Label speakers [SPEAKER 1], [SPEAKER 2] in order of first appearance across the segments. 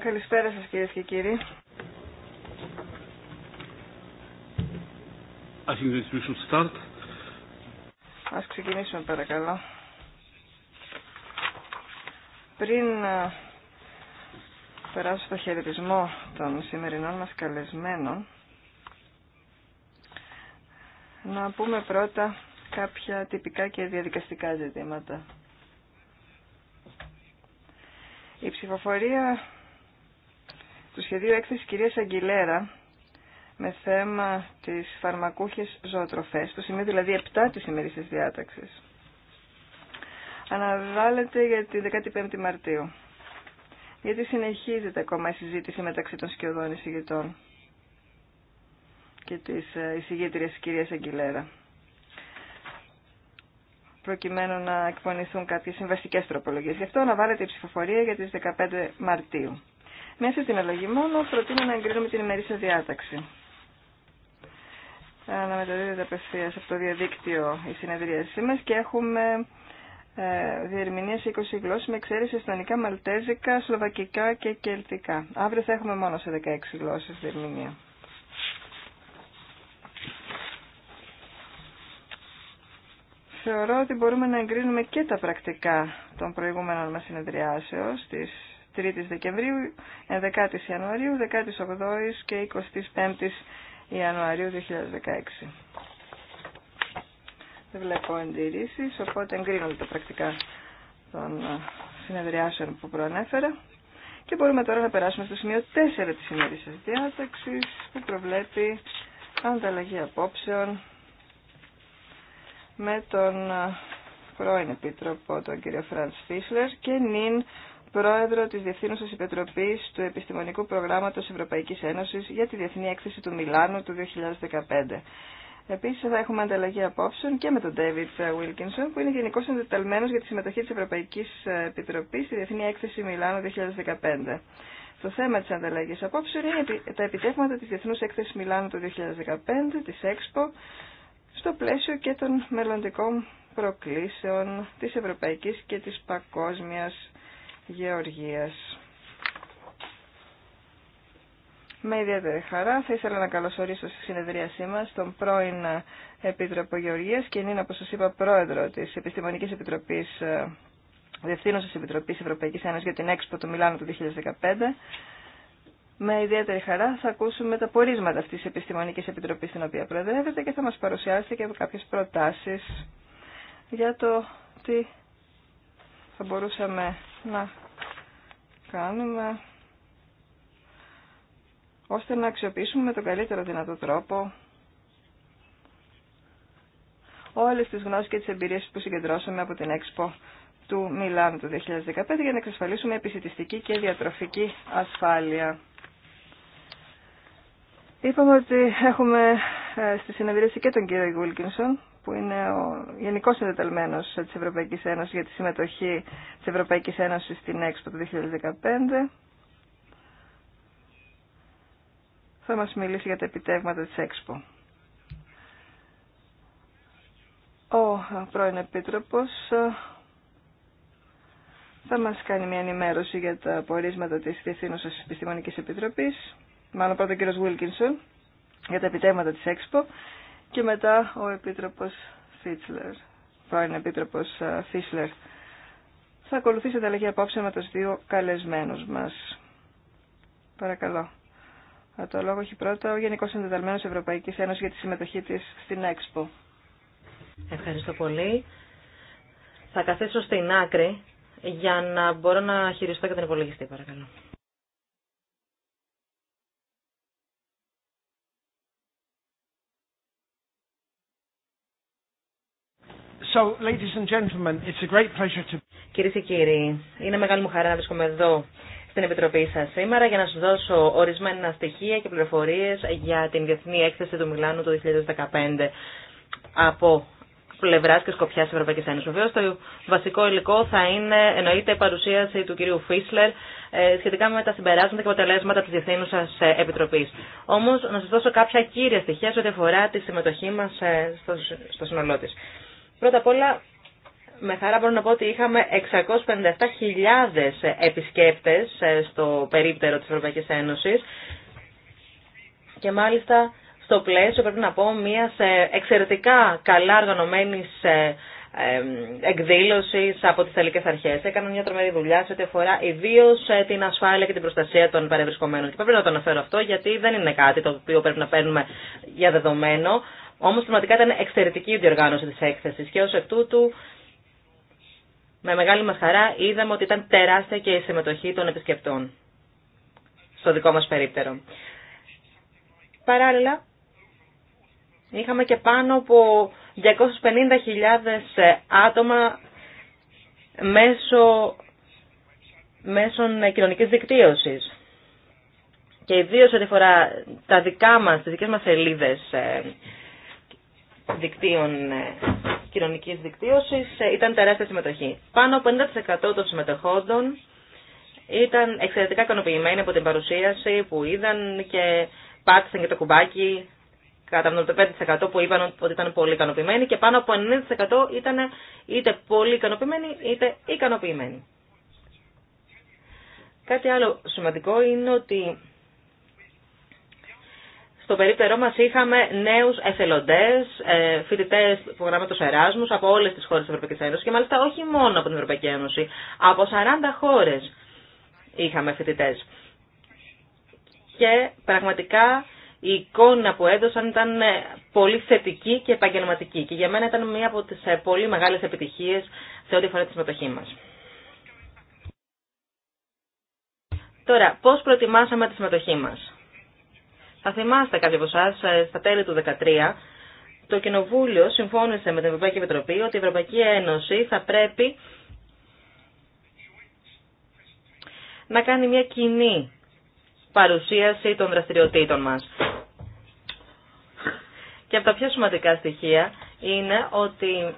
[SPEAKER 1] Καλησπέρα σας κυρίες και κύριοι. Ας ξεκινήσουμε παρακαλώ. Πριν περάσω στο χαιρετισμό των σημερινών μας καλεσμένων, να πούμε πρώτα κάποια τυπικά και διαδικαστικά ζητήματα. Η ψηφοφορία του σχεδίου έκθεσης κυρίας Αγγιλέρα με θέμα τις φαρμακούχες ζωοτροφές, το σημείο δηλαδή 7 της της διάταξης. Αναβάλλεται για την 15η Μαρτίου, γιατί συνεχίζεται ακόμα η συζήτηση μεταξύ των σκιωδών εισηγητών και της ε, εισηγήτριας κυρίας Αγγιλέρα προκειμένου να εκπονηθούν κάποιες συμβαστικές τροπολογίες. Γι' αυτό να βάλετε η ψηφοφορία για τις 15 Μαρτίου. Μέσα στην αλλαγή μόνο προτείνω να εγκρίνουμε την ημερήσια διάταξη. Να μεταδίδεται απευθεία από το διαδίκτυο η συνεδρίασή μα και έχουμε ε, διερμηνία σε 20 γλώσσε με εξαίρεση εσθονικά, μαλτέζικα, σλοβακικά και κελτικά. Αύριο θα έχουμε μόνο σε 16 γλώσσε διερμηνία. θεωρώ ότι μπορούμε να εγκρίνουμε και τα πρακτικά των προηγούμενων μας συνεδριάσεων της 3ης Δεκεμβρίου, η Ιανουαρίου, 18ης και 25 η Ιανουαρίου 2016. Δεν βλέπω αντιρρήσεις, οπότε εγκρίνονται τα πρακτικά των ε, συνεδριάσεων που προανέφερα. Και μπορούμε τώρα να περάσουμε στο σημείο 4 της ημέρησης διάταξης που προβλέπει ανταλλαγή απόψεων με τον ε, πρώην Επίτροπο, τον κύριο Φραντς Φίσλερ και νυν Πρόεδρο της Διευθύνουσας Επιτροπής του Επιστημονικού Προγράμματος Ευρωπαϊκής Ένωσης για τη Διεθνή Έκθεση του Μιλάνου του 2015. Επίσης θα έχουμε ανταλλαγή απόψεων και με τον David Wilkinson που είναι γενικό εντεταλμένος για τη συμμετοχή της Ευρωπαϊκής ε, Επιτροπής στη Διεθνή Έκθεση Μιλάνου 2015. Το θέμα της ανταλλαγής απόψεων είναι τα επιτεύγματα της Διεθνούς Έκθεσης Μιλάνου του 2015, της ΕΞΠΟ στο πλαίσιο και των μελλοντικών προκλήσεων της ευρωπαϊκής και της παγκόσμιας γεωργίας. Με ιδιαίτερη χαρά θα ήθελα να καλωσορίσω στη συνεδρίασή μας τον πρώην Επίτροπο Γεωργίας και είναι, όπως σας είπα, πρόεδρο της Επιστημονικής Επιτροπής ε, Διευθύνωσης Επιτροπής Ευρωπαϊκής Ένωσης για την Έξπο του Μιλάνου του 2015 με ιδιαίτερη χαρά θα ακούσουμε τα πορίσματα αυτής της Επιστημονικής Επιτροπής στην οποία προεδρεύεται και θα μας παρουσιάσει και κάποιες προτάσεις για το τι θα μπορούσαμε να κάνουμε ώστε να αξιοποιήσουμε με τον καλύτερο δυνατό τρόπο όλες τις γνώσεις και τις εμπειρίες που συγκεντρώσαμε από την Expo του Μιλάνου του 2015 για να εξασφαλίσουμε επισητιστική και διατροφική ασφάλεια. Είπαμε ότι έχουμε ε, στη συνεδρίαση και τον κύριο Γουίλκινσον που είναι ο Γενικό Συνδεταλμένο ε, τη Ευρωπαϊκή Ένωση για τη συμμετοχή τη Ευρωπαϊκή Ένωση στην ΕΞΠΟ του 2015. Θα μα μιλήσει για τα επιτεύγματα τη ΕΞΠΟ. Ο ε, πρώην Επίτροπο θα μας κάνει μια ενημέρωση για τα πορίσματα της Διεθνούς Επιστημονικής Επιτροπής μάλλον πρώτα ο κύριος Βίλκινσον για τα επιτέματα της Expo. και μετά ο Επίτροπος Φίτσλερ, πρώην Επίτροπος ε, Φίτσλερ. Θα ακολουθήσει ανταλλαγή απόψε με τους δύο καλεσμένους μας. Παρακαλώ. Ε, το λόγο έχει πρώτα ο Γενικός Συνδεδελμένος Ευρωπαϊκής Ένωσης για τη συμμετοχή της στην Expo. Ευχαριστώ πολύ. Θα καθίσω στην άκρη
[SPEAKER 2] για να μπορώ να χειριστώ και τον υπολογιστή, παρακαλώ. So, ladies and gentlemen, it's a great pleasure to... Κυρίες και κύριοι, είναι μεγάλη μου χαρά να βρίσκομαι εδώ στην Επιτροπή σας σήμερα για να σας δώσω ορισμένα στοιχεία και πληροφορίες για την Διεθνή Έκθεση του Μιλάνου το 2015 από πλευρά και σκοπιά τη Ευρωπαϊκή Ένωση. Βεβαίω, το βασικό υλικό θα είναι, εννοείται, η παρουσίαση του κυρίου Φίσλερ ε, σχετικά με τα συμπεράσματα και αποτελέσματα τη Διευθύνουσα ε, Επιτροπή. Όμω, να σα δώσω κάποια κύρια στοιχεία σε ό,τι αφορά τη συμμετοχή μα ε, στο σύνολό τη. Πρώτα απ' όλα, με χαρά μπορώ να πω ότι είχαμε 657.000 επισκέπτες ε, στο περίπτερο της Ευρωπαϊκής Ένωσης και μάλιστα στο πλαίσιο, πρέπει να πω, μια ε, εξαιρετικά καλά οργανωμένης ε, εκδήλωση από τι τελικέ Αρχέ. Έκαναν μια τρομερή δουλειά σε ό,τι αφορά ιδίω την ασφάλεια και την προστασία των παρευρισκομένων. Και πρέπει να το αναφέρω αυτό γιατί δεν είναι κάτι το οποίο πρέπει να παίρνουμε για δεδομένο. Όμω πραγματικά ήταν εξαιρετική η διοργάνωση τη έκθεση και ω εκ τούτου με μεγάλη μα χαρά είδαμε ότι ήταν τεράστια και η συμμετοχή των επισκεπτών στο δικό μας περίπτερο. Παράλληλα, είχαμε και πάνω από 250.000 άτομα μέσω μέσων κοινωνικής δικτύωσης. Και ιδίως ό,τι φορά τα δικά μας, τις δικές μας σελίδες ε, δικτύων ε, κοινωνικής δικτύωσης ε, ήταν τεράστια συμμετοχή. Πάνω από 50% των συμμετεχόντων ήταν εξαιρετικά ικανοποιημένοι από την παρουσίαση που είδαν και πάτησαν και το κουμπάκι κατά 95% που είπαν ότι ήταν πολύ ικανοποιημένοι και πάνω από 90% ήταν είτε πολύ ικανοποιημένοι είτε ικανοποιημένοι. Κάτι άλλο σημαντικό είναι ότι στο περίπτερό μας είχαμε νέους εθελοντές, ε, φοιτητές του γράμματος Εράσμους από όλες τις χώρες της Ευρωπαϊκής Ένωσης και μάλιστα όχι μόνο από την Ευρωπαϊκή Ένωση, από 40 χώρες είχαμε φοιτητές. Και πραγματικά η εικόνα που έδωσαν ήταν ε, πολύ θετική και επαγγελματική και για μένα ήταν μία από τις ε, πολύ μεγάλες επιτυχίες σε ό,τι αφορά τη συμμετοχή μας. Τώρα, πώς προετοιμάσαμε τη συμμετοχή μας. Θα θυμάστε κάποιοι από εσά ε, στα τέλη του 2013 το Κοινοβούλιο συμφώνησε με την Ευρωπαϊκή Επιτροπή ότι η Ευρωπαϊκή Ένωση θα πρέπει να κάνει μια κοινή παρουσίαση των δραστηριοτήτων μας. Και από τα πιο σημαντικά στοιχεία είναι ότι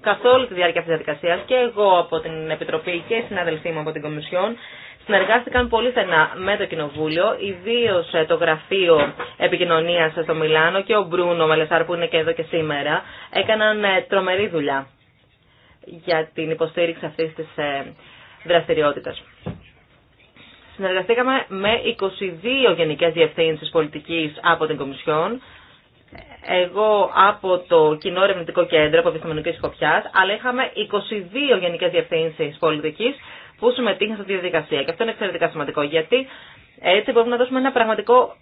[SPEAKER 2] καθ' όλη τη διάρκεια αυτής της διαδικασίας και εγώ από την Επιτροπή και οι συναδελφοί μου από την Κομισιόν συνεργάστηκαν πολύ στενά με το Κοινοβούλιο, ιδίω ε, το Γραφείο Επικοινωνία στο Μιλάνο και ο Μπρούνο Μελεσάρ που είναι και εδώ και σήμερα. Έκαναν ε, τρομερή δουλειά για την υποστήριξη αυτή τη ε, δραστηριότητα. Συνεργαστήκαμε με 22 γενικέ διευθύνσει πολιτική από την Κομισιόν, εγώ από το Κοινό Ερευνητικό Κέντρο από Επιστημονική Σκοπιά, αλλά είχαμε 22 γενικέ διευθύνσει πολιτική που συμμετείχαν σε αυτή τη διαδικασία. Και αυτό είναι εξαιρετικά σημαντικό, γιατί έτσι μπορούμε να δώσουμε ένα πραγματικό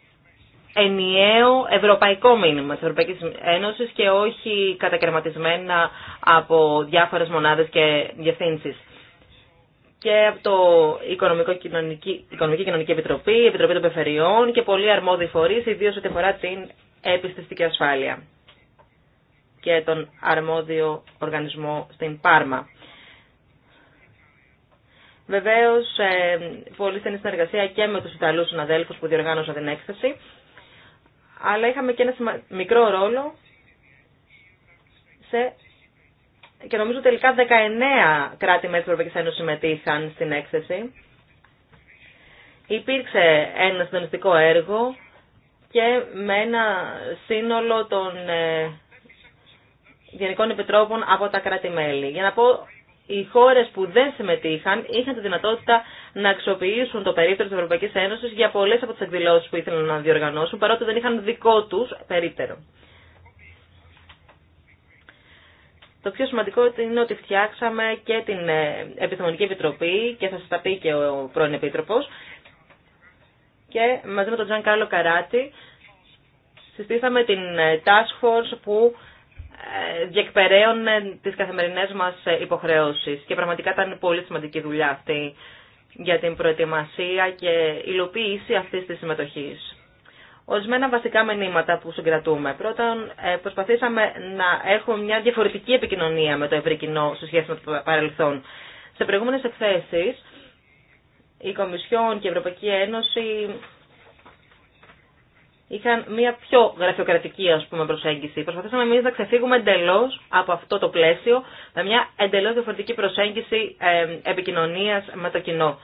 [SPEAKER 2] ενιαίο ευρωπαϊκό μήνυμα τη Ευρωπαϊκή Ένωση και όχι κατακαιρματισμένα από διάφορε μονάδε και διευθύνσει. Και από το Οικονομική Κοινωνική Επιτροπή, Επιτροπή των Πεφεριών και πολλοί αρμόδιοι φορεί, ιδίω ό,τι αφορά την επιστηστική ασφάλεια και τον αρμόδιο οργανισμό στην Πάρμα. Βεβαίως, ε, πολύ στενή συνεργασία και με του Ιταλούς συναδέλφου που διοργάνωσαν την έκθεση. Αλλά είχαμε και ένα μικρό ρόλο σε... και νομίζω τελικά 19 κράτη-μέλη της Ευρωπαϊκής Ένωσης συμμετείχαν στην έκθεση. Υπήρξε ένα συντονιστικό έργο και με ένα σύνολο των ε, Γενικών Επιτρόπων από τα κράτη-μέλη. Για να πω οι χώρες που δεν συμμετείχαν είχαν τη δυνατότητα να αξιοποιήσουν το περίπτερο της Ευρωπαϊκής Ένωσης για πολλέ από τις εκδηλώσεις που ήθελαν να διοργανώσουν, παρότι δεν είχαν δικό τους περίπτερο. Το πιο σημαντικό είναι ότι φτιάξαμε και την ε, Επιστημονική Επιτροπή και θα σα τα πει και ο πρώην επίτροπο. και μαζί με τον Τζαν Κάρλο Καράτη συστήσαμε την ε, Task Force που ε, διεκπεραίων τις καθημερινές μας ε, υποχρεώσεις. Και πραγματικά ήταν πολύ σημαντική δουλειά αυτή για την προετοιμασία και υλοποίηση αυτής της συμμετοχής. Ορισμένα βασικά μηνύματα που συγκρατούμε. Πρώτον, ε, προσπαθήσαμε να έχουμε μια διαφορετική επικοινωνία με το ευρύ κοινό σε σχέση με το παρελθόν. Σε προηγούμενες εκθέσεις, η Κομισιόν και η Ευρωπαϊκή Ένωση είχαν μια πιο γραφειοκρατική ας πούμε, προσέγγιση. Προσπαθήσαμε εμεί να ξεφύγουμε εντελώ από αυτό το πλαίσιο με μια εντελώ διαφορετική προσέγγιση ε, επικοινωνία με το κοινό.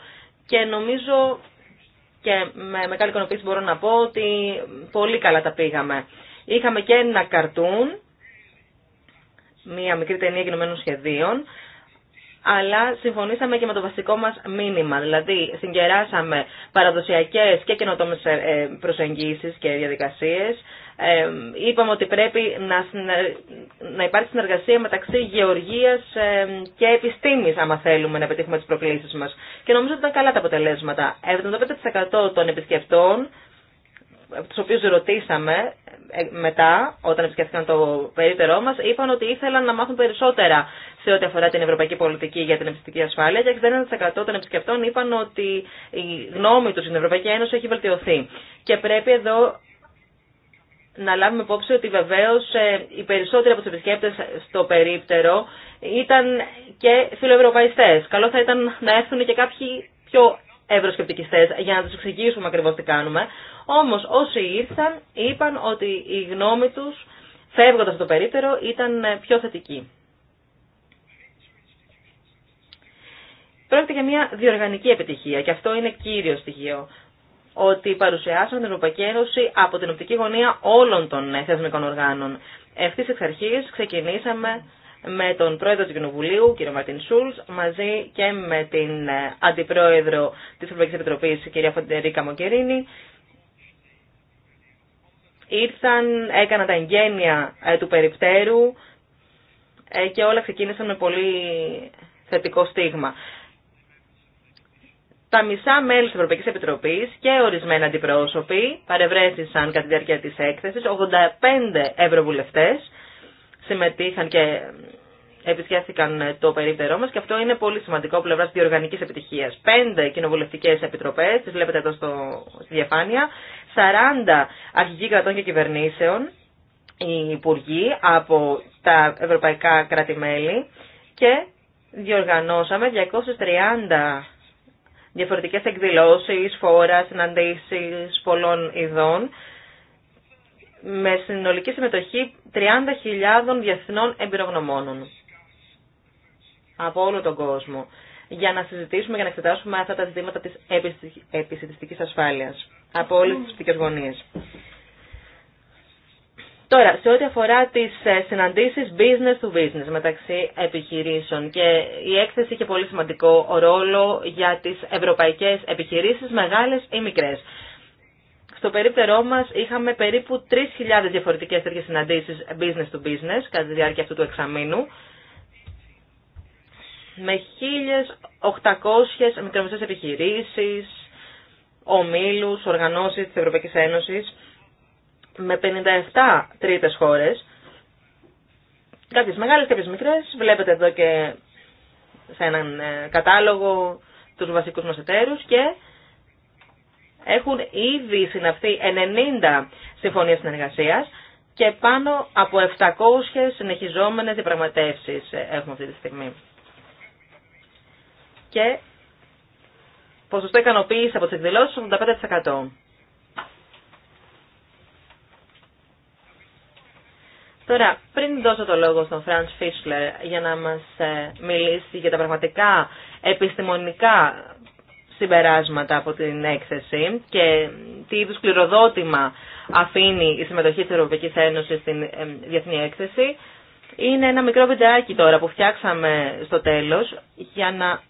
[SPEAKER 2] Και νομίζω και με μεγάλη ικανοποίηση μπορώ να πω ότι πολύ καλά τα πήγαμε. Είχαμε και ένα καρτούν, μία μικρή ταινία γενομένων σχεδίων, αλλά συμφωνήσαμε και με το βασικό μας μήνυμα. Δηλαδή, συγκεράσαμε παραδοσιακές και καινοτόμες ε, ε, προσεγγίσεις και διαδικασίες. Ε, είπαμε ότι πρέπει να υπάρχει συνεργασία μεταξύ γεωργίας και επιστήμης, άμα θέλουμε να πετύχουμε τις προκλήσεις μας. Και νομίζω ότι ήταν καλά τα αποτελέσματα. 75% των επισκεπτών τους οποίους ρωτήσαμε ε, μετά, όταν επισκεφθήκαν το περίπτερό μας, είπαν ότι ήθελαν να μάθουν περισσότερα σε ό,τι αφορά την ευρωπαϊκή πολιτική για την επιστημική ασφάλεια και 61% των επισκεπτών είπαν ότι η γνώμη τους στην Ευρωπαϊκή Ένωση έχει βελτιωθεί. Και πρέπει εδώ να λάβουμε υπόψη ότι βεβαίως ε, οι περισσότεροι από τους επισκέπτες στο περίπτερο ήταν και φιλοευρωπαϊστές. Καλό θα ήταν να έρθουν και κάποιοι πιο ευρωσκεπτικιστέ για να τους εξηγήσουμε ακριβώ τι κάνουμε. Όμω, όσοι ήρθαν είπαν ότι η γνώμη τους φεύγοντα το περίπτερο ήταν ε, πιο θετική. Πρόκειται για μια διοργανική επιτυχία και αυτό είναι κύριο στοιχείο. Ότι παρουσιάσαν την Ευρωπαϊκή Ένωση από την οπτική γωνία όλων των ε, θεσμικών οργάνων. Ευθύ εξ αρχή ξεκινήσαμε με τον πρόεδρο του Κοινοβουλίου, κύριο Μαρτίν Σούλ, μαζί και με την ε, αντιπρόεδρο τη Ευρωπαϊκή Επιτροπή, κυρία Φοντερίκα Μοκερίνη. Ήρθαν, έκαναν τα εγγένεια ε, του περιπτέρου ε, και όλα ξεκίνησαν με πολύ θετικό στίγμα. Τα μισά μέλη της Ευρωπαϊκής Επιτροπής και ορισμένα αντιπρόσωποι παρευρέθησαν κατά τη διάρκεια της έκθεσης 85 ευρωβουλευτές συμμετείχαν και επισκέφθηκαν το περίπτερό μας και αυτό είναι πολύ σημαντικό πλευρά πλευράς διοργανικής επιτυχίας. Πέντε κοινοβουλευτικές επιτροπές, τις βλέπετε εδώ στο, στη διαφάνεια, 40 αρχηγοί κρατών και κυβερνήσεων, οι υπουργοί από τα ευρωπαϊκά κράτη-μέλη και διοργανώσαμε 230 διαφορετικές εκδηλώσεις, φόρα, συναντήσεις πολλών ειδών με συνολική συμμετοχή 30.000 διεθνών εμπειρογνωμόνων από όλο τον κόσμο για να συζητήσουμε, και να εξετάσουμε αυτά τα ζητήματα της επιστημιστικής ασφάλειας από όλες τις πτυχές γωνίες. Τώρα, σε ό,τι αφορά τις ε, συναντήσεις business to business μεταξύ επιχειρήσεων και η έκθεση είχε πολύ σημαντικό ρόλο για τις ευρωπαϊκές επιχειρήσεις, μεγάλες ή μικρές στο περίπτερό μας είχαμε περίπου 3.000 διαφορετικές τέτοιε συναντήσει business to business κατά τη διάρκεια αυτού του εξαμήνου με 1.800 μικρομεσαίε επιχειρήσεις, ομίλους, οργανώσεις τη Ευρωπαϊκή Ένωση με 57 τρίτες χώρες. Κάποιες μεγάλες, κάποιες μικρές. Βλέπετε εδώ και σε έναν ε, κατάλογο του βασικού μα εταίρου και έχουν ήδη συναυθεί 90 συμφωνίες συνεργασίας και πάνω από 700 συνεχιζόμενες διαπραγματεύσεις έχουμε αυτή τη στιγμή. Και ποσοστό ικανοποίηση από τις εκδηλώσεις 85%. Τώρα, πριν δώσω το λόγο στον Φραντ Φίσλερ για να μας ε, μιλήσει για τα πραγματικά επιστημονικά συμπεράσματα από την έκθεση και τι είδους κληροδότημα αφήνει η συμμετοχή της Ευρωπαϊκής Ένωσης στην Διεθνή Έκθεση. Είναι ένα μικρό βιντεάκι τώρα που φτιάξαμε στο τέλος για να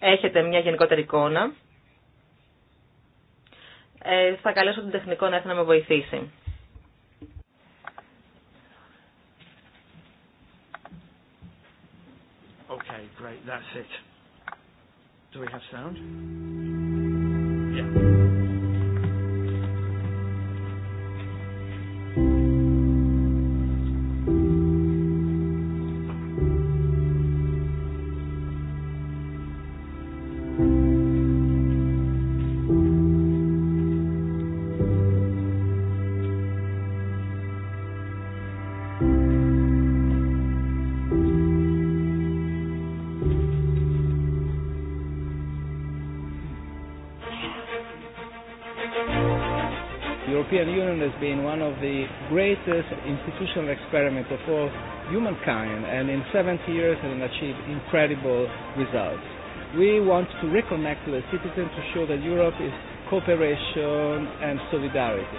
[SPEAKER 2] έχετε μια γενικότερη εικόνα. Ε, θα καλέσω τον τεχνικό να έρθει να με βοηθήσει.
[SPEAKER 3] Okay, Do we have sound?
[SPEAKER 1] been one of the greatest
[SPEAKER 3] institutional experiments of all humankind and in 70 years it has achieved incredible results. We want to reconnect with the citizens to show that Europe is cooperation and solidarity.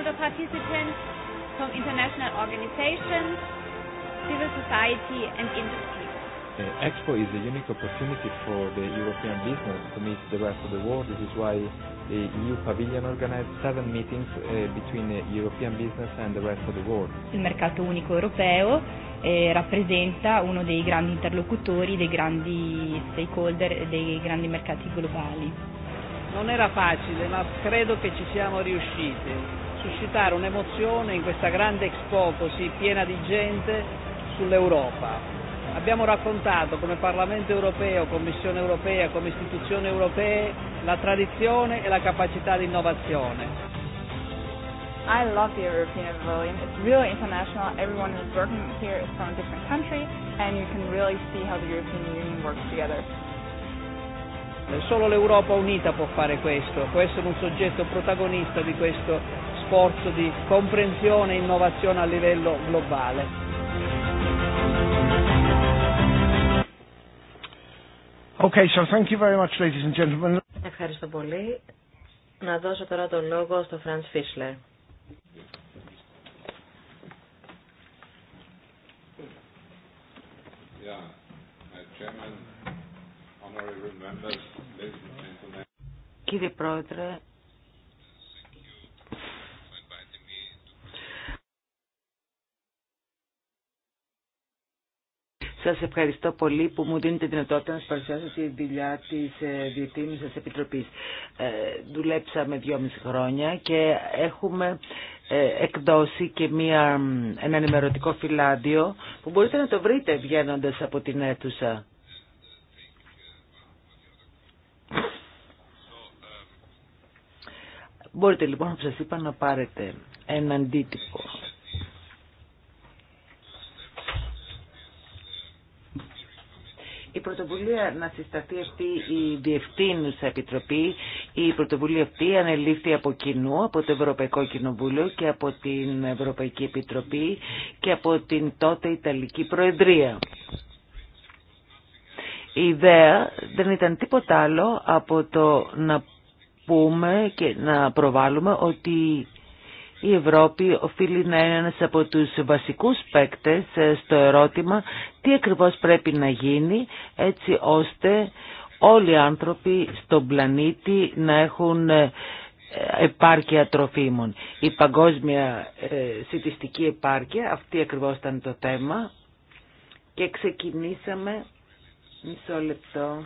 [SPEAKER 3] stakeholder participants from international organizations, civil society and industry. Expo is a unique opportunity for the European business to meet the rest of the world. This is why the EU Pavilion organized seven meetings between the European business
[SPEAKER 2] and the rest of the world. Il mercato unico europeo rappresenta uno dei grandi interlocutori, dei grandi stakeholder, dei grandi mercati globali.
[SPEAKER 1] Non era facile, ma credo che ci siamo riusciti suscitare un'emozione in questa grande Expo così piena di gente sull'Europa. Abbiamo raccontato come Parlamento europeo, Commissione europea, come istituzioni europee la tradizione e la capacità di innovazione.
[SPEAKER 2] I love the European
[SPEAKER 1] Pavilion. It's really international. Everyone who's working here is from a different country and you can really see how the European Union works together. Solo l'Europa unita può fare questo, può essere un soggetto protagonista di questo sforzo di comprensione e innovazione a livello globale.
[SPEAKER 3] Okay, so thank you very much, ladies and gentlemen.
[SPEAKER 2] Ευχαριστώ πολύ. Να δώσω τώρα τον λόγο στο Φραντς Φίσλερ.
[SPEAKER 4] Κύριε Πρόεδρε, Σας ευχαριστώ πολύ που μου δίνετε δυνατότητα να σας παρουσιάσω τη δουλειά της ε, Διευθύνης Επιτροπή. Επιτροπής. Ε, δουλέψαμε δυόμιση χρόνια και έχουμε ε, εκδώσει και μια, ένα ενημερωτικό φυλάδιο που μπορείτε να το βρείτε βγαίνοντα από την αίθουσα. Μπορείτε λοιπόν, όπως σας είπα, να πάρετε ένα αντίτυπο Η πρωτοβουλία να συσταθεί αυτή η Διευθύνουσα Επιτροπή, η πρωτοβουλία αυτή ανελήφθη από κοινού, από το Ευρωπαϊκό Κοινοβούλιο και από την Ευρωπαϊκή Επιτροπή και από την τότε Ιταλική Προεδρία. Η ιδέα δεν ήταν τίποτα άλλο από το να πούμε και να προβάλλουμε ότι η Ευρώπη οφείλει να είναι ένας από τους βασικούς παίκτες ε, στο ερώτημα τι ακριβώς πρέπει να γίνει έτσι ώστε όλοι οι άνθρωποι στον πλανήτη να έχουν ε, επάρκεια τροφίμων. Η παγκόσμια ε, συντηστική επάρκεια, αυτή ακριβώς ήταν το θέμα και ξεκινήσαμε μισό λεπτό.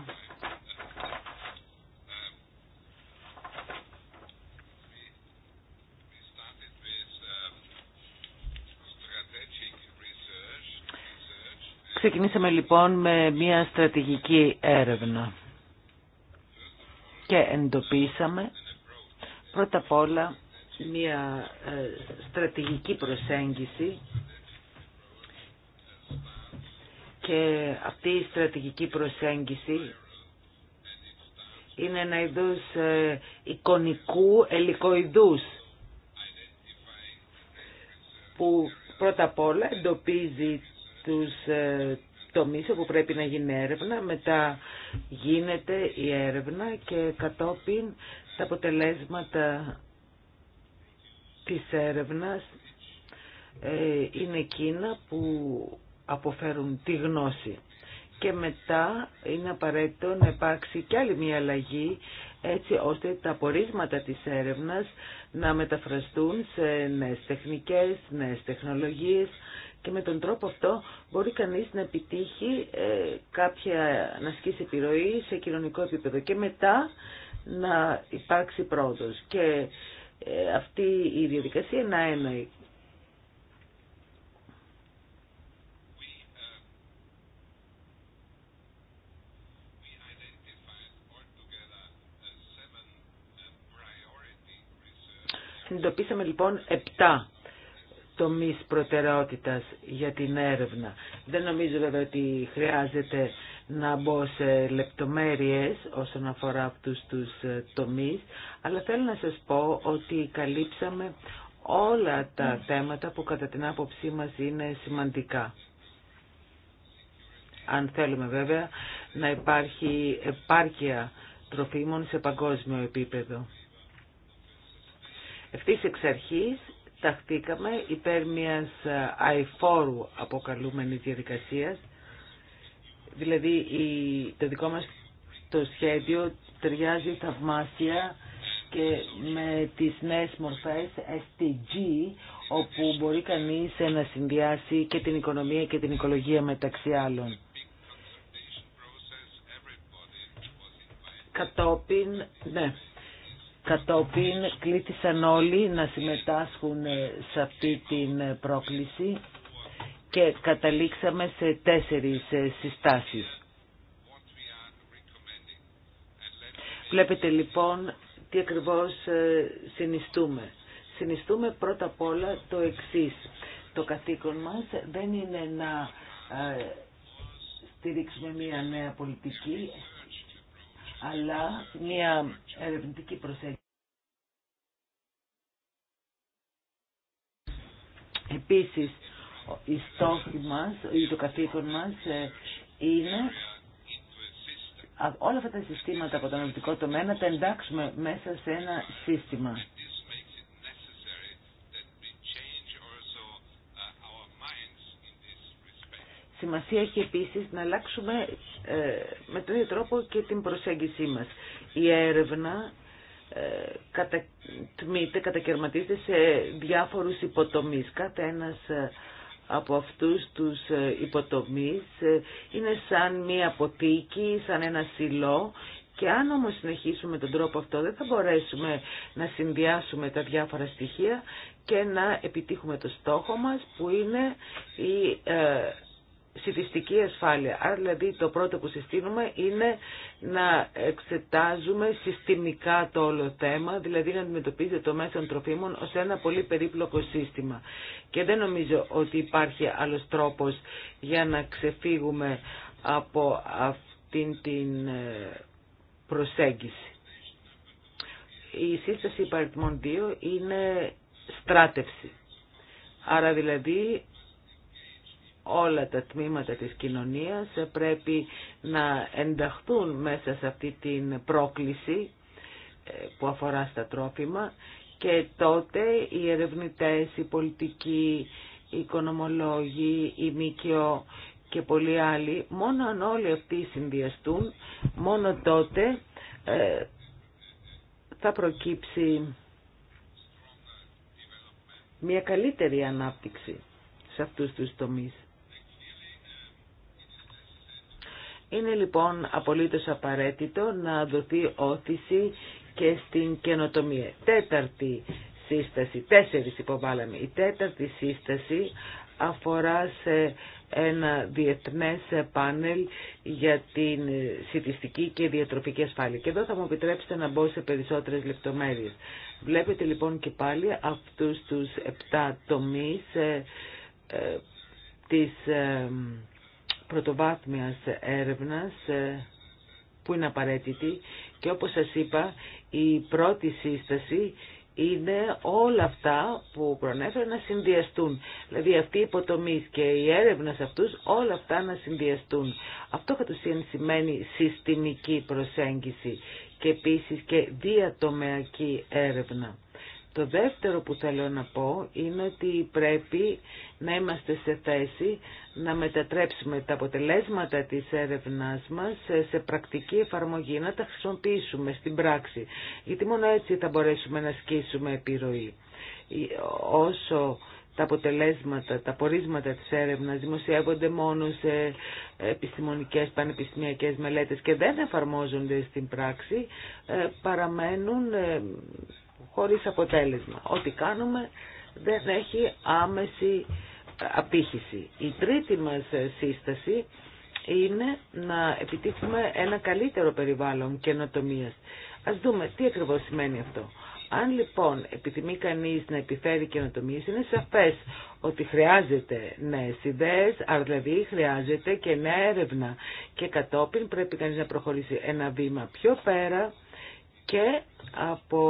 [SPEAKER 4] Ξεκινήσαμε λοιπόν με μια στρατηγική έρευνα και εντοπίσαμε πρώτα απ' όλα μια ε, στρατηγική προσέγγιση και αυτή η στρατηγική προσέγγιση είναι ένα είδος ε, εικονικού ελικοειδούς που πρώτα απ' όλα εντοπίζει στους ε, τομείς όπου πρέπει να γίνει έρευνα, μετά γίνεται η έρευνα και κατόπιν τα αποτελέσματα της έρευνας ε, είναι εκείνα που αποφέρουν τη γνώση. Και μετά είναι απαραίτητο να υπάρξει και άλλη μια αλλαγή έτσι ώστε τα απορίσματα της έρευνας να μεταφραστούν σε νέες τεχνικές, νέες τεχνολογίες και με τον τρόπο αυτό μπορεί κανείς να επιτύχει ε, κάποια, να ασκήσει επιρροή σε κοινωνικό επίπεδο και μετά να υπάρξει πρόοδος. Και ε, αυτή η διαδικασία να έννοει. Συνειδητοποίησαμε λοιπόν επτά τομείς προτεραιότητας για την έρευνα. Δεν νομίζω βέβαια ότι χρειάζεται να μπω σε λεπτομέρειες όσον αφορά αυτούς τους ε, τομείς, αλλά θέλω να σας πω ότι καλύψαμε όλα τα θέματα που κατά την άποψή μας είναι σημαντικά. Αν θέλουμε βέβαια να υπάρχει επάρκεια τροφίμων σε παγκόσμιο επίπεδο. Ευτής εξ αρχής ταχθήκαμε υπέρ μιας ε, αηφόρου αποκαλούμενης διαδικασίας. Δηλαδή το δικό μας το σχέδιο ταιριάζει θαυμάσια και με τις νέες μορφές STG όπου μπορεί κανείς να συνδυάσει και την οικονομία και την οικολογία μεταξύ άλλων. Κατόπιν, ναι, Κατόπιν κλήθησαν όλοι να συμμετάσχουν σε αυτή την πρόκληση και καταλήξαμε σε τέσσερις συστάσεις. Βλέπετε λοιπόν τι ακριβώς συνιστούμε. Συνιστούμε πρώτα απ' όλα το εξής. Το καθήκον μας δεν είναι να ε, στηρίξουμε μια νέα πολιτική, αλλά μια ερευνητική προσέγγιση. Επίσης, η στόχη μας, ή το καθήκον μας, ε, είναι όλα αυτά τα συστήματα από τον αναλυτικό τομέα να τα εντάξουμε μέσα σε ένα σύστημα. Σημασία έχει επίσης να αλλάξουμε ε, με τον ίδιο τρόπο και την προσέγγισή μας. Η έρευνα ε, κατατμείται, κατακαιρματίζεται σε διάφορους υποτομείς. Κάθε ένας ε, από αυτούς τους υποτομείς είναι σαν μία αποθήκη, σαν ένα σιλό και αν όμως συνεχίσουμε τον τρόπο αυτό δεν θα μπορέσουμε να συνδυάσουμε τα διάφορα στοιχεία και να επιτύχουμε το στόχο μας που είναι ψηφιστική ασφάλεια. Άρα δηλαδή το πρώτο που συστήνουμε είναι να εξετάζουμε συστημικά το όλο θέμα, δηλαδή να αντιμετωπίζεται το μέσον τροφίμων ως ένα πολύ περίπλοκο σύστημα. Και δεν νομίζω ότι υπάρχει άλλος τρόπος για να ξεφύγουμε από αυτήν την ε, προσέγγιση. Η σύσταση υπαριθμών 2 είναι στράτευση. Άρα δηλαδή όλα τα τμήματα της κοινωνίας πρέπει να ενταχθούν μέσα σε αυτή την πρόκληση ε, που αφορά στα τρόφιμα και τότε οι ερευνητές, οι πολιτικοί, οι οικονομολόγοι, οι ΜΚΟ και πολλοί άλλοι, μόνο αν όλοι αυτοί συνδυαστούν, μόνο τότε ε, θα προκύψει μια καλύτερη ανάπτυξη σε αυτούς τους τομείς. Είναι λοιπόν απολύτως απαραίτητο να δοθεί όθηση και στην καινοτομία. Τέταρτη σύσταση, τέσσερις υποβάλαμε. Η τέταρτη σύσταση αφορά σε ένα διεθνές πάνελ για την συντηστική και διατροφική ασφάλεια. Και εδώ θα μου επιτρέψετε να μπω σε περισσότερες λεπτομέρειες. Βλέπετε λοιπόν και πάλι αυτούς τους επτά τομείς ε, ε της... Ε, πρωτοβάθμιας έρευνας ε, που είναι απαραίτητη και όπως σας είπα η πρώτη σύσταση είναι όλα αυτά που προνέφερα να συνδυαστούν. Δηλαδή αυτή η υποτομή και η έρευνα σε αυτούς όλα αυτά να συνδυαστούν. Αυτό κατ' ουσίαν σημαίνει συστημική προσέγγιση και επίσης και διατομεακή έρευνα. Το δεύτερο που θέλω να πω είναι ότι πρέπει να είμαστε σε θέση να μετατρέψουμε τα αποτελέσματα της έρευνάς μας σε πρακτική εφαρμογή, να τα χρησιμοποιήσουμε στην πράξη, γιατί μόνο έτσι θα μπορέσουμε να ασκήσουμε επιρροή. Όσο τα αποτελέσματα, τα πορίσματα της έρευνας δημοσιεύονται μόνο σε επιστημονικές, πανεπιστημιακές μελέτες και δεν εφαρμόζονται στην πράξη, ε, παραμένουν ε, χωρίς αποτέλεσμα. Ό,τι κάνουμε δεν έχει άμεση απήχηση. Η τρίτη μας σύσταση είναι να επιτύχουμε ένα καλύτερο περιβάλλον καινοτομία. Ας δούμε τι ακριβώς σημαίνει αυτό. Αν λοιπόν επιθυμεί κανείς να επιφέρει καινοτομίε, είναι σαφές ότι χρειάζεται νέες ιδέες, αλλά δηλαδή χρειάζεται και νέα έρευνα. Και κατόπιν πρέπει κανείς να προχωρήσει ένα βήμα πιο πέρα και από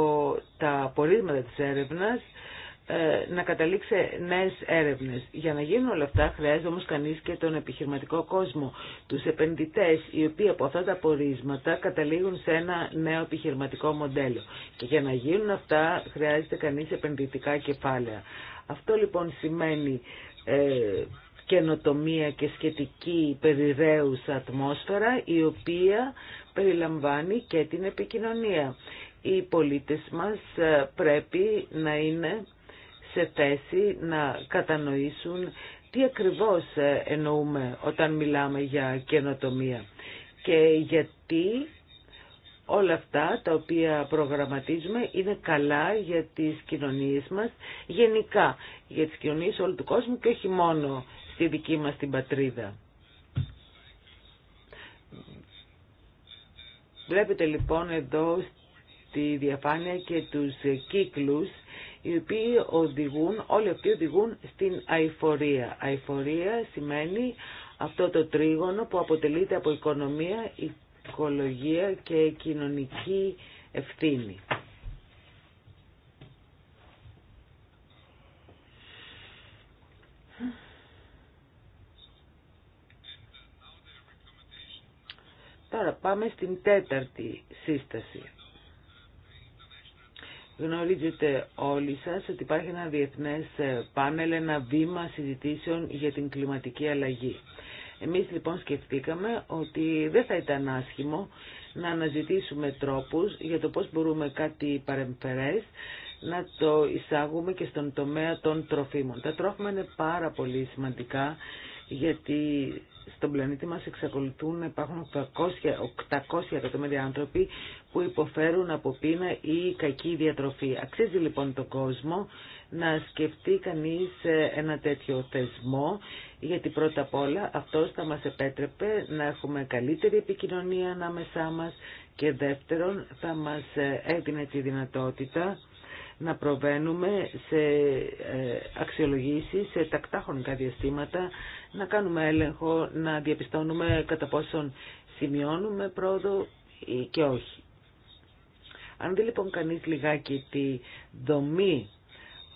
[SPEAKER 4] τα πορίσματα της έρευνας ε, να καταλήξει νέες έρευνες. Για να γίνουν όλα αυτά χρειάζεται όμως κανείς και τον επιχειρηματικό κόσμο, τους επενδυτές οι οποίοι από αυτά τα πορίσματα καταλήγουν σε ένα νέο επιχειρηματικό μοντέλο. Και για να γίνουν αυτά χρειάζεται κανείς επενδυτικά κεφάλαια. Αυτό λοιπόν σημαίνει ε, καινοτομία και σχετική περιραίουσα ατμόσφαιρα η οποία περιλαμβάνει και την επικοινωνία. Οι πολίτες μας ε, πρέπει να είναι σε θέση να κατανοήσουν τι ακριβώς ε, εννοούμε όταν μιλάμε για καινοτομία και γιατί όλα αυτά τα οποία προγραμματίζουμε είναι καλά για τις κοινωνίες μας γενικά, για τις κοινωνίες όλου του κόσμου και όχι μόνο στη δική μας την πατρίδα. Βλέπετε λοιπόν εδώ στη διαφάνεια και τους κύκλους οι οποίοι οδηγούν, όλοι αυτοί οδηγούν στην αηφορία. Αηφορία σημαίνει αυτό το τρίγωνο που αποτελείται από οικονομία, οικολογία και κοινωνική ευθύνη. Τώρα πάμε στην τέταρτη σύσταση. Γνωρίζετε όλοι σας ότι υπάρχει ένα διεθνές ε, πάνελ, ένα βήμα συζητήσεων για την κλιματική αλλαγή. Εμείς λοιπόν σκεφτήκαμε ότι δεν θα ήταν άσχημο να αναζητήσουμε τρόπους για το πώς μπορούμε κάτι παρεμφερές να το εισάγουμε και στον τομέα των τροφίμων. Τα τρόφιμα είναι πάρα πολύ σημαντικά γιατί στον πλανήτη μας εξακολουθούν να υπάρχουν 800, 800 εκατομμύρια άνθρωποι που υποφέρουν από πείνα ή κακή διατροφή. Αξίζει λοιπόν τον κόσμο να σκεφτεί κανείς ε, ένα τέτοιο θεσμό, γιατί πρώτα απ' όλα αυτός θα μας επέτρεπε να έχουμε καλύτερη επικοινωνία ανάμεσά μας και δεύτερον θα μας ε, έδινε τη δυνατότητα να προβαίνουμε σε ε, αξιολογήσεις, σε τακτά χρονικά διαστήματα, να κάνουμε έλεγχο, να διαπιστώνουμε κατά πόσον σημειώνουμε πρόοδο και όχι. Αν δει λοιπόν κανείς λιγάκι τη δομή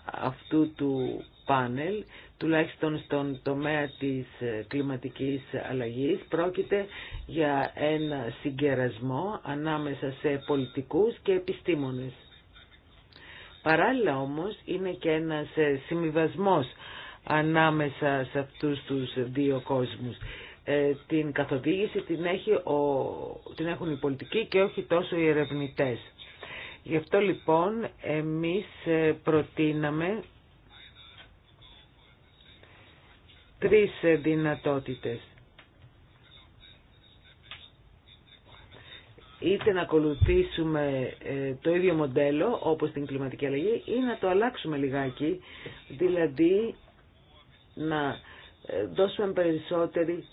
[SPEAKER 4] αυτού του πάνελ, τουλάχιστον στον τομέα της ε, κλιματικής αλλαγής, πρόκειται για ένα συγκερασμό ανάμεσα σε πολιτικούς και επιστήμονες. Παράλληλα όμως είναι και ένας ε, συμβιβασμός ανάμεσα σε αυτούς τους δύο κόσμους. Ε, την καθοδήγηση την, έχει ο, την έχουν οι πολιτικοί και όχι τόσο οι ερευνητές. Γι' αυτό λοιπόν εμείς ε, προτείναμε τρεις δυνατότητες. είτε να ακολουθήσουμε ε, το ίδιο μοντέλο όπως την κλιματική αλλαγή ή να το αλλάξουμε λιγάκι, δηλαδή να ε, δώσουμε περισσότερη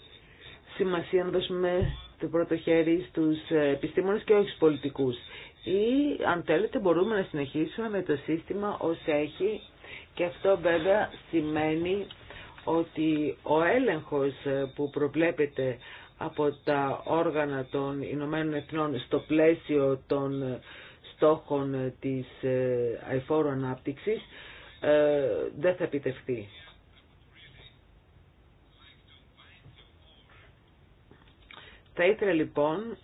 [SPEAKER 4] σημασία, να δώσουμε το πρώτο χέρι στους ε, επιστήμονες και όχι στους πολιτικούς. Ή αν θέλετε μπορούμε να συνεχίσουμε με το σύστημα ως έχει και αυτό βέβαια σημαίνει ότι ο έλεγχος που προβλέπεται από τα όργανα των Ηνωμένων Εθνών στο πλαίσιο των στόχων της ε, αηφόρου ανάπτυξης ε, δεν θα επιτευχθεί. Θα ήθελα λοιπόν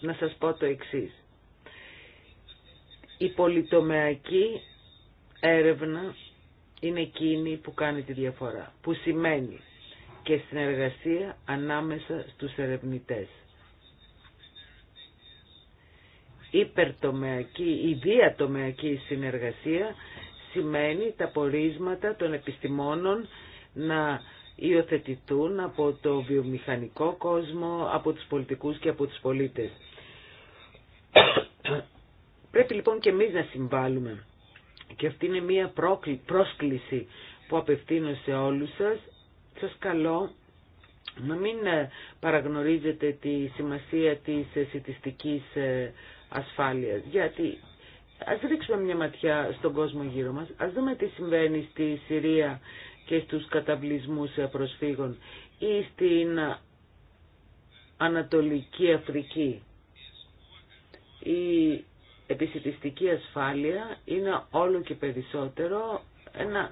[SPEAKER 4] να σας πω το εξής. Η πολυτομεακή έρευνα είναι εκείνη που κάνει τη διαφορά, που σημαίνει και συνεργασία ανάμεσα στους ερευνητές. Υπερτομεακή, η διατομεακή συνεργασία σημαίνει τα πορίσματα των επιστημόνων να υιοθετηθούν από το βιομηχανικό κόσμο, από τους πολιτικούς και από τους πολίτες. Πρέπει λοιπόν και εμείς να συμβάλλουμε και αυτή είναι μία πρόσκληση που απευθύνω σε όλους σας. Σας καλώ να μην ε, παραγνωρίζετε τη σημασία της ε, συντηστικής ε, ασφάλειας. Γιατί ας ρίξουμε μια ματιά στον κόσμο γύρω μας, ας δούμε τι συμβαίνει στη Συρία και στους καταβλισμούς προσφύγων ή στην Ανατολική Αφρική. Η επισητιστική ασφάλεια είναι όλο και περισσότερο ένα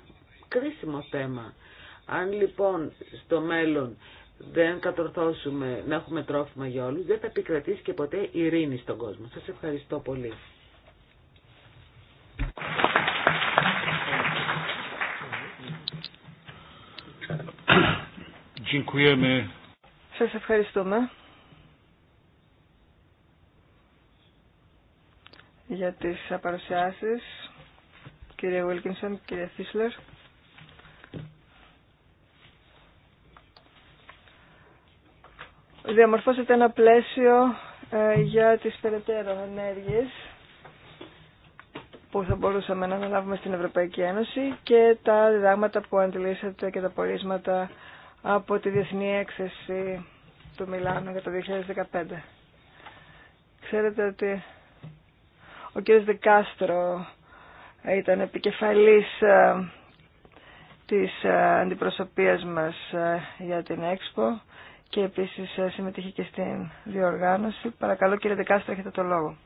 [SPEAKER 4] κρίσιμο θέμα. Αν λοιπόν στο μέλλον δεν κατορθώσουμε να έχουμε τρόφιμα για όλους, δεν θα επικρατήσει και ποτέ ειρήνη στον κόσμο. Σας ευχαριστώ πολύ.
[SPEAKER 1] Σας ευχαριστούμε. για τις παρουσιάσεις, κύριε Βίλκινσον, κύριε Θίσλερ. Διαμορφώσατε ένα πλαίσιο ε, για τις περαιτέρω ενέργειες που θα μπορούσαμε να αναλάβουμε στην Ευρωπαϊκή Ένωση και τα διδάγματα που αντιλήσατε και τα πορίσματα από τη Διεθνή Έκθεση του Μιλάνου για το 2015. Ξέρετε ότι ο κ. Δεκάστρο ήταν επικεφαλής ε, της ε, αντιπροσωπείας μας ε, για την ΕΞΠΟ και επίσης συμμετείχε και στην διοργάνωση. Παρακαλώ κύριε Δεκάστρο, έχετε το λόγο.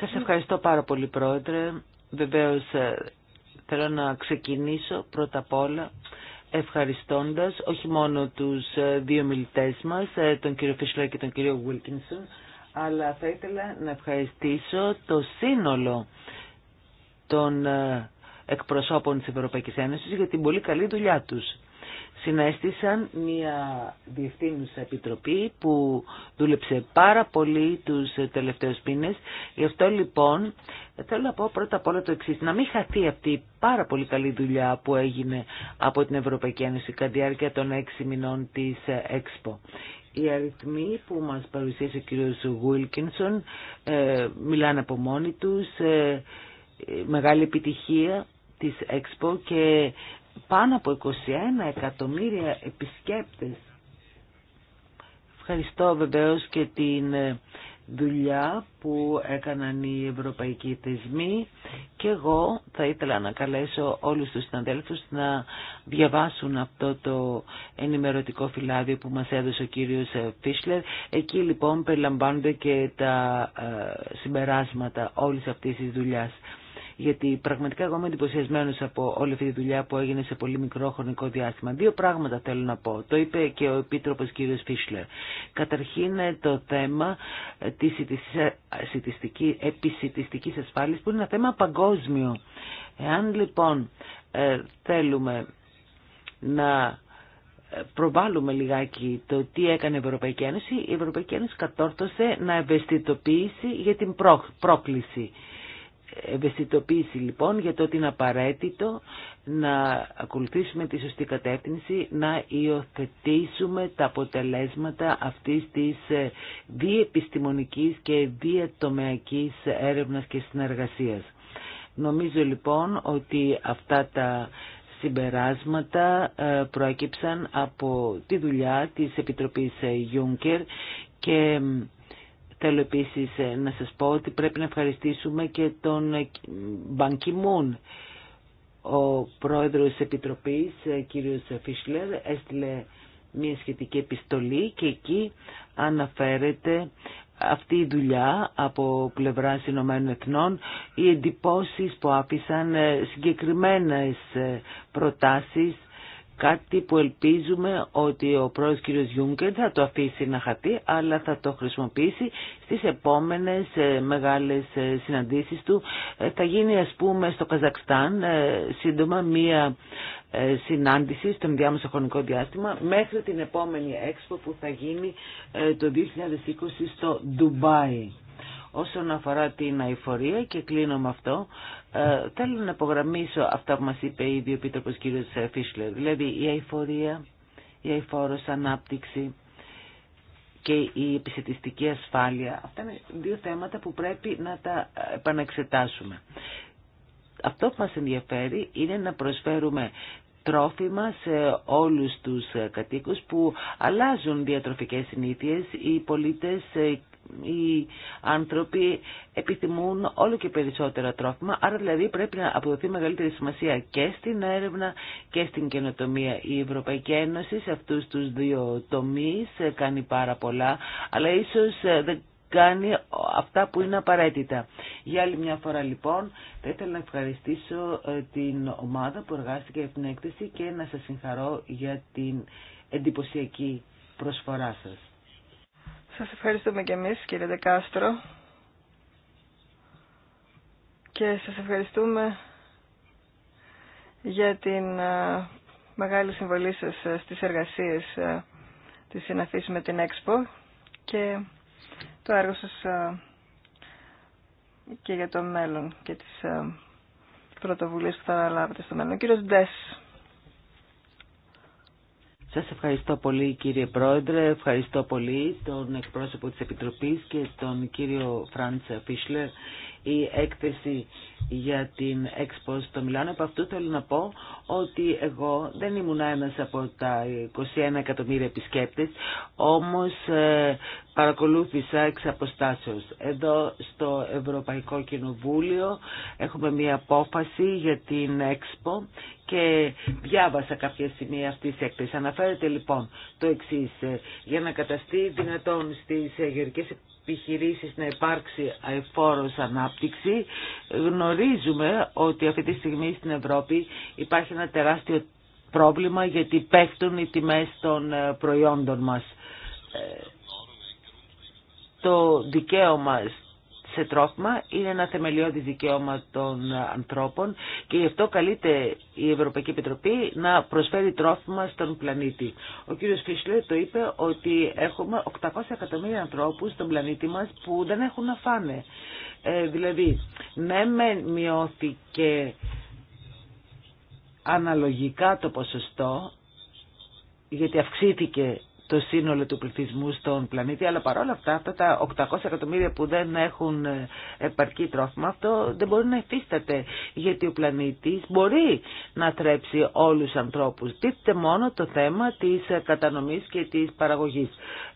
[SPEAKER 4] Σας ευχαριστώ πάρα πολύ πρόεδρε. Βεβαίως θέλω να ξεκινήσω πρώτα απ' όλα ευχαριστώντας όχι μόνο τους δύο μιλητές μας, τον κύριο Φίσλα και τον κύριο Βουίλκινσον, αλλά θα ήθελα να ευχαριστήσω το σύνολο των ε, εκπροσώπων της Ευρωπαϊκής Ένωσης για την πολύ καλή δουλειά τους. Συνέστησαν μια διευθύνουσα επιτροπή που δούλεψε πάρα πολύ τους ε, τελευταίους πίνες. Γι' αυτό λοιπόν θέλω να πω πρώτα απ' όλα το εξής. Να μην χαθεί αυτή η πάρα πολύ καλή δουλειά που έγινε από την Ευρωπαϊκή Ένωση κατά τη διάρκεια των έξι μηνών της ΕΞΠΟ. Οι αριθμοί που μας παρουσίασε ο κύριος Γουίλκινσον ε, μιλάνε από μόνοι τους, ε, ε, μεγάλη επιτυχία της ΕΞΠΟ και πάνω από 21 εκατομμύρια επισκέπτες. Ευχαριστώ βεβαίως και την δουλειά που έκαναν οι ευρωπαϊκοί θεσμοί και εγώ θα ήθελα να καλέσω όλους τους συναδέλφους να διαβάσουν αυτό το ενημερωτικό φυλάδιο που μας έδωσε ο κύριος Φίσλερ. Εκεί λοιπόν περιλαμβάνονται και τα ε, συμπεράσματα όλης αυτής της δουλειάς γιατί πραγματικά εγώ είμαι εντυπωσιασμένο από όλη αυτή τη δουλειά που έγινε σε πολύ μικρό χρονικό διάστημα. Δύο πράγματα θέλω να πω. Το είπε και ο επίτροπο κ. Φίσλερ. Καταρχήν ε, το θέμα ε, τη επισητιστική ασφάλεια, που είναι ένα θέμα παγκόσμιο. Εάν λοιπόν ε, θέλουμε να προβάλλουμε λιγάκι το τι έκανε η Ευρωπαϊκή Ένωση, η Ευρωπαϊκή Ένωση κατόρθωσε να ευαισθητοποιήσει για την πρόκληση ευαισθητοποίηση λοιπόν για το ότι είναι απαραίτητο να ακολουθήσουμε τη σωστή κατεύθυνση, να υιοθετήσουμε τα αποτελέσματα αυτής της ε, διεπιστημονικής και διατομεακής έρευνας και συνεργασίας. Νομίζω λοιπόν ότι αυτά τα συμπεράσματα ε, προέκυψαν από τη δουλειά της Επιτροπής ε, Juncker και Θέλω επίσης ε, να σας πω ότι πρέπει να ευχαριστήσουμε και τον ε, Μπανκιμούν. Ο πρόεδρος της Επιτροπής, ε, κύριος Φίσλερ, έστειλε μια σχετική επιστολή και εκεί αναφέρεται αυτή η δουλειά από πλευρά Ηνωμένων Εθνών, οι εντυπώσεις που άφησαν συγκεκριμένες προτάσεις κάτι που ελπίζουμε ότι ο πρόεδρος κ. Γιούγκερ θα το αφήσει να χαθεί, αλλά θα το χρησιμοποιήσει στις επόμενες ε, μεγάλες ε, συναντήσεις του. Ε, θα γίνει ας πούμε στο Καζακστάν σύντομα μία συνάντηση στον διάμεσο χρονικό διάστημα μέχρι την επόμενη έξπο που θα γίνει το 2020 στο Ντουμπάι. Όσον αφορά την αηφορία και κλείνω με αυτό, ε, θέλω να απογραμμίσω αυτά που μας είπε ήδη ο Επίτροπος κ. Φίσλερ, δηλαδή η αηφορία, η αηφόρος ανάπτυξη και η επισητιστική ασφάλεια. Αυτά είναι δύο θέματα που πρέπει να τα επαναξετάσουμε. Αυτό που μας ενδιαφέρει είναι να προσφέρουμε τρόφιμα σε όλους τους κατοίκους που αλλάζουν διατροφικές συνήθειες. Οι πολίτες οι άνθρωποι επιθυμούν όλο και περισσότερα τρόφιμα, άρα δηλαδή πρέπει να αποδοθεί μεγαλύτερη σημασία και στην έρευνα και στην καινοτομία. Η Ευρωπαϊκή Ένωση σε αυτούς τους δύο τομείς κάνει πάρα πολλά, αλλά ίσως ε, δεν κάνει αυτά που είναι απαραίτητα. Για άλλη μια φορά λοιπόν θα ήθελα να ευχαριστήσω ε, την ομάδα που εργάστηκε για την έκθεση και να σας συγχαρώ για την εντυπωσιακή προσφορά σας.
[SPEAKER 1] Σας ευχαριστούμε και εμείς κύριε Δεκάστρο και σας ευχαριστούμε για την μεγάλη συμβολή σας στις εργασίες της συναφής με την Expo και το έργο σας και για το μέλλον και τις πρωτοβουλίες που θα λάβετε στο μέλλον. Ο κύριος
[SPEAKER 4] σας ευχαριστώ πολύ κύριε Πρόεδρε, ευχαριστώ πολύ τον εκπρόσωπο της Επιτροπής και τον κύριο Φραντς Φίσλερ. Η έκθεση για την Expo στο Μιλάνο, από αυτού θέλω να πω ότι εγώ δεν ήμουν ένας από τα 21 εκατομμύρια επισκέπτες, όμως ε, παρακολούθησα εξ αποστάσεως. Εδώ στο Ευρωπαϊκό Κοινοβούλιο έχουμε μία απόφαση για την ΕΞΠΟ και διάβασα κάποια σημεία αυτή τη έκθεση. Αναφέρεται λοιπόν το εξή. Για να καταστεί δυνατόν στι γεωργικέ επιχειρήσει να υπάρξει αεφόρο ανάπτυξη, γνωρίζουμε ότι αυτή τη στιγμή στην Ευρώπη υπάρχει ένα τεράστιο πρόβλημα γιατί πέφτουν οι τιμές των προϊόντων μας ε, το δικαίωμα σε τρόφιμα είναι ένα θεμελιώδη δικαίωμα των ανθρώπων και γι' αυτό καλείται η Ευρωπαϊκή Επιτροπή να προσφέρει τρόφιμα στον πλανήτη. Ο κύριος Φίσλε το είπε ότι έχουμε 800 εκατομμύρια ανθρώπους στον πλανήτη μας που δεν έχουν να φάνε. Ε, δηλαδή, ναι με μειώθηκε αναλογικά το ποσοστό γιατί αυξήθηκε το σύνολο του πληθυσμού στον πλανήτη, αλλά παρόλα αυτά, αυτά τα 800 εκατομμύρια που δεν έχουν ε, επαρκή τρόφιμα, αυτό δεν μπορεί να υφίσταται, γιατί ο πλανήτης μπορεί να θρέψει όλους τους ανθρώπους. Τίθεται μόνο το θέμα της ε, κατανομής και της παραγωγής.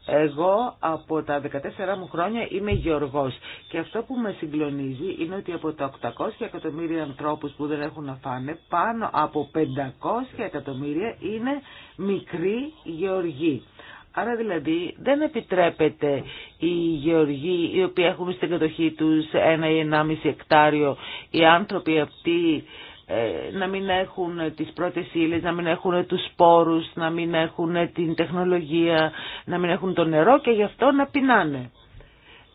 [SPEAKER 4] Εγώ από τα 14 μου χρόνια είμαι γεωργός και αυτό που με συγκλονίζει είναι ότι από τα 800 εκατομμύρια ανθρώπους που δεν έχουν να φάνε πάνω από 500 εκατομμύρια είναι μικροί γεωργοί. Άρα δηλαδή δεν επιτρέπεται οι γεωργοί οι οποίοι έχουν στην κατοχή τους ένα ή ενάμιση εκτάριο, οι άνθρωποι αυτοί ε, να μην έχουν τις πρώτες ύλες, να μην έχουν τους σπόρους, να μην έχουν την τεχνολογία, να μην έχουν το νερό και γι' αυτό να πεινάνε.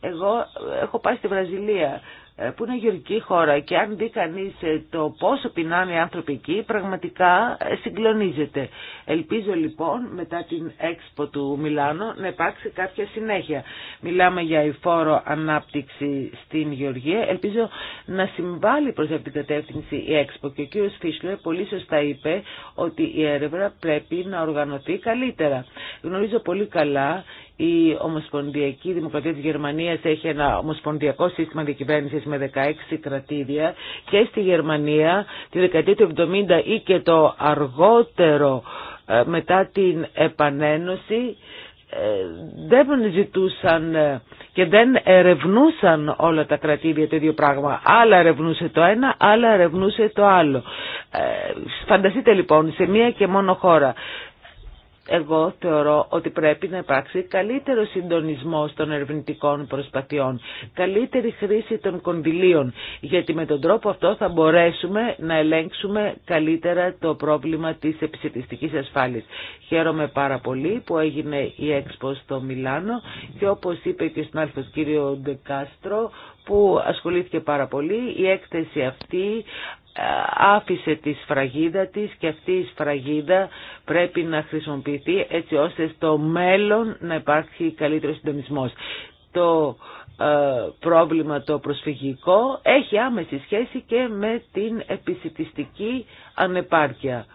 [SPEAKER 4] Εγώ έχω πάει στη Βραζιλία ε, που είναι γεωργική χώρα και αν δει κανεί ε, το πόσο πεινάνε οι άνθρωποι εκεί, πραγματικά ε, συγκλονίζεται. Ελπίζω λοιπόν μετά την έξπο του Μιλάνο να υπάρξει κάποια συνέχεια. Μιλάμε για υφόρο ανάπτυξη στην Γεωργία. Ελπίζω να συμβάλλει προς αυτήν την κατεύθυνση η έξπο και ο κύριος Φίσλερ πολύ σωστά είπε ότι η έρευνα πρέπει να οργανωθεί καλύτερα. Γνωρίζω πολύ καλά η Ομοσπονδιακή Δημοκρατία της Γερμανίας έχει ένα ομοσπονδιακό σύστημα διακυβέρνησης με 16 κρατήδια και στη Γερμανία τη δεκαετία του 70 ή και το αργότερο ε, μετά την επανένωση ε, δεν ζητούσαν ε, και δεν ερευνούσαν όλα τα κρατήδια το ίδιο πράγμα. Άλλα ερευνούσε το ένα, άλλα ερευνούσε το άλλο. Φανταστείτε λοιπόν σε μία και μόνο χώρα εγώ θεωρώ ότι πρέπει να υπάρξει καλύτερο συντονισμό των ερευνητικών προσπαθειών, καλύτερη χρήση των κονδυλίων, γιατί με τον τρόπο αυτό θα μπορέσουμε να ελέγξουμε καλύτερα το πρόβλημα της επιστημιστικής ασφάλειας. Χαίρομαι πάρα πολύ που έγινε η έξπο στο Μιλάνο και όπως είπε και ο συνάδελφος κύριο Ντεκάστρο, που ασχολήθηκε πάρα πολύ. Η έκθεση αυτή ε, άφησε τη σφραγίδα της και αυτή η σφραγίδα πρέπει να χρησιμοποιηθεί έτσι ώστε στο μέλλον να υπάρχει καλύτερο συντονισμός. Το ε, πρόβλημα το προσφυγικό έχει άμεση σχέση και με την επισητιστική ανεπάρκεια.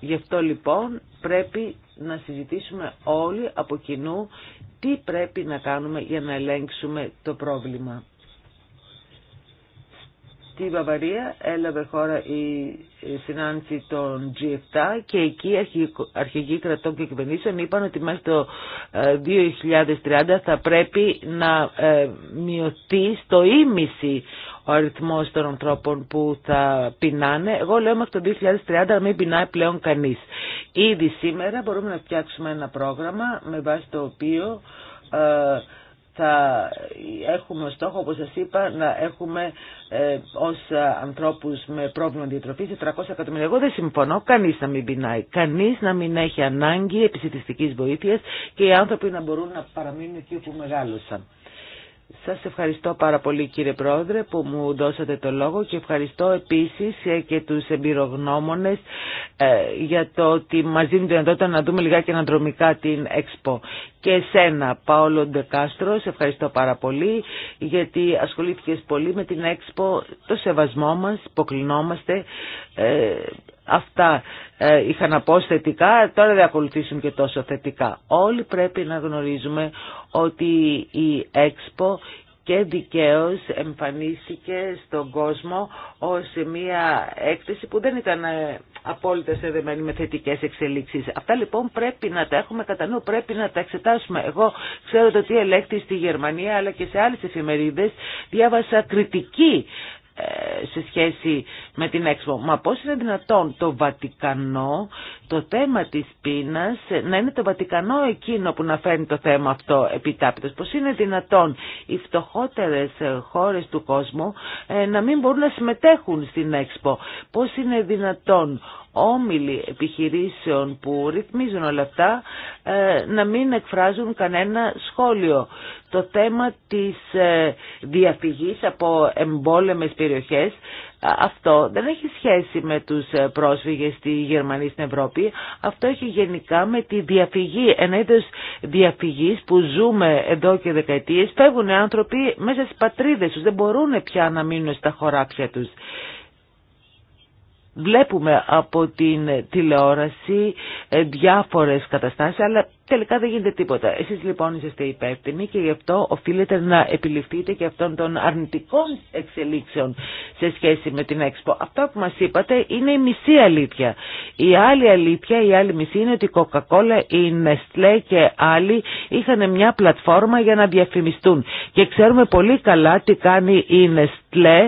[SPEAKER 4] Γι' αυτό λοιπόν πρέπει να συζητήσουμε όλοι από κοινού τι πρέπει να κάνουμε για να ελέγξουμε το πρόβλημα στη Βαβαρία έλαβε χώρα η συνάντηση των G7 και εκεί αρχηγοί κρατών και κυβερνήσεων είπαν ότι μέχρι το 2030 ε, θα πρέπει να ε, μειωθεί στο ίμιση ο αριθμός των ανθρώπων που θα πεινάνε. Εγώ λέω μέχρι το 2030 να μην πεινάει πλέον κανείς. Ήδη σήμερα μπορούμε να φτιάξουμε ένα πρόγραμμα με βάση το οποίο ε, θα έχουμε στόχο, όπως σας είπα, να έχουμε ε, ως ανθρώπους με πρόβλημα διατροφής 400 εκατομμύρια. Εγώ δεν συμφωνώ, κανείς να μην πεινάει, κανείς να μην έχει ανάγκη επισητιστικής βοήθειας και οι άνθρωποι να μπορούν να παραμείνουν εκεί που μεγάλωσαν. Σας ευχαριστώ πάρα πολύ κύριε Πρόεδρε που μου δώσατε το λόγο και ευχαριστώ επίσης ε, και τους εμπειρογνώμονες ε, για το ότι μας δίνουν δυνατότητα να δούμε λιγάκι αναδρομικά την ΕΞΠΟ. Και εσένα Παόλο Ντεκάστρο, σε ευχαριστώ πάρα πολύ γιατί ασχολήθηκες πολύ με την ΕΞΠΟ, το σεβασμό μας, υποκλεινόμαστε ε, αυτά ε, είχαν αποσθετικά, τώρα δεν ακολουθήσουν και τόσο θετικά. Όλοι πρέπει να γνωρίζουμε ότι η ΕΞΠΟ και δικαίως εμφανίστηκε στον κόσμο ως μια έκθεση που δεν ήταν ε, απόλυτα συνδεδεμένη με θετικές εξελίξεις. Αυτά λοιπόν πρέπει να τα έχουμε κατά νου, πρέπει να τα εξετάσουμε. Εγώ ξέρω το τι ελέγχθη στη Γερμανία αλλά και σε άλλες εφημερίδες διάβασα κριτική σε σχέση με την έξω. Μα πώς είναι δυνατόν το Βατικανό, το θέμα της πείνας, να είναι το Βατικανό εκείνο που να φέρνει το θέμα αυτό επιτάπητος. Πώς είναι δυνατόν οι φτωχότερες χώρες του κόσμου ε, να μην μπορούν να συμμετέχουν στην έξπο. Πώς είναι δυνατόν όμιλοι επιχειρήσεων που ρυθμίζουν όλα αυτά ε, να μην εκφράζουν κανένα σχόλιο. Το θέμα της ε, διαφυγής από εμπόλεμες περιοχές ε, αυτό δεν έχει σχέση με τους πρόσφυγες στη Γερμανία στην Ευρώπη. Αυτό έχει γενικά με τη διαφυγή, ένα είδος διαφυγής που ζούμε εδώ και δεκαετίες. Φεύγουν άνθρωποι μέσα στις πατρίδες τους, δεν μπορούν πια να μείνουν στα χωράφια τους. Βλέπουμε από την τηλεόραση ε, διάφορες καταστάσεις, αλλά τελικά δεν γίνεται τίποτα. Εσείς λοιπόν είστε υπεύθυνοι και γι' αυτό οφείλετε να επιληφθείτε και αυτών των αρνητικών εξελίξεων σε σχέση με την Expo. Αυτό που μας είπατε είναι η μισή αλήθεια. Η άλλη αλήθεια, η άλλη μισή είναι ότι η Coca-Cola, η Nestlé και άλλοι είχαν μια πλατφόρμα για να διαφημιστούν. Και ξέρουμε πολύ καλά τι κάνει η Nestlé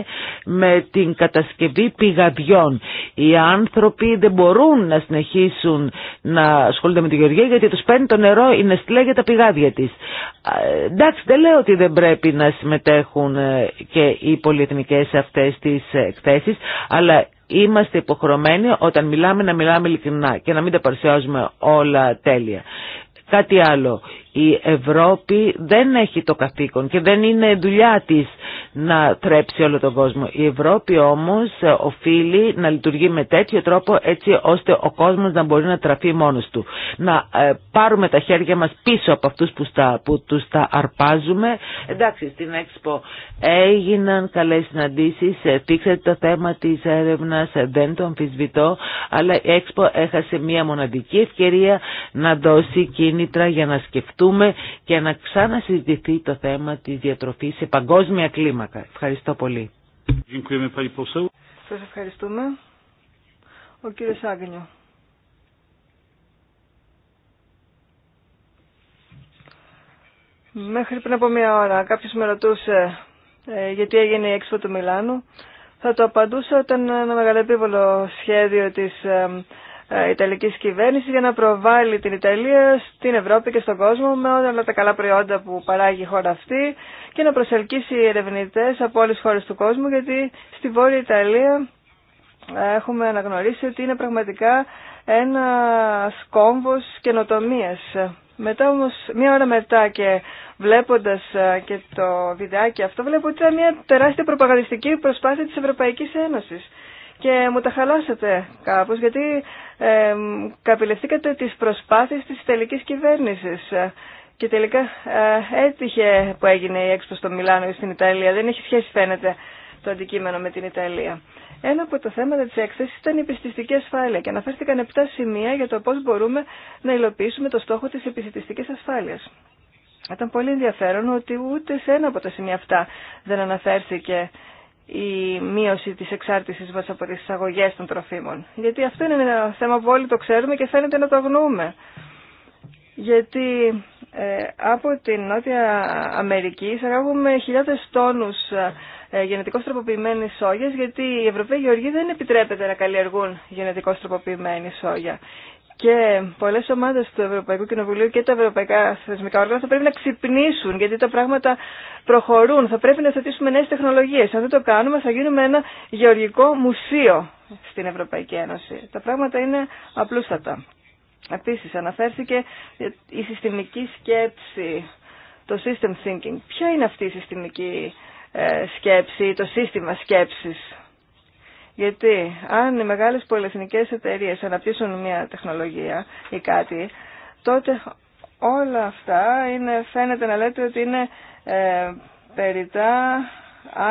[SPEAKER 4] με την κατασκευή πηγαδιών. Οι άνθρωποι δεν μπορούν να συνεχίσουν να ασχολούνται με τη Γεωργία γιατί τους παίρνει το νερό, είναι στυλά για τα πηγάδια της. Εντάξει, δεν λέω ότι δεν πρέπει να συμμετέχουν ε, και οι πολυεθνικές αυτέ αυτές τις αλλά είμαστε υποχρεωμένοι όταν μιλάμε να μιλάμε ειλικρινά και να μην τα παρουσιάζουμε όλα τέλεια. Κάτι άλλο, η Ευρώπη δεν έχει το καθήκον και δεν είναι δουλειά της να τρέψει όλο τον κόσμο. Η Ευρώπη όμως οφείλει να λειτουργεί με τέτοιο τρόπο έτσι ώστε ο κόσμος να μπορεί να τραφεί μόνος του. Να ε, πάρουμε τα χέρια μας πίσω από αυτούς που, στα, που τους τα αρπάζουμε. Εντάξει, στην Expo έγιναν καλές συναντήσεις, ε, δείξατε το θέμα της έρευνας, ε, δεν το αμφισβητώ, αλλά η Expo έχασε μία μοναδική ευκαιρία να δώσει κίνητρα για να σκεφτούμε συζητούμε και να ξανασυζητηθεί το θέμα της διατροφής σε παγκόσμια κλίμακα. Ευχαριστώ πολύ.
[SPEAKER 1] Σας ευχαριστούμε. Ο κύριος Άγνιο. Μέχρι πριν από μία ώρα κάποιος με ρωτούσε ε, γιατί έγινε η έξοδο του Μιλάνου. Θα το απαντούσα όταν ένα μεγαλεπίβολο σχέδιο της ε, ε, Ιταλική κυβέρνησης για να προβάλλει την Ιταλία στην Ευρώπη και στον κόσμο με όλα τα καλά προϊόντα που παράγει η χώρα αυτή και να προσελκύσει ερευνητές από όλες τις χώρες του κόσμου γιατί στη Βόρεια Ιταλία έχουμε αναγνωρίσει ότι είναι πραγματικά ένα κόμβος καινοτομίας. Μετά όμως, μία ώρα μετά και βλέποντας ε, και το βιντεάκι αυτό, βλέπω ότι ήταν μια τεράστια προπαγανιστική προσπάθεια της Ευρωπαϊκής Ένωσης και μου τα χαλάσατε κάπως γιατί ε, καπηλευτήκατε τις προσπάθειες της τελικής κυβέρνησης και τελικά ε, έτυχε που έγινε η έξω στο Μιλάνο ή στην Ιταλία. Δεν έχει σχέση φαίνεται το αντικείμενο με την Ιταλία. Ένα από τα θέματα της έκθεσης ήταν η πιστιστική ασφάλεια και αναφέρθηκαν 7 σημεία για το πώς μπορούμε να υλοποιήσουμε το στόχο της επιστηστικής ασφάλειας. Ήταν πολύ ενδιαφέρον ότι ούτε σε ένα από τα σημεία αυτά δεν αναφέρθηκε η μείωση της εξάρτησης μας από τις εισαγωγέ των τροφίμων. Γιατί αυτό είναι ένα θέμα που όλοι το ξέρουμε και φαίνεται να το αγνοούμε. Γιατί ε, από την Νότια Αμερική εισαγάγουμε χιλιάδες τόνους ε, γενετικώς τροποποιημένης σόγιας γιατί οι Ευρωπαίοι Γεωργοί δεν επιτρέπεται να καλλιεργούν γενετικώς τροποποιημένη σόγια. Και πολλέ ομάδε του Ευρωπαϊκού Κοινοβουλίου και τα ευρωπαϊκά θεσμικά όργανα θα πρέπει να ξυπνήσουν, γιατί τα πράγματα προχωρούν. Θα πρέπει να θετήσουμε νέε τεχνολογίε. Αν δεν το κάνουμε, θα γίνουμε ένα γεωργικό μουσείο στην Ευρωπαϊκή Ένωση. Τα πράγματα είναι απλούστατα. Επίση, αναφέρθηκε η συστημική σκέψη, το system thinking. Ποια είναι αυτή η συστημική ε, σκέψη, το σύστημα σκέψης γιατί αν οι μεγάλες πολυεθνικές εταιρείες αναπτύσσουν μια τεχνολογία ή κάτι, τότε όλα αυτά είναι, φαίνεται να λέτε ότι είναι ε, περιτά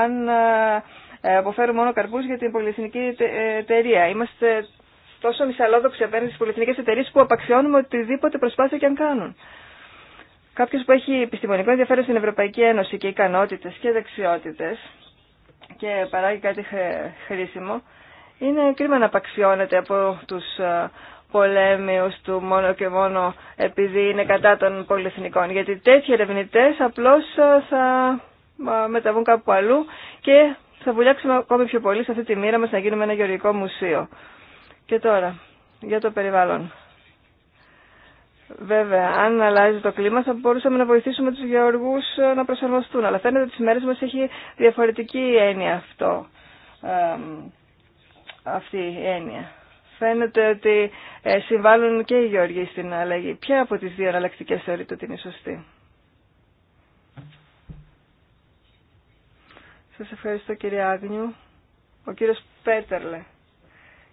[SPEAKER 1] αν ε, ε, αποφέρουν μόνο καρπούς για την πολυεθνική ε, εταιρεία. Είμαστε τόσο μυσαλόδοξοι απέναντι στις πολυεθνικές εταιρείες που απαξιώνουμε οτιδήποτε προσπάθεια και αν κάνουν. Κάποιο που έχει επιστημονικό ενδιαφέρον στην Ευρωπαϊκή Ένωση και ικανότητε και δεξιότητε και παράγει κάτι χρήσιμο, είναι κρίμα να απαξιώνεται από τους ε, πολέμιους του μόνο και μόνο επειδή είναι κατά των πολυεθνικών. Γιατί τέτοιοι ερευνητέ απλώς ε, θα ε, μεταβούν κάπου αλλού και θα βουλιάξουμε ακόμη πιο πολύ σε αυτή τη μοίρα μας να γίνουμε ένα γεωργικό μουσείο. Και τώρα, για το περιβάλλον. Βέβαια, αν αλλάζει το κλίμα θα μπορούσαμε να βοηθήσουμε τους γεωργούς ε, να προσαρμοστούν. Αλλά φαίνεται ότι τις μέρες μας έχει διαφορετική έννοια αυτό, αυτή η έννοια. Φαίνεται ότι ε, συμβάλλουν και οι γεωργοί στην αλλαγή. Ποια από τις δύο εναλλακτικές θεωρείτε ότι είναι σωστή. Σας ευχαριστώ κύριε Άγνιου. Ο κύριος Πέτερλε.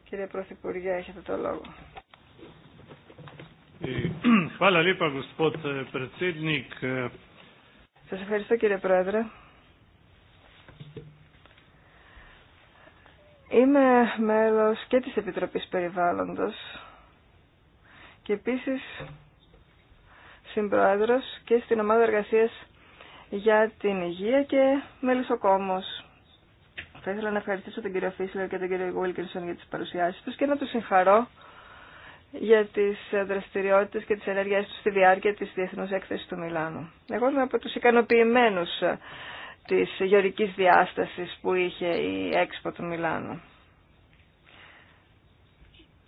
[SPEAKER 1] Κύριε Πρωθυπουργέ, έχετε το λόγο.
[SPEAKER 3] Eh, eh.
[SPEAKER 1] Σας ευχαριστώ κύριε Πρόεδρε. Είμαι μέλος και της Επιτροπής Περιβάλλοντος και επίσης συμπρόεδρος και στην ομάδα εργασίας για την υγεία και μελισσοκόμος. Θα ήθελα να ευχαριστήσω τον κύριο Φίσλερ και τον κύριο Γουίλκινσον για τις παρουσιάσεις τους και να τους συγχαρώ για τις δραστηριότητες και τις ενέργειές του στη διάρκεια της Διεθνούς Έκθεσης του Μιλάνου. Εγώ είμαι από τους ικανοποιημένους ε, της γεωρικής διάστασης που είχε η έξπο του Μιλάνου.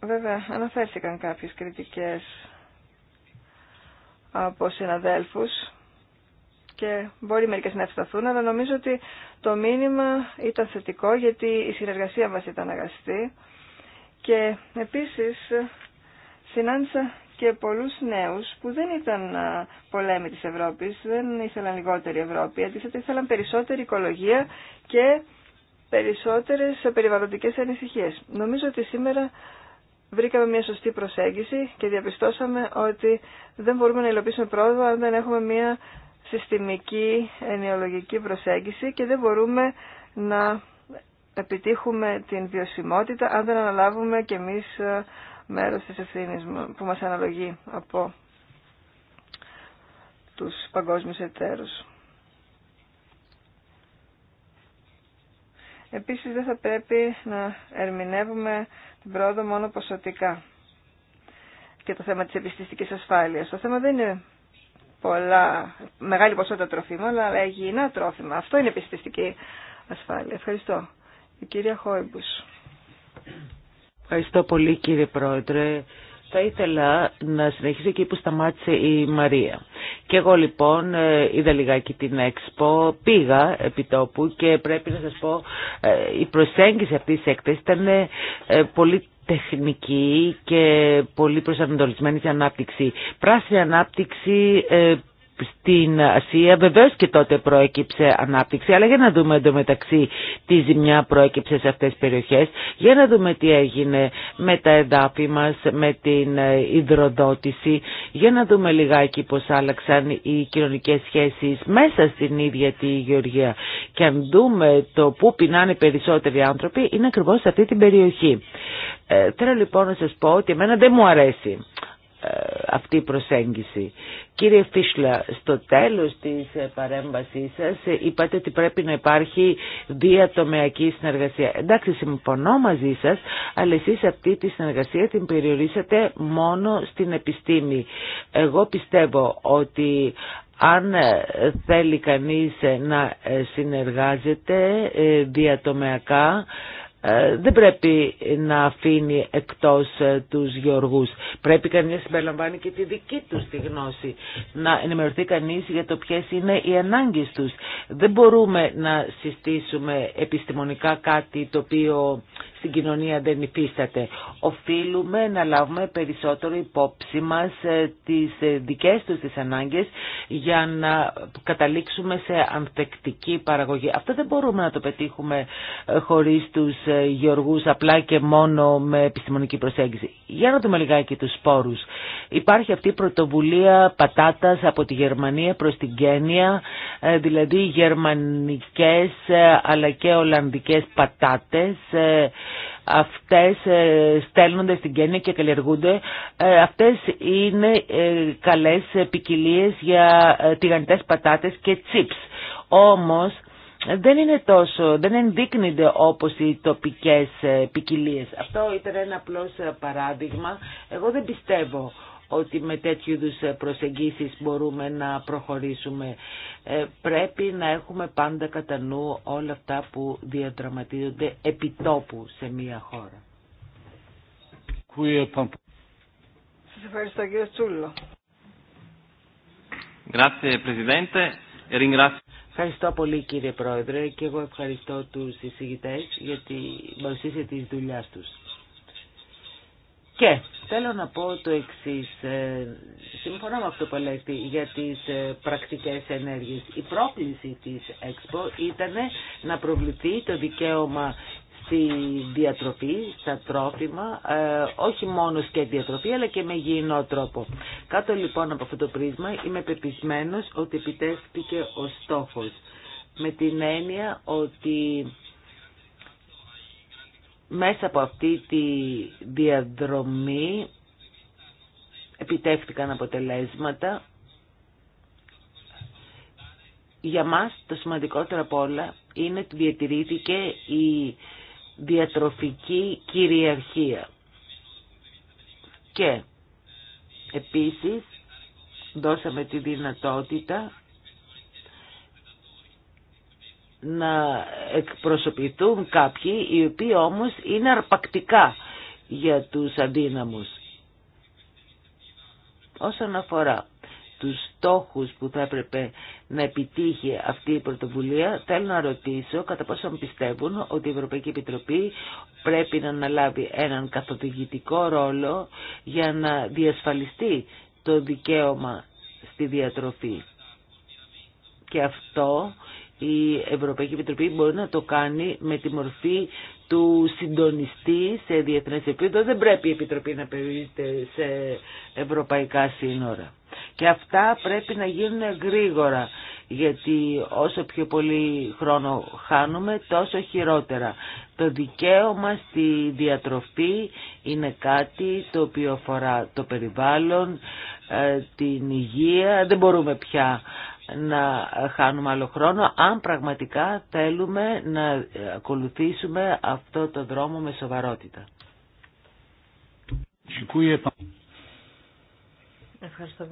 [SPEAKER 1] Βέβαια, αναφέρθηκαν κάποιες κριτικές από συναδέλφους και μπορεί μερικέ να ευσταθούν, αλλά νομίζω ότι το μήνυμα ήταν θετικό γιατί η συνεργασία μας ήταν αγαστή και επίσης συνάντησα και πολλούς νέους που δεν ήταν πολέμοι της Ευρώπης, δεν ήθελαν λιγότερη Ευρώπη, αντίθετα ήθελαν περισσότερη οικολογία και περισσότερες περιβαλλοντικές ανησυχίες. Νομίζω ότι σήμερα βρήκαμε μια σωστή προσέγγιση και διαπιστώσαμε ότι δεν μπορούμε να υλοποιήσουμε πρόοδο αν δεν έχουμε μια συστημική ενοιολογική προσέγγιση και δεν μπορούμε να επιτύχουμε την βιωσιμότητα αν δεν αναλάβουμε κι εμείς μέρος της ευθύνης που μας αναλογεί από τους παγκόσμιους εταίρους. Επίσης δεν θα πρέπει να ερμηνεύουμε την πρόοδο μόνο ποσοτικά και το θέμα της επιστηστικής ασφάλειας. Το θέμα δεν είναι πολλά, μεγάλη ποσότητα τροφίμων, αλλά υγιεινά τρόφιμα. Αυτό είναι επιστηστική ασφάλεια. Ευχαριστώ. Η κυρία Χόιμπους.
[SPEAKER 4] Ευχαριστώ πολύ κύριε Πρόεδρε. Θα ήθελα να συνεχίσω εκεί που σταμάτησε η Μαρία. Και εγώ λοιπόν ε, είδα λιγάκι την Expo, πήγα επί τόπου και πρέπει να σας πω ε, η προσέγγιση αυτής της έκθεσης ήταν ε, πολύ τεχνική και πολύ προσανατολισμένη σε ανάπτυξη. Πράσινη ανάπτυξη, στην Ασία. Βεβαίως και τότε προέκυψε ανάπτυξη, αλλά για να δούμε εντωμεταξύ τι ζημιά προέκυψε σε αυτές τις περιοχές. Για να δούμε τι έγινε με τα εδάφη μας, με την ε, υδροδότηση. Για να δούμε λιγάκι πώς άλλαξαν οι κοινωνικές σχέσεις μέσα στην ίδια τη Γεωργία. Και αν δούμε το που πεινάνε περισσότεροι άνθρωποι, είναι ακριβώς σε αυτή την περιοχή. Ε, θέλω λοιπόν να σας πω ότι εμένα δεν μου αρέσει ε, αυτή η προσέγγιση. Κύριε Φίσλα, στο τέλος της ε, παρέμβασής σας ε, είπατε ότι πρέπει να υπάρχει διατομεακή συνεργασία. Εντάξει, συμφωνώ μαζί σας, αλλά εσείς αυτή τη συνεργασία την περιορίσατε μόνο στην επιστήμη. Εγώ πιστεύω ότι αν θέλει κανείς να συνεργάζεται διατομεακά, ε, δεν πρέπει να αφήνει εκτός ε, τους γεωργούς. Πρέπει κανείς να συμπεριλαμβάνει και τη δική τους τη γνώση, να ενημερωθεί κανείς για το ποιες είναι οι ανάγκες τους. Δεν μπορούμε να συστήσουμε επιστημονικά κάτι το οποίο στην κοινωνία δεν υφίσταται. Οφείλουμε να λάβουμε περισσότερο υπόψη μας ε, τις ε, δικές τους τις ανάγκες για να καταλήξουμε σε ανθεκτική παραγωγή. Αυτό δεν μπορούμε να το πετύχουμε ε, χωρίς τους γεωργούς απλά και μόνο με επιστημονική προσέγγιση. Για να δούμε λιγάκι τους σπόρους. Υπάρχει αυτή η πρωτοβουλία πατάτας από τη Γερμανία προς την Κένια, δηλαδή γερμανικές αλλά και ολλανδικές πατάτες αυτές ε, στέλνονται στην Κένια και καλλιεργούνται. Ε, αυτές είναι ε, καλές ποικιλίε για τηγανιτές πατάτες και τσίπς. Όμως δεν είναι τόσο, δεν ενδείκνυνται όπως οι τοπικές ποικιλίε. Αυτό ήταν ένα απλό παράδειγμα. Εγώ δεν πιστεύω ότι με τέτοιου είδου προσεγγίσεις μπορούμε να προχωρήσουμε. Ε, πρέπει να έχουμε πάντα κατά νου όλα αυτά που διαδραματίζονται επιτόπου σε μία χώρα. Σας
[SPEAKER 1] ευχαριστώ κύριε Τσούλο.
[SPEAKER 3] E
[SPEAKER 4] ευχαριστώ πολύ κύριε Πρόεδρε και εγώ ευχαριστώ τους για γιατί παρουσίασε της δουλειάς τους. Και θέλω να πω το εξή. Ε, συμφωνώ με αυτό που λέτε για τις ε, πρακτικέ ενέργειε. Η πρόκληση της ΕΞΠΟ ήταν να προβληθεί το δικαίωμα στη διατροφή, στα τρόφιμα, ε, όχι μόνο και διατροφή αλλά και με υγιεινό τρόπο. Κάτω λοιπόν από αυτό το πρίσμα είμαι πεπισμένος ότι επιτέθηκε ο στόχος με την έννοια ότι μέσα από αυτή τη διαδρομή επιτεύχθηκαν αποτελέσματα. Για μας το σημαντικότερο από όλα είναι ότι διατηρήθηκε η διατροφική κυριαρχία. Και επίσης δώσαμε τη δυνατότητα να εκπροσωπηθούν κάποιοι οι οποίοι όμως είναι αρπακτικά για τους αδύναμους. Όσον αφορά τους στόχους που θα έπρεπε να επιτύχει αυτή η πρωτοβουλία, θέλω να ρωτήσω κατά πόσο πιστεύουν ότι η Ευρωπαϊκή Επιτροπή πρέπει να αναλάβει έναν καθοδηγητικό ρόλο για να διασφαλιστεί το δικαίωμα στη διατροφή. Και αυτό η Ευρωπαϊκή Επιτροπή μπορεί να το κάνει με τη μορφή του συντονιστή σε διεθνές επίπεδο. Δεν πρέπει η Επιτροπή να περιορίζεται σε ευρωπαϊκά σύνορα. Και αυτά πρέπει να γίνουν γρήγορα, γιατί όσο πιο πολύ χρόνο χάνουμε, τόσο χειρότερα. Το δικαίωμα στη διατροφή είναι κάτι το οποίο αφορά το περιβάλλον, ε, την υγεία. Δεν μπορούμε πια να χάνουμε άλλο χρόνο αν πραγματικά θέλουμε να ακολουθήσουμε αυτό το δρόμο με σοβαρότητα.
[SPEAKER 2] Ευχαριστώ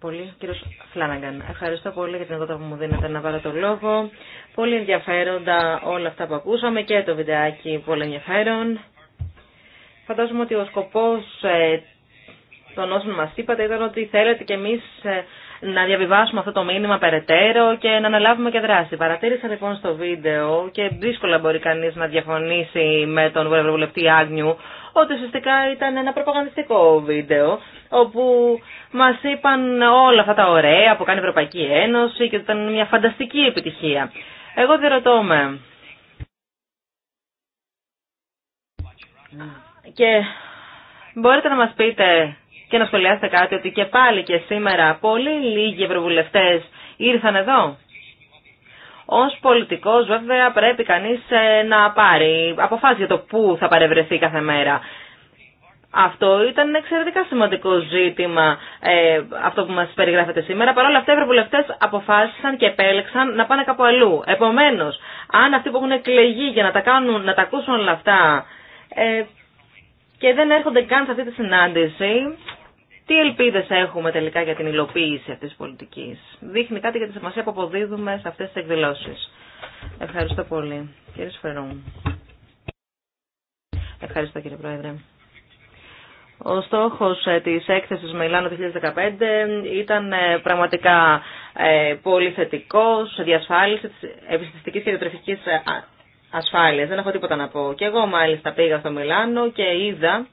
[SPEAKER 2] πολύ. Κύριο Φλάναγκαν, ευχαριστώ πολύ για την εγώτα που μου δίνετε να πάρω το λόγο. Πολύ ενδιαφέροντα όλα αυτά που ακούσαμε και το βιντεάκι πολύ ενδιαφέρον. Φαντάζομαι ότι ο σκοπός ε, των όσων μας είπατε ήταν ότι θέλετε κι εμείς ε, να διαβιβάσουμε αυτό το μήνυμα περαιτέρω και να αναλάβουμε και δράση. Παρατήρησα λοιπόν στο βίντεο και δύσκολα μπορεί κανείς να διαφωνήσει με τον βουλευτή Άγνιου ότι ουσιαστικά ήταν ένα προπαγανδιστικό βίντεο όπου μας είπαν όλα αυτά τα ωραία που κάνει η Ευρωπαϊκή Ένωση και ότι ήταν μια φανταστική επιτυχία. Εγώ διερωτώ με. Και μπορείτε να μας πείτε και να σχολιάσετε κάτι ότι και πάλι και σήμερα πολύ λίγοι ευρωβουλευτές ήρθαν εδώ. Ως πολιτικός βέβαια πρέπει κανείς ε, να πάρει αποφάσει για το πού θα παρευρεθεί κάθε μέρα. Αυτό ήταν ένα εξαιρετικά σημαντικό ζήτημα ε, αυτό που μας περιγράφεται σήμερα. Παρ' όλα αυτά οι ευρωβουλευτές αποφάσισαν και επέλεξαν να πάνε κάπου αλλού. Επομένως, αν αυτοί που έχουν εκλεγεί για να τα, κάνουν, να τα ακούσουν όλα αυτά ε, και δεν έρχονται καν σε αυτή τη συνάντηση, τι ελπίδες έχουμε τελικά για την υλοποίηση αυτής της πολιτικής. Δείχνει κάτι για τη σημασία που αποδίδουμε σε αυτές τις εκδηλώσεις. Ευχαριστώ πολύ. Κύριε Σφερού. Ευχαριστώ κύριε Πρόεδρε. Ο στόχος ε, της έκθεσης Μιλάνο 2015 ήταν ε, πραγματικά ε, πολύ θετικός, διασφάλιση της επιστηστικής και διατροφικής ασφάλειας. Δεν έχω τίποτα να πω. Και εγώ μάλιστα πήγα στο Μιλάνο και είδα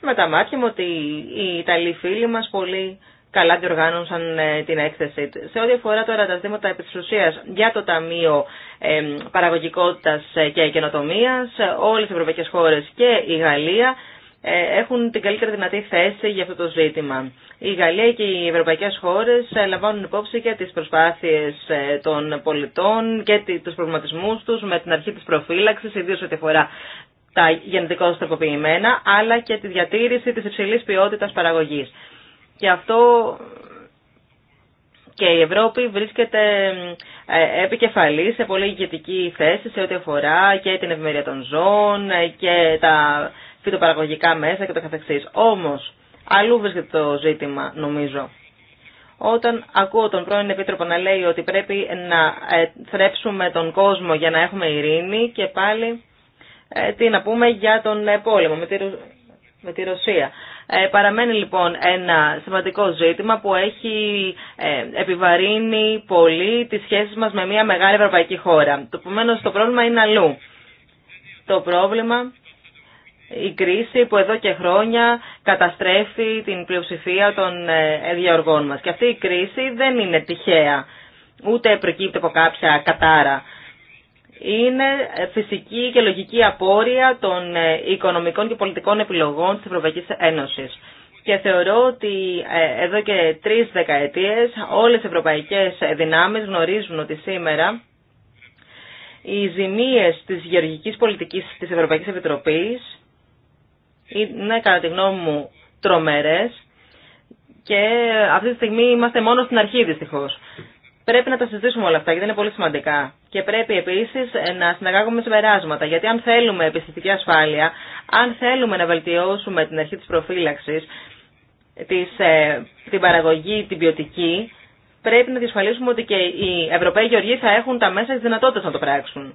[SPEAKER 2] με τα μάτια μου ότι οι Ιταλοί φίλοι μα πολύ καλά διοργάνωσαν ε, την έκθεση. Σε ό,τι αφορά τώρα τα ζητήματα επί για το Ταμείο ε, παραγωγικότητα ε, και καινοτομία, όλε οι ευρωπαϊκέ χώρε και η Γαλλία έχουν την καλύτερη δυνατή θέση για αυτό το ζήτημα. Η Γαλλία και οι ευρωπαϊκές χώρες λαμβάνουν υπόψη και τις προσπάθειες των πολιτών και τους προβληματισμούς τους με την αρχή της προφύλαξης, ιδίως ό,τι αφορά τα γενετικώς τροποποιημένα, αλλά και τη διατήρηση της υψηλή ποιότητα παραγωγής. Και αυτό και η Ευρώπη βρίσκεται ε, επικεφαλή σε πολύ ηγετική θέση σε ό,τι αφορά και την ευημερία των ζώων ε, και τα φυτοπαραγωγικά μέσα και το καθεξής. Όμως, αλλού βρίσκεται το ζήτημα, νομίζω. Όταν ακούω τον πρώην Επίτροπο να λέει ότι πρέπει να ε, θρέψουμε τον κόσμο για να έχουμε ειρήνη και πάλι ε, τι να πούμε για τον ε, πόλεμο με τη, Ρωσία. Ε, παραμένει λοιπόν ένα σημαντικό ζήτημα που έχει ε, επιβαρύνει πολύ τις σχέσεις μας με μια μεγάλη ευρωπαϊκή χώρα. Το επομένω το πρόβλημα είναι αλλού. Το πρόβλημα, η κρίση που εδώ και χρόνια καταστρέφει την πλειοψηφία των ε, διαοργών μας. Και αυτή η κρίση δεν είναι τυχαία, ούτε προκύπτει από κάποια κατάρα είναι φυσική και λογική απόρρεια των ε, οικονομικών και πολιτικών επιλογών της Ευρωπαϊκής Ένωσης. Και θεωρώ ότι ε, εδώ και τρεις δεκαετίες όλες οι ευρωπαϊκές δυνάμεις γνωρίζουν ότι σήμερα οι ζημίες της γεωργικής πολιτικής της Ευρωπαϊκής Επιτροπής είναι κατά τη γνώμη μου τρομερές και αυτή τη στιγμή είμαστε μόνο στην αρχή δυστυχώς. Πρέπει να τα συζητήσουμε όλα αυτά γιατί είναι πολύ σημαντικά. Και πρέπει επίση ε, να συναγάγουμε συμπεράσματα, γιατί αν θέλουμε επιστημική ασφάλεια, αν θέλουμε να βελτιώσουμε την αρχή τη προφύλαξη ε, την παραγωγή, την ποιοτική, πρέπει να διασφαλίσουμε ότι και οι Ευρωπαίοι Γεωργοί θα έχουν τα μέσα και δυνατότητε να το πράξουν.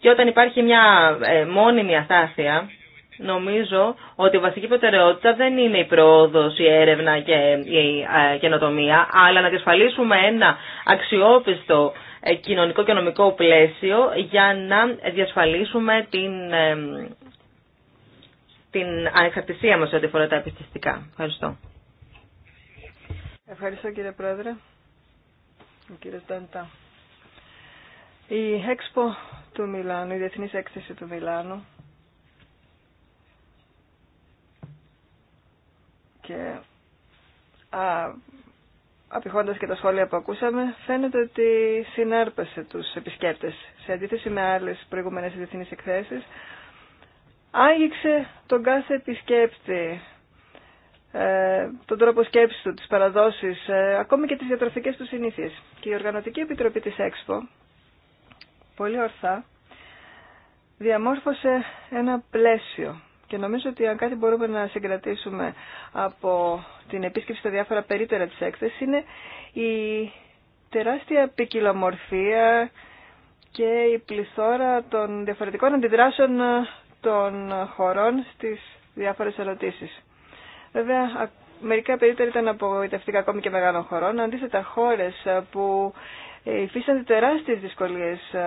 [SPEAKER 2] Και όταν υπάρχει μια ε, μόνιμη αστάθεια, νομίζω ότι η βασική προτεραιότητα δεν είναι η πρόοδο, η έρευνα και η καινοτομία, αλλά να διασφαλίσουμε ένα αξιόπιστο ε, κοινωνικό και νομικό πλαίσιο για να διασφαλίσουμε την, ε, την ανεξαρτησία μας ό,τι αφορά τα επιστηστικά. Ευχαριστώ.
[SPEAKER 1] Ευχαριστώ κύριε Πρόεδρε. Κύριε κύριος Η έξπο του Μιλάνου, η Διεθνής Έκθεση του Μιλάνου και α, απηχώντα και τα σχόλια που ακούσαμε, φαίνεται ότι συνάρπασε του επισκέπτε. Σε αντίθεση με άλλε προηγούμενε διεθνεί εκθέσει, άγγιξε τον κάθε επισκέπτη, ε, τον τρόπο σκέψη του, τι παραδόσει, ε, ακόμη και τι διατροφικέ του συνήθειε. Και η Οργανωτική Επιτροπή τη ΕΞΠΟ, πολύ ορθά, διαμόρφωσε ένα πλαίσιο και νομίζω ότι αν κάτι μπορούμε να συγκρατήσουμε από την επίσκεψη στα διάφορα περίτερα της έκθεσης είναι η τεράστια ποικιλομορφία και η πληθώρα των διαφορετικών αντιδράσεων των χωρών στις διάφορες ερωτήσεις. Βέβαια, μερικά περίτερα ήταν απογοητευτικά ακόμη και μεγάλων χωρών. Αντίθετα, χώρες που υφίστανται τεράστιες δυσκολίες ε,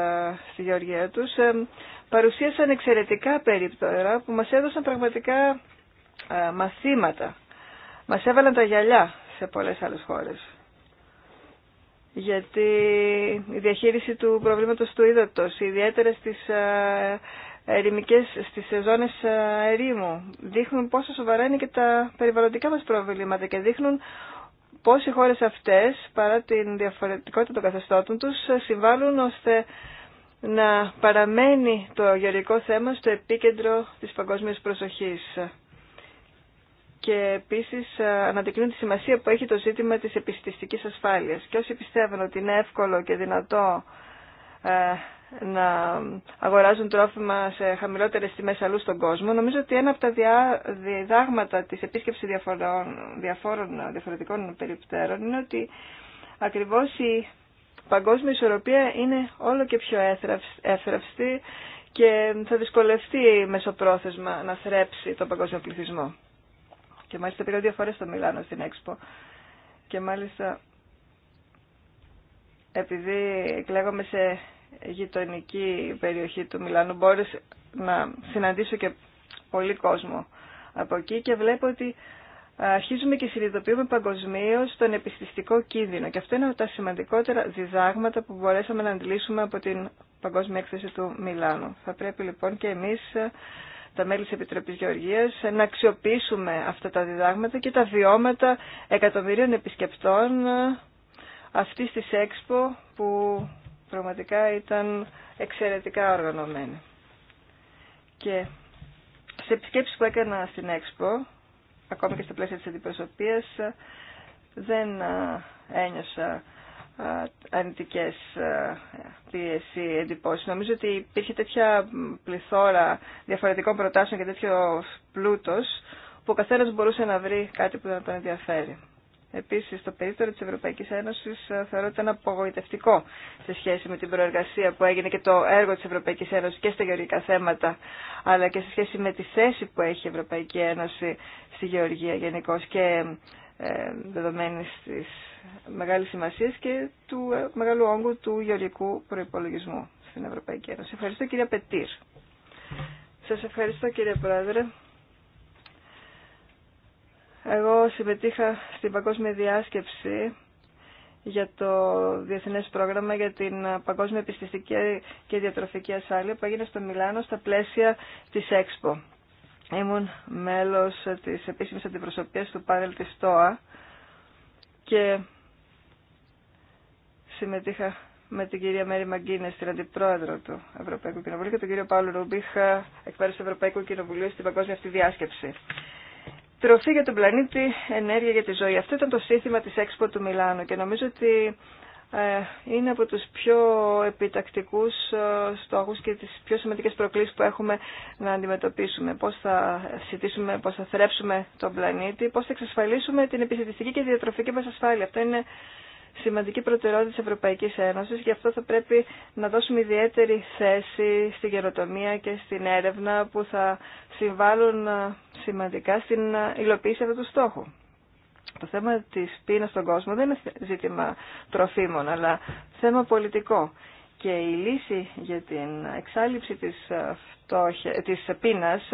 [SPEAKER 1] στη γεωργία τους ε, παρουσίασαν εξαιρετικά περίπτωρα που μας έδωσαν πραγματικά ε, μαθήματα. Μας έβαλαν τα γυαλιά σε πολλές άλλες χώρες. Γιατί η διαχείριση του προβλήματος του ύδατος, ιδιαίτερα στις ε, ερημικές, στις ζώνες ε, ερήμου, δείχνουν πόσο σοβαρά είναι και τα περιβαλλοντικά μας προβλήματα και δείχνουν πόσοι χώρες αυτές, παρά την διαφορετικότητα των καθεστώτων τους, συμβάλλουν ώστε να παραμένει το γεωργικό θέμα στο επίκεντρο της παγκόσμιας προσοχής. Και επίσης αναδεικνύουν τη σημασία που έχει το ζήτημα της επιστηστικής ασφάλειας. Και όσοι πιστεύουν ότι είναι εύκολο και δυνατό να αγοράζουν τρόφιμα σε χαμηλότερες τιμές αλλού στον κόσμο, νομίζω ότι ένα από τα διδάγματα της επίσκεψης διαφορών, διαφορών, διαφορετικών περιπτέρων είναι ότι ακριβώς η παγκόσμια ισορροπία είναι όλο και πιο έθραυστη και θα δυσκολευτεί μεσοπρόθεσμα να θρέψει τον παγκόσμιο πληθυσμό. Και μάλιστα πήγα δύο φορές στο Μιλάνο στην ΕΞΠΟ Και μάλιστα επειδή εκλέγομαι σε γειτονική περιοχή του Μιλάνου μπόρεσα να συναντήσω και πολύ κόσμο από εκεί και βλέπω ότι αρχίζουμε και συνειδητοποιούμε παγκοσμίω τον επιστηστικό κίνδυνο. Και αυτό είναι από τα σημαντικότερα διδάγματα που μπορέσαμε να αντιλήσουμε από την Παγκόσμια Έκθεση του Μιλάνου. Θα πρέπει λοιπόν και εμείς τα μέλη της Επιτροπής Γεωργίας να αξιοποιήσουμε αυτά τα διδάγματα και τα βιώματα εκατομμυρίων επισκεπτών αυτή τη ΕΞΠΟ που πραγματικά ήταν εξαιρετικά οργανωμένη. Και σε επισκέψεις που έκανα στην ΕΞΠΟ ακόμη και στα πλαίσια της αντιπροσωπείας, ε, δεν ε, ένιωσα ε, αρνητικές πίεση εντυπώσεις. Νομίζω ότι υπήρχε τέτοια πληθώρα διαφορετικών προτάσεων και τέτοιο πλούτος που ο καθένας μπορούσε να βρει κάτι που να τον ενδιαφέρει. Επίσης, το περίπτωρο της Ευρωπαϊκής Ένωσης ε, θεωρώ ότι ήταν απογοητευτικό σε σχέση με την προεργασία που έγινε και το έργο της Ευρωπαϊκής Ένωσης και στα γεωργικά θέματα, αλλά και σε σχέση με τη θέση που έχει η Ευρωπαϊκή Ένωση στη γεωργία γενικώ και ε, δεδομένη τη μεγάλη σημασία και του ε, μεγάλου όγκου του γεωργικού προπολογισμού στην Ευρωπαϊκή Ένωση. Ευχαριστώ κύριε Πετήρ. Σας ευχαριστώ κύριε Πρόεδρε. Εγώ συμμετείχα στην παγκόσμια διάσκεψη για το Διεθνές Πρόγραμμα για την Παγκόσμια Επιστηστική και Διατροφική Ασφάλεια που έγινε στο Μιλάνο στα πλαίσια της ΕΞΠΟ. Ήμουν μέλος της επίσημης αντιπροσωπείας του πάνελ της ΤΟΑ και συμμετείχα με την κυρία Μέρη Μαγκίνε, την αντιπρόεδρο του Ευρωπαϊκού Κοινοβουλίου και τον κύριο Παύλο Ρούμπιχ, εκ του Ευρωπαϊκού Κοινοβουλίου, στην παγκόσμια αυτή διάσκεψη. Τροφή για τον πλανήτη, ενέργεια για τη ζωή. Αυτό ήταν το σύνθημα της Expo του Μιλάνου και νομίζω ότι ε, είναι από τους πιο επιτακτικούς ε, στόχους και τις πιο σημαντικές προκλήσεις που έχουμε να αντιμετωπίσουμε. Πώς θα συζητήσουμε, πώς θα θρέψουμε τον πλανήτη, πώς θα εξασφαλίσουμε την επιστημιστική και διατροφική μας ασφάλεια. Αυτό είναι σημαντική προτεραιότητα της Ευρωπαϊκής Ένωσης γι' αυτό θα πρέπει να δώσουμε ιδιαίτερη θέση στην καινοτομία και στην έρευνα που θα συμβάλλουν ε, σημαντικά στην ε, υλοποίηση αυτού του στόχου. Το θέμα της πείνας στον κόσμο δεν είναι ζήτημα τροφίμων, αλλά θέμα πολιτικό. Και η λύση για την εξάλληψη της, ε, της πείνας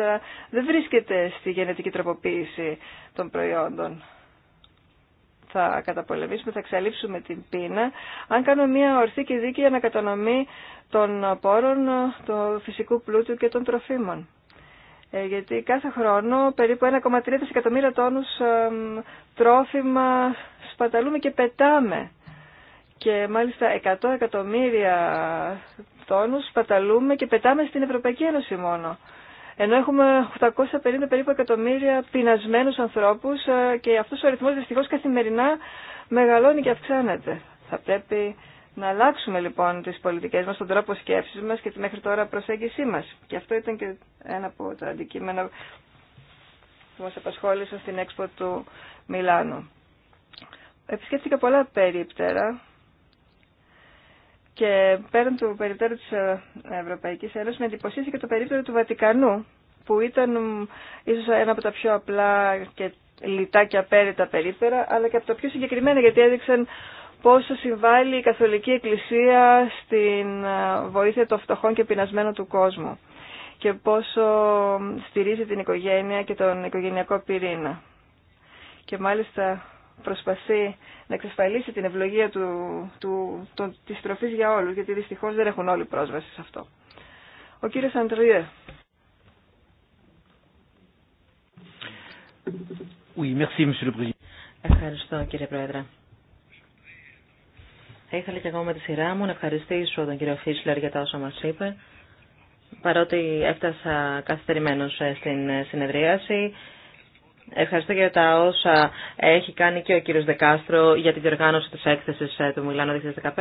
[SPEAKER 1] δεν βρίσκεται στη γενετική τροποποίηση των προϊόντων, θα καταπολεμήσουμε, θα εξαλείψουμε την πείνα, αν κάνουμε μια ορθή και δίκαιη ανακατανομή των πόρων, του φυσικού πλούτου και των τροφίμων. Ε, γιατί κάθε χρόνο περίπου 1,3 δισεκατομμύρια τόνους τρόφιμα σπαταλούμε και πετάμε. Και μάλιστα 100 εκατομμύρια τόνους σπαταλούμε και πετάμε στην Ευρωπαϊκή Ένωση μόνο. Ενώ έχουμε 850 περίπου εκατομμύρια πεινασμένου ανθρώπου ε, και αυτό ο αριθμό δυστυχώ καθημερινά μεγαλώνει και αυξάνεται. Θα πρέπει να αλλάξουμε λοιπόν τι πολιτικέ μα, τον τρόπο σκέψη μα και τη μέχρι τώρα προσέγγιση μα. Και αυτό ήταν και ένα από τα αντικείμενα που μα απασχόλησαν στην έξπο του Μιλάνου. Επισκέφθηκα πολλά περίπτερα και πέραν του περιπτώρου της ε, Ευρωπαϊκής Ένωσης με εντυπωσίστηκε και το περίπτωρο του Βατικανού που ήταν ίσως ένα από τα πιο απλά και λιτά και απέριτα περίπτερα αλλά και από τα πιο συγκεκριμένα γιατί έδειξαν πόσο συμβάλλει η Καθολική Εκκλησία στην ε, βοήθεια των φτωχών και πεινασμένων του κόσμου και πόσο στηρίζει την οικογένεια και τον οικογενειακό πυρήνα. Και μάλιστα προσπαθεί να εξασφαλίσει την ευλογία του, του, της τροφής για όλους, γιατί δυστυχώς δεν έχουν όλοι πρόσβαση σε αυτό. Ο κύριος Αντριέ.
[SPEAKER 3] Oui,
[SPEAKER 2] Ευχαριστώ κύριε Πρόεδρε. Θα ήθελα και εγώ με τη σειρά μου να ευχαριστήσω τον κύριο Φίσλερ για τα όσα μας είπε. Παρότι έφτασα καθυστερημένος ε, στην ε, συνεδρίαση, Ευχαριστώ για τα όσα έχει κάνει και ο κύριος Δεκάστρο για την διοργάνωση της έκθεσης ε, του Μιλάνου 2015.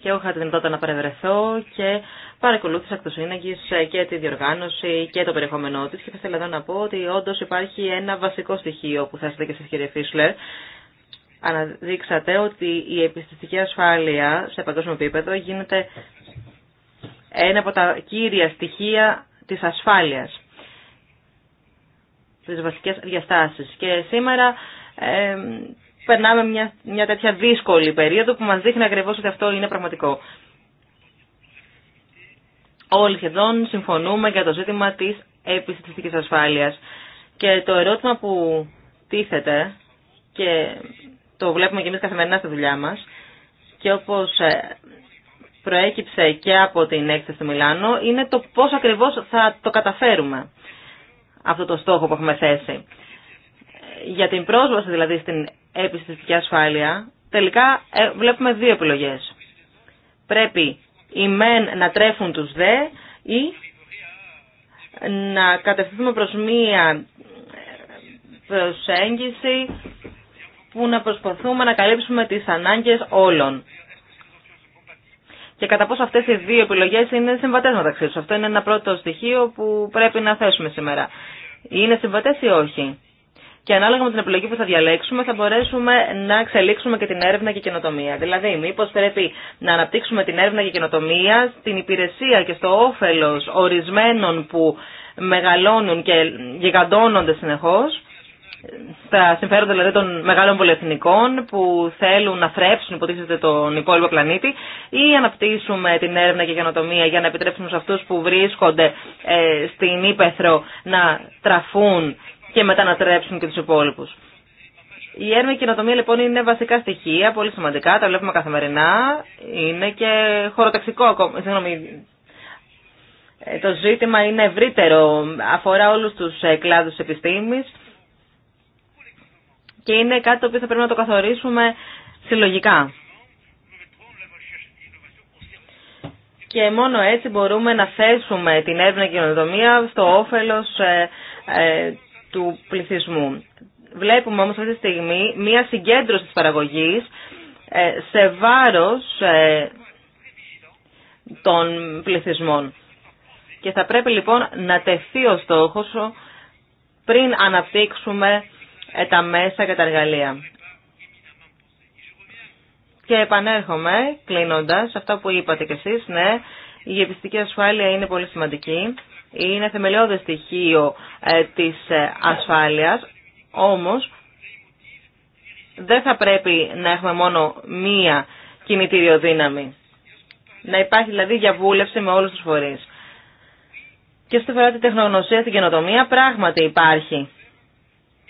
[SPEAKER 2] Και εγώ είχα τη δυνατότητα να παρευρεθώ και παρακολούθησα το του ε, και τη διοργάνωση και το περιεχόμενό της. Και θα ήθελα εδώ να πω ότι όντως υπάρχει ένα βασικό στοιχείο που θέσατε και εσεί, κύριε Φίσλερ. Αναδείξατε ότι η επιστημική ασφάλεια σε παγκόσμιο επίπεδο γίνεται ένα από τα κύρια στοιχεία της ασφάλειας στις βασικές διαστάσεις. Και σήμερα περνάμε μια, μια τέτοια δύσκολη περίοδο που μας δείχνει ακριβώς ότι αυτό είναι πραγματικό. Όλοι σχεδόν συμφωνούμε για το ζήτημα της επιστημιστικής ασφάλειας. Και το ερώτημα που τίθεται και το βλέπουμε και εμείς καθημερινά στη δουλειά μας και όπως ε, προέκυψε και από την έκθεση του Μιλάνο είναι το πώς ακριβώς θα το καταφέρουμε αυτό το στόχο που έχουμε θέσει. Για την πρόσβαση δηλαδή στην επιστημική ασφάλεια, τελικά ε, βλέπουμε δύο επιλογές. Πρέπει οι μεν να τρέφουν τους δε ή να κατευθύνουμε προς μία προσέγγιση που να προσπαθούμε να καλύψουμε τις ανάγκες όλων και κατά πόσο αυτές οι δύο επιλογές είναι συμβατές μεταξύ τους. Αυτό είναι ένα πρώτο στοιχείο που πρέπει να θέσουμε σήμερα. Είναι συμβατές ή όχι. Και ανάλογα με την επιλογή που θα διαλέξουμε θα μπορέσουμε να εξελίξουμε και την έρευνα και καινοτομία. Δηλαδή, μήπως πρέπει να αναπτύξουμε την έρευνα και καινοτομία στην υπηρεσία και στο όφελο ορισμένων που μεγαλώνουν και γιγαντώνονται συνεχώς τα συμφέροντα δηλαδή των μεγάλων πολυεθνικών που θέλουν να θρέψουν υποτίθεται τον υπόλοιπο πλανήτη ή αναπτύσσουμε την έρευνα και γενοτομία για να επιτρέψουμε σε αυτούς που βρίσκονται ε, στην Ήπεθρο να τραφούν και μετά να τρέψουν και τους υπόλοιπους. Η έρευνα και η καινοτομία λοιπόν είναι βασικά στοιχεία, πολύ σημαντικά, τα βλέπουμε καθημερινά. Είναι και χωροταξικό ακόμα. Συγγνώμη, ε, το ζήτημα είναι ευρύτερο, αφορά όλους τους ε, κλάδους της επιστήμης και είναι κάτι το οποίο θα πρέπει να το καθορίσουμε συλλογικά. Και μόνο έτσι μπορούμε να θέσουμε την έρευνα και στο όφελος ε, ε, του πληθυσμού. Βλέπουμε όμως αυτή τη στιγμή μία συγκέντρωση της παραγωγής ε, σε βάρος των πληθυσμών. Και θα πρέπει λοιπόν να τεθεί ο στόχος πριν αναπτύξουμε ε, τα μέσα και τα εργαλεία. Και επανέρχομαι, κλείνοντας, αυτό που είπατε κι εσείς, ναι, η γεπιστική ασφάλεια είναι πολύ σημαντική. Είναι θεμελιώδες στοιχείο ε, της ε, ασφάλειας, όμως δεν θα πρέπει να έχουμε μόνο μία κινητήριο δύναμη. Να υπάρχει δηλαδή διαβούλευση με όλους τους φορείς. Και στο φορά τη τεχνογνωσία την καινοτομία πράγματι υπάρχει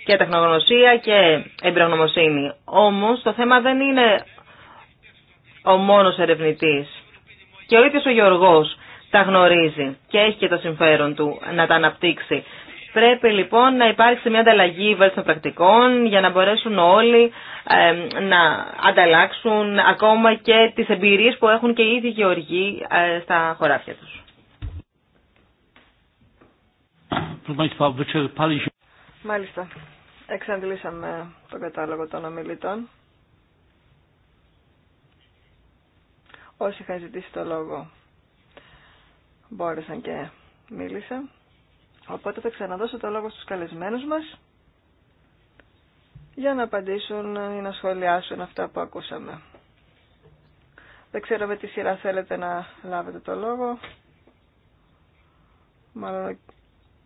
[SPEAKER 2] και τεχνογνωσία και εμπειρογνωμοσύνη. Όμως το θέμα δεν είναι ο μόνος ερευνητής. Και ο ίδιος ο Γιώργος τα γνωρίζει και έχει και το συμφέρον του να τα αναπτύξει. Πρέπει λοιπόν να υπάρξει μια ανταλλαγή βέλτιστων πρακτικών για να μπορέσουν όλοι να ανταλλάξουν ακόμα και τις εμπειρίες που έχουν και οι ίδιοι γεωργοί ε, στα χωράφια τους.
[SPEAKER 1] Μάλιστα. Εξαντλήσαμε τον κατάλογο των ομιλητών. Όσοι είχαν ζητήσει το λόγο μπόρεσαν και μίλησαν. Οπότε θα ξαναδώσω το λόγο στους καλεσμένους μας για να απαντήσουν ή να σχολιάσουν αυτά που ακούσαμε. Δεν ξέρω με τι σειρά θέλετε να λάβετε το λόγο. Μάλλον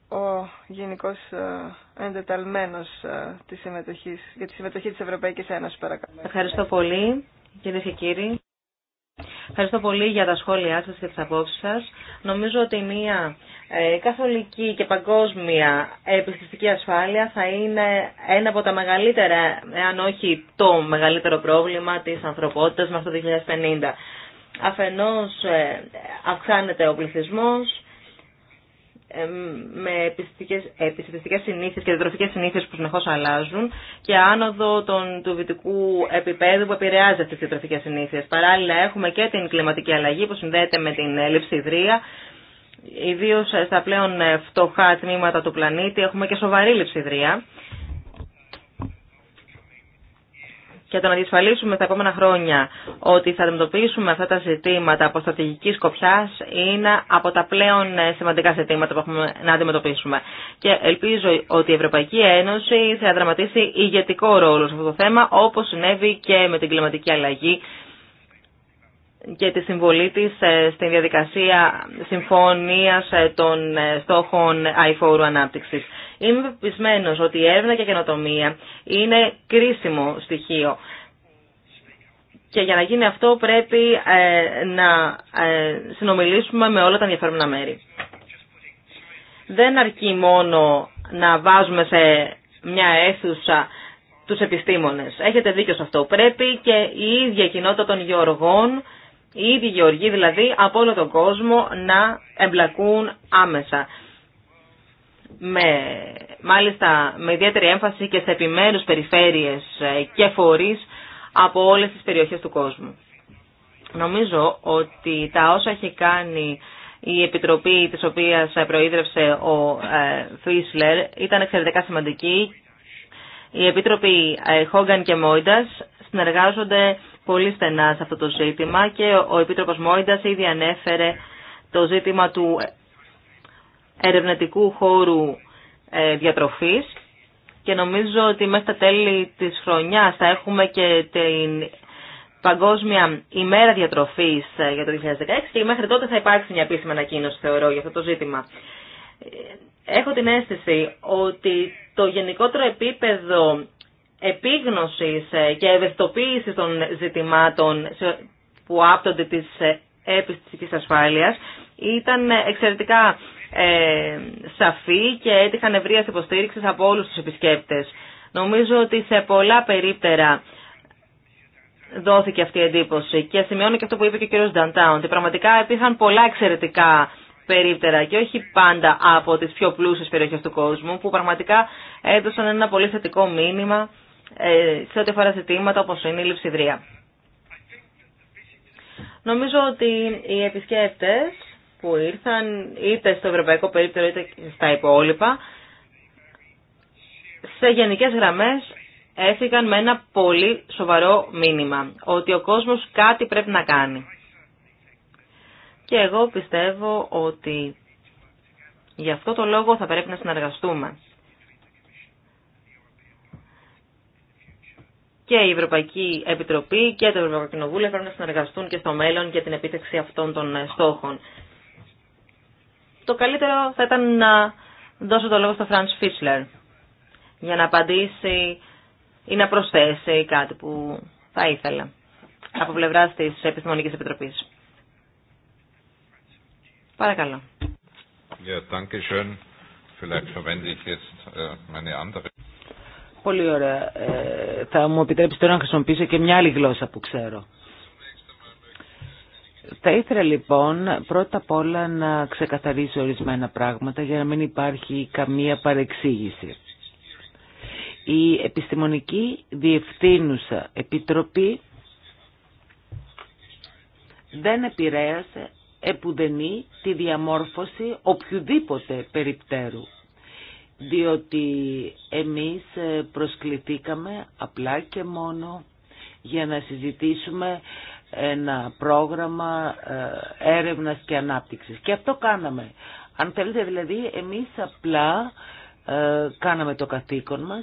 [SPEAKER 1] ο γενικός ε, εντεταλμένο ε, τη συμμετοχής, για τη συμμετοχή της Ευρωπαϊκής Ένωσης παρακαλώ. Ευχαριστώ
[SPEAKER 2] πολύ κυρίε και κύριοι. Ευχαριστώ πολύ για τα σχόλιά σα και τι απόψεις σα. Νομίζω ότι μια ε, καθολική και παγκόσμια επιστημιστική ασφάλεια θα είναι ένα από τα μεγαλύτερα, αν όχι το μεγαλύτερο πρόβλημα τη ανθρωπότητας μέχρι το 2050. Αφενός αυξάνεται ο πληθυσμός, με επιστημιστικές συνήθειες και διατροφικές συνήθειες που συνεχώς αλλάζουν και άνοδο των, του βυτικού επίπεδου που επηρεάζει αυτές τις διατροφικές συνήθειες. Παράλληλα έχουμε και την κλιματική αλλαγή που συνδέεται με την έλλειψη ε, υδρία. ιδίως στα πλέον ε, φτωχά τμήματα του πλανήτη έχουμε και σοβαρή λειψιδρία και το να διασφαλίσουμε τα επόμενα χρόνια ότι θα αντιμετωπίσουμε αυτά τα ζητήματα από στρατηγική σκοπιά είναι από τα πλέον σημαντικά ζητήματα που έχουμε να αντιμετωπίσουμε. Και ελπίζω ότι η Ευρωπαϊκή Ένωση θα δραματίσει ηγετικό ρόλο σε αυτό το θέμα, όπω συνέβη και με την κλιματική αλλαγή και τη συμβολή τη ε, στην διαδικασία συμφωνία ε, των ε, στόχων αηφόρου ανάπτυξη. Είμαι πεπισμένο ότι η έρευνα και η καινοτομία είναι κρίσιμο στοιχείο. Και για να γίνει αυτό πρέπει ε, να ε, συνομιλήσουμε με όλα τα ενδιαφέρουνα μέρη. Δεν αρκεί μόνο να βάζουμε σε μια αίθουσα τους επιστήμονες. Έχετε δίκιο σε αυτό. Πρέπει και η ίδια κοινότητα των γεωργών, οι ίδιοι δηλαδή από όλο τον κόσμο να εμπλακούν άμεσα με, μάλιστα με ιδιαίτερη έμφαση και σε επιμέρους περιφέρειες ε, και φορείς από όλες τις περιοχές του κόσμου. Νομίζω ότι τα όσα έχει κάνει η Επιτροπή της οποίας προείδρευσε ο ε, Φίσλερ ήταν εξαιρετικά σημαντική. Οι Επίτροποι ε, Χόγκαν και Μόιντας συνεργάζονται πολύ στενά σε αυτό το ζήτημα και ο Επίτροπος Μόιντας ήδη ανέφερε το ζήτημα του ερευνητικού χώρου ε, διατροφής και νομίζω ότι μέχρι τα τέλη της χρονιάς θα έχουμε και την Παγκόσμια ημέρα διατροφής ε, για το 2016 και μέχρι τότε θα υπάρξει μια επίσημη ανακοίνωση θεωρώ για αυτό το ζήτημα. Έχω την αίσθηση ότι το γενικότερο επίπεδο επίγνωσης ε, και ευαισθητοποίησης των ζητημάτων που άπτονται της επιστημικής ασφάλειας ήταν εξαιρετικά ε, σαφή και έτυχαν ευρεία υποστήριξη από όλου του επισκέπτε. Νομίζω ότι σε πολλά περίπτερα δόθηκε αυτή η εντύπωση. Και σημειώνω και αυτό που είπε και ο κ. Νταντάουν, ότι πραγματικά υπήρχαν πολλά εξαιρετικά περίπτερα και όχι πάντα από τις πιο πλούσιες περιοχές του κόσμου, που πραγματικά έδωσαν ένα πολύ θετικό μήνυμα ε, σε ό,τι αφορά ζητήματα όπως είναι η λειψιδρία. Νομίζω ότι οι επισκέπτες που ήρθαν είτε στο ευρωπαϊκό περίπτερο είτε στα υπόλοιπα, σε γενικές γραμμές έφυγαν με ένα πολύ σοβαρό μήνυμα, ότι ο κόσμος κάτι πρέπει να κάνει. Και εγώ πιστεύω ότι γι' αυτό το λόγο θα πρέπει να συνεργαστούμε. Και η Ευρωπαϊκή Επιτροπή και το Ευρωπαϊκό Κοινοβούλιο πρέπει να συνεργαστούν και στο μέλλον για την επίτευξη αυτών των στόχων το καλύτερο θα ήταν να δώσω το λόγο στο Franz Φίτσλερ για να απαντήσει ή να προσθέσει κάτι που θα ήθελα από πλευρά τη Επιστημονική Επιτροπή. Παρακαλώ.
[SPEAKER 4] Πολύ ωραία. Ε, θα μου επιτρέψετε τώρα να χρησιμοποιήσω και μια άλλη γλώσσα που ξέρω. Θα ήθελα λοιπόν πρώτα απ' όλα να ξεκαθαρίσω ορισμένα πράγματα για να μην υπάρχει καμία παρεξήγηση. Η Επιστημονική Διευθύνουσα Επιτροπή δεν επηρέασε επουδενή τη διαμόρφωση οποιοδήποτε περιπτέρου. Διότι εμείς ε, προσκληθήκαμε απλά και μόνο για να συζητήσουμε ένα πρόγραμμα ε, έρευνας και ανάπτυξης. Και αυτό κάναμε. Αν θέλετε δηλαδή, εμείς απλά ε, κάναμε το καθήκον μας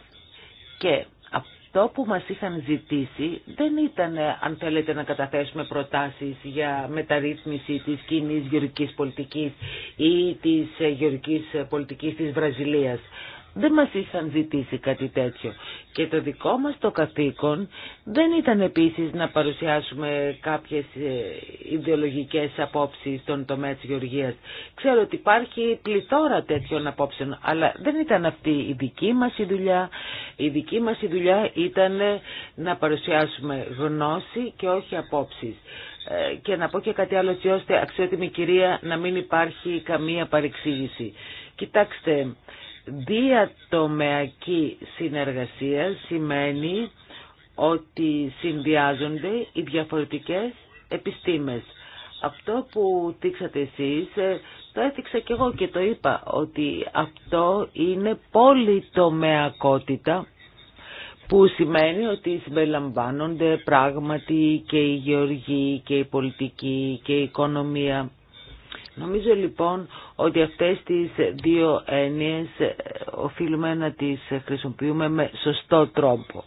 [SPEAKER 4] και αυτό που μας είχαν ζητήσει δεν ήταν αν θέλετε να καταθέσουμε προτάσεις για μεταρρύθμιση της κοινή γεωργικής πολιτικής ή της γεωργικής πολιτικής της Βραζιλίας δεν μας είχαν ζητήσει κάτι τέτοιο. Και το δικό μας το καθήκον δεν ήταν επίσης να παρουσιάσουμε κάποιες ε, ιδεολογικές απόψεις στον τομέα της γεωργίας. Ξέρω ότι υπάρχει πληθώρα τέτοιων απόψεων, αλλά δεν ήταν αυτή η δική μας η δουλειά. Η δική μας η δουλειά ήταν ε, να παρουσιάσουμε γνώση και όχι απόψεις ε, και να πω και κάτι άλλο ώστε αξιότιμη κυρία να μην υπάρχει καμία παρεξήγηση. Κοιτάξτε, Διατομεακή συνεργασία σημαίνει ότι συνδυάζονται οι διαφορετικές επιστήμες. Αυτό που δείξατε εσείς, ε, το έδειξα και εγώ και το είπα, ότι αυτό είναι πολυτομεακότητα που σημαίνει ότι συμπεριλαμβάνονται πράγματι και η γεωργία και η πολιτική και η οικονομία. Νομίζω λοιπόν ότι αυτές τις δύο έννοιες ε, οφείλουμε να τις χρησιμοποιούμε με σωστό τρόπο.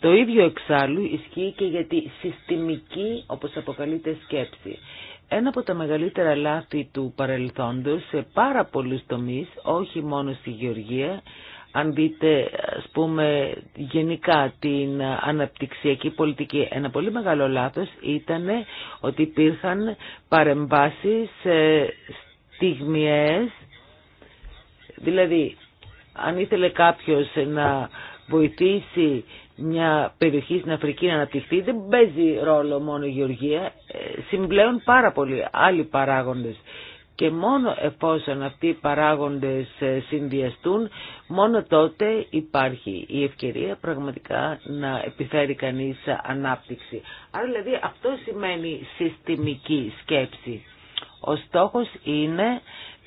[SPEAKER 4] Το ίδιο εξάλλου ισχύει και για τη συστημική, όπως αποκαλείται, σκέψη. Ένα από τα μεγαλύτερα λάθη του παρελθόντος σε πάρα πολλούς τομείς, όχι μόνο στη γεωργία, αν δείτε ας πούμε γενικά την αναπτυξιακή πολιτική ένα πολύ μεγάλο λάθος ήταν ότι υπήρχαν παρεμβάσεις ε, στιγμιές δηλαδή αν ήθελε κάποιος να βοηθήσει μια περιοχή στην Αφρική να αναπτυχθεί δεν παίζει ρόλο μόνο η γεωργία, ε, συμπλέουν πάρα πολλοί άλλοι παράγοντες και μόνο εφόσον αυτοί οι παράγοντες ε, συνδυαστούν, μόνο τότε υπάρχει η ευκαιρία πραγματικά να επιφέρει κανείς ανάπτυξη. Άρα δηλαδή αυτό σημαίνει συστημική σκέψη. Ο στόχος είναι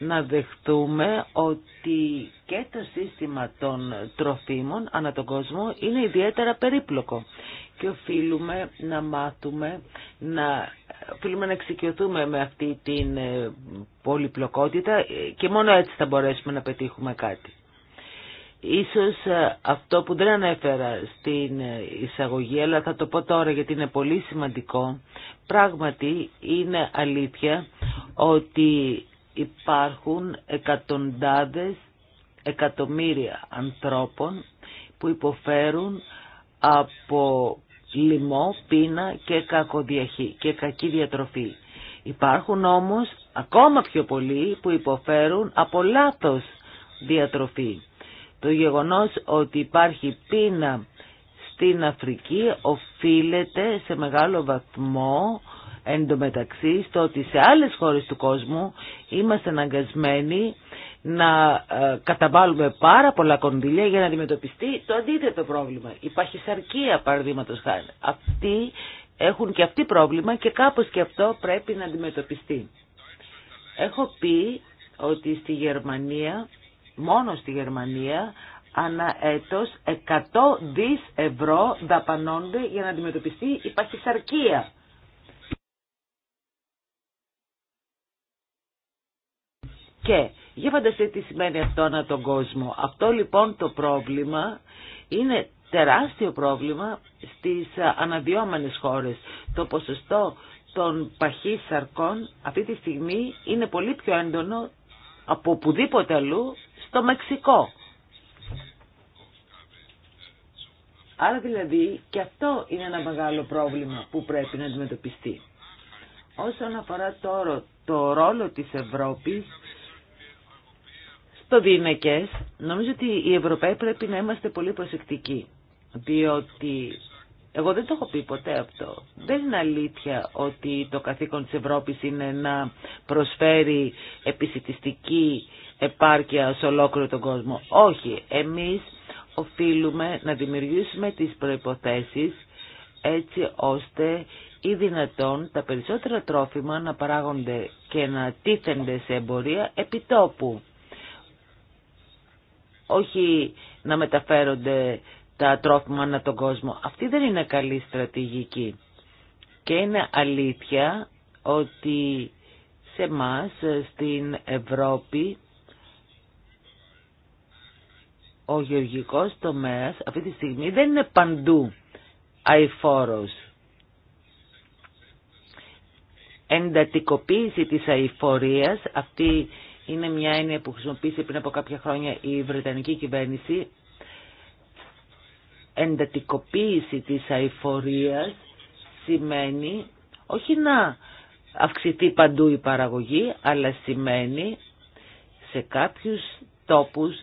[SPEAKER 4] να δεχτούμε ότι και το σύστημα των τροφίμων ανά τον κόσμο είναι ιδιαίτερα περίπλοκο και οφείλουμε να μάθουμε, να, οφείλουμε να εξοικειωθούμε με αυτή την ε, πολυπλοκότητα και μόνο έτσι θα μπορέσουμε να πετύχουμε κάτι. Ίσως ε, αυτό που δεν ανέφερα στην ε, εισαγωγή, αλλά θα το πω τώρα γιατί είναι πολύ σημαντικό, πράγματι είναι αλήθεια ότι υπάρχουν εκατοντάδες εκατομμύρια ανθρώπων που υποφέρουν από λοιμό, πείνα και κακοδιαχή και κακή διατροφή. Υπάρχουν όμως ακόμα πιο πολλοί που υποφέρουν από λάθος διατροφή. Το γεγονός ότι υπάρχει πείνα στην Αφρική οφείλεται σε μεγάλο βαθμό Εν τω μεταξύ στο ότι σε άλλες χώρες του κόσμου είμαστε αναγκασμένοι να ε, καταβάλουμε πάρα πολλά κονδύλια για να αντιμετωπιστεί το αντίθετο πρόβλημα. Η παχυσαρκία παραδείγματος χάρη. Αυτοί έχουν και αυτοί πρόβλημα και κάπως και αυτό πρέπει να αντιμετωπιστεί. Έχω πει ότι στη Γερμανία, μόνο στη Γερμανία, ανά έτος 100 δις ευρώ δαπανώνται για να αντιμετωπιστεί η παχυσαρκία. Και για φανταστείτε τι σημαίνει αυτό να τον κόσμο. Αυτό λοιπόν το πρόβλημα είναι τεράστιο πρόβλημα στις ε, αναδυόμενες χώρες. Το ποσοστό των σαρκών αυτή τη στιγμή είναι πολύ πιο έντονο από οπουδήποτε αλλού στο Μεξικό. Άρα δηλαδή και αυτό είναι ένα μεγάλο πρόβλημα που πρέπει να αντιμετωπιστεί. Όσον αφορά τώρα το ρόλο της Ευρώπης το νομίζω ότι οι Ευρωπαίοι πρέπει να είμαστε πολύ προσεκτικοί. Διότι εγώ δεν το έχω πει ποτέ αυτό. Δεν είναι αλήθεια ότι το καθήκον της Ευρώπης είναι να προσφέρει επισητιστική επάρκεια σε ολόκληρο τον κόσμο. Όχι, εμείς οφείλουμε να δημιουργήσουμε τις προϋποθέσεις έτσι ώστε ή δυνατόν τα περισσότερα τρόφιμα να παράγονται και να τίθενται σε εμπορία επιτόπου όχι να μεταφέρονται τα τρόφιμα ανά τον κόσμο. Αυτή δεν είναι καλή στρατηγική. Και είναι αλήθεια ότι σε εμά στην Ευρώπη ο γεωργικός τομέας αυτή τη στιγμή δεν είναι παντού αηφόρος. Εντατικοποίηση της αηφορίας, αυτή είναι μια έννοια που χρησιμοποίησε πριν από κάποια χρόνια η Βρετανική κυβέρνηση εντατικοποίηση της αηφορίας σημαίνει όχι να αυξηθεί παντού η παραγωγή αλλά σημαίνει σε κάποιους τόπους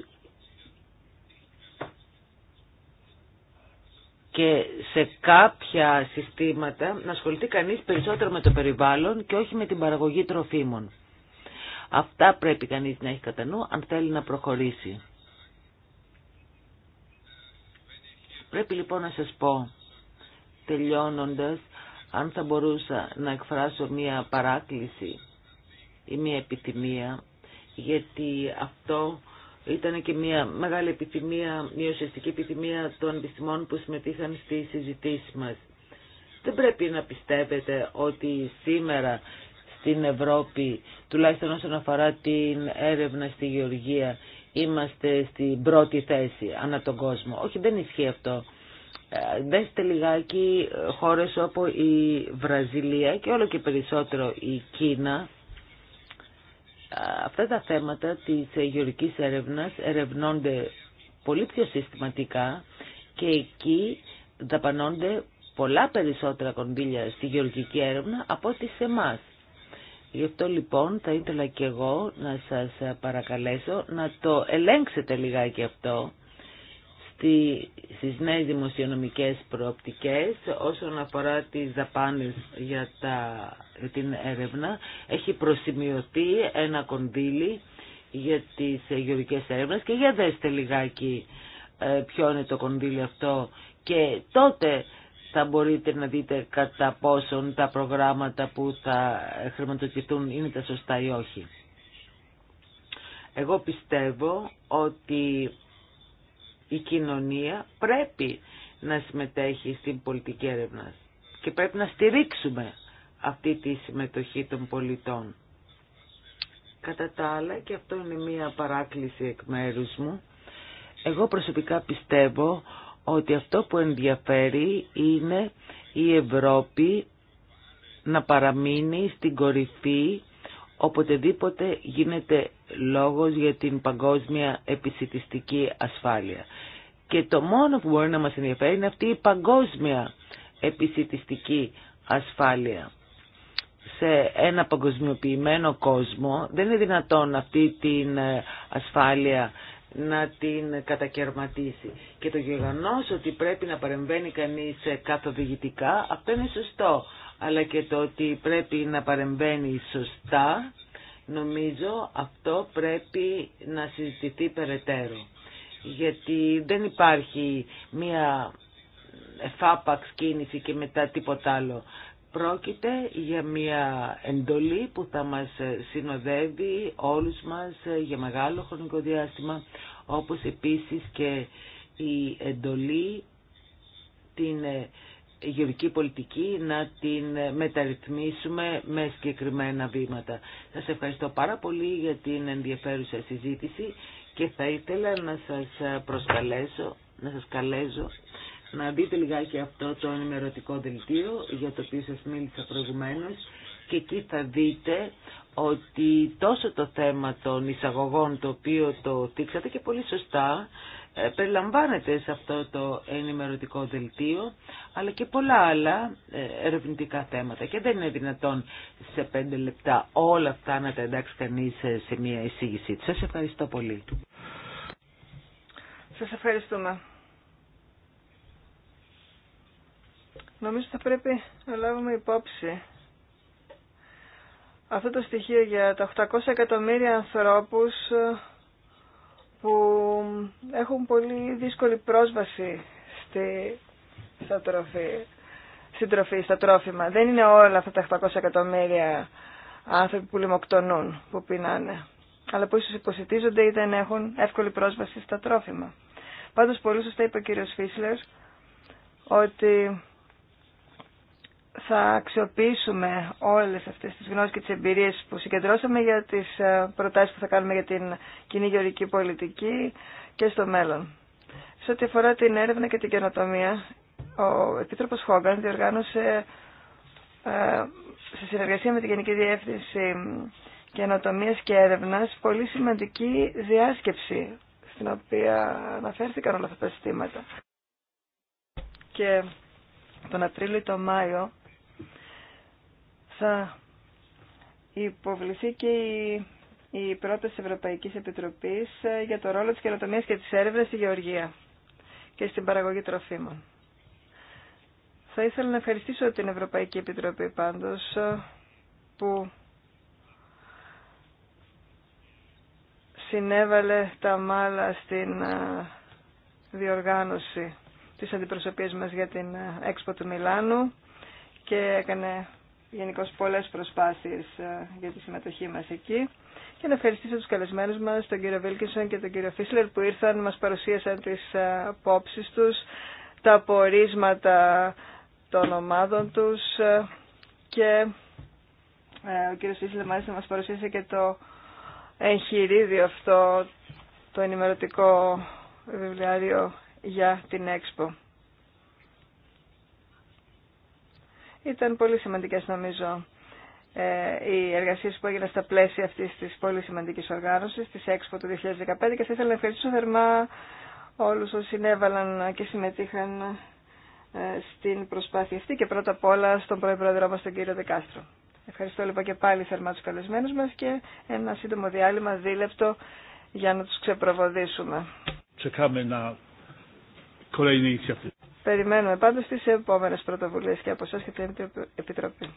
[SPEAKER 4] και σε κάποια συστήματα να ασχοληθεί κανείς περισσότερο με το περιβάλλον και όχι με την παραγωγή τροφίμων. Αυτά πρέπει κανείς να έχει κατά νου αν θέλει να προχωρήσει. Πρέπει λοιπόν να σας πω, τελειώνοντας, αν θα μπορούσα να εκφράσω μία παράκληση ή μία επιθυμία, γιατί αυτό ήταν και μία μεγάλη επιθυμία, μία ουσιαστική επιθυμία των επιστημών που συμμετείχαν στις συζητήσεις μας. Δεν πρέπει να πιστεύετε ότι σήμερα στην Ευρώπη, τουλάχιστον όσον αφορά την έρευνα στη γεωργία, είμαστε στην πρώτη θέση ανά τον κόσμο. Όχι, δεν ισχύει αυτό. Ε, δέστε λιγάκι ε, χώρες όπου η Βραζιλία και όλο και περισσότερο η Κίνα ε, αυτά τα θέματα της γεωργικής έρευνας ερευνώνται πολύ πιο συστηματικά και εκεί δαπανώνται πολλά περισσότερα κονδύλια στη γεωργική έρευνα από ό,τι σε εμά. Γι' αυτό λοιπόν θα ήθελα και εγώ να σας παρακαλέσω να το ελέγξετε λιγάκι αυτό στις νέες δημοσιονομικές προοπτικές όσον αφορά τις δαπάνες για, τα, την έρευνα. Έχει προσημειωθεί ένα κονδύλι για τις γεωργικές έρευνες και για δέστε λιγάκι ε, ποιο είναι το κονδύλι αυτό και τότε θα μπορείτε να δείτε κατά πόσον τα προγράμματα που θα χρηματοδοτηθούν είναι τα σωστά ή όχι. Εγώ πιστεύω ότι η κοινωνία πρέπει να συμμετέχει στην πολιτική έρευνα και πρέπει να στηρίξουμε αυτή τη συμμετοχή των πολιτών. Κατά τα άλλα, και αυτό είναι μία παράκληση εκ μέρους μου, εγώ προσωπικά πιστεύω ότι αυτό που ενδιαφέρει είναι η Ευρώπη να παραμείνει στην κορυφή οποτεδήποτε γίνεται λόγος για την παγκόσμια επισητιστική ασφάλεια. Και το μόνο που μπορεί να μας ενδιαφέρει είναι αυτή η παγκόσμια επισητιστική ασφάλεια. Σε ένα παγκοσμιοποιημένο κόσμο δεν είναι δυνατόν αυτή την ε, ασφάλεια να την κατακαιρματίσει. Και το γεγονός ότι πρέπει να παρεμβαίνει κανείς καθοδηγητικά, αυτό είναι σωστό. Αλλά και το ότι πρέπει να παρεμβαίνει σωστά, νομίζω αυτό πρέπει να συζητηθεί περαιτέρω. Γιατί δεν υπάρχει μία εφάπαξ κίνηση και μετά τίποτα άλλο. Πρόκειται για μια εντολή που θα μας συνοδεύει όλους μας για μεγάλο χρονικό διάστημα, όπως επίσης και η εντολή την ε, γεωργική πολιτική να την μεταρρυθμίσουμε με συγκεκριμένα βήματα. Σας ευχαριστώ πάρα πολύ για την ενδιαφέρουσα συζήτηση και θα ήθελα να σας προσκαλέσω, να σας καλέσω να δείτε λιγάκι αυτό το ενημερωτικό δελτίο για το οποίο σας μίλησα προηγουμένως και εκεί θα δείτε ότι τόσο το θέμα των εισαγωγών το οποίο το δείξατε και πολύ σωστά ε, περιλαμβάνεται σε αυτό το ενημερωτικό δελτίο αλλά και πολλά άλλα ε, ερευνητικά θέματα και δεν είναι δυνατόν σε πέντε λεπτά όλα αυτά να τα εντάξει κανείς σε μια εισήγησή Σας ευχαριστώ πολύ.
[SPEAKER 1] Σας ευχαριστούμε. Νομίζω θα πρέπει να λάβουμε υπόψη αυτό το στοιχείο για τα 800 εκατομμύρια ανθρώπους ε, που έχουν πολύ δύσκολη πρόσβαση στη, στα στην τροφή, στα τρόφιμα. Δεν είναι όλα αυτά τα 800 εκατομμύρια άνθρωποι που λιμοκτονούν, που πεινάνε, αλλά που ίσως υποσυτίζονται ή δεν έχουν εύκολη πρόσβαση στα τρόφιμα. Πάντως πολύ σωστά είπε ο κύριος Φίσλερ ότι θα αξιοποιήσουμε όλες αυτές τις γνώσεις και τις εμπειρίες που συγκεντρώσαμε για τις ε, προτάσεις που θα κάνουμε για την κοινή γεωρική πολιτική και στο μέλλον. Σε ό,τι αφορά την έρευνα και την καινοτομία, ο Επίτροπος Χόγκαν διοργάνωσε ε, σε συνεργασία με την Γενική Διεύθυνση Καινοτομία και Έρευνα πολύ σημαντική διάσκεψη στην οποία αναφέρθηκαν όλα αυτά τα συστήματα. Και τον Απρίλιο ή τον Μάιο θα υποβληθεί και η, η πρόταση Ευρωπαϊκής Επιτροπής ε, για το ρόλο της καινοτομία και της έρευνας στη γεωργία και στην παραγωγή τροφίμων. Θα ήθελα να ευχαριστήσω την Ευρωπαϊκή Επιτροπή πάντως ε, που συνέβαλε τα μάλα στην ε, διοργάνωση της αντιπροσωπείας μας για την έξπο του Μιλάνου και έκανε γενικώ πολλές προσπάθειες ε, για τη συμμετοχή μας εκεί. Και να ευχαριστήσω τους καλεσμένους μας, τον κύριο Βίλκινσον και τον κύριο Φίσλερ που ήρθαν, μας παρουσίασαν τις ε, απόψεις τους, τα απορίσματα των ομάδων τους ε, και ο κύριος Φίσλερ μάλιστα μας παρουσίασε και το εγχειρίδιο αυτό, το ενημερωτικό βιβλιάριο για την Expo. Ήταν πολύ σημαντικές νομίζω ε, οι εργασίες που έγιναν στα πλαίσια αυτής της πολύ σημαντικής οργάνωσης, της ΕΞΠΟ του 2015 και θα ήθελα να ευχαριστήσω θερμά όλους όσοι συνέβαλαν και συμμετείχαν ε, στην προσπάθεια αυτή και πρώτα απ' όλα στον Πρόεδρό μας τον κύριο Δεκάστρο. Ευχαριστώ λοιπόν και πάλι θερμά τους καλεσμένους μας και ένα σύντομο διάλειμμα δίλεπτο για να τους ξεπροβοδίσουμε. na Περιμένουμε πάντως τις επόμενες πρωτοβουλίες και από εσάς και την Επιτροπή.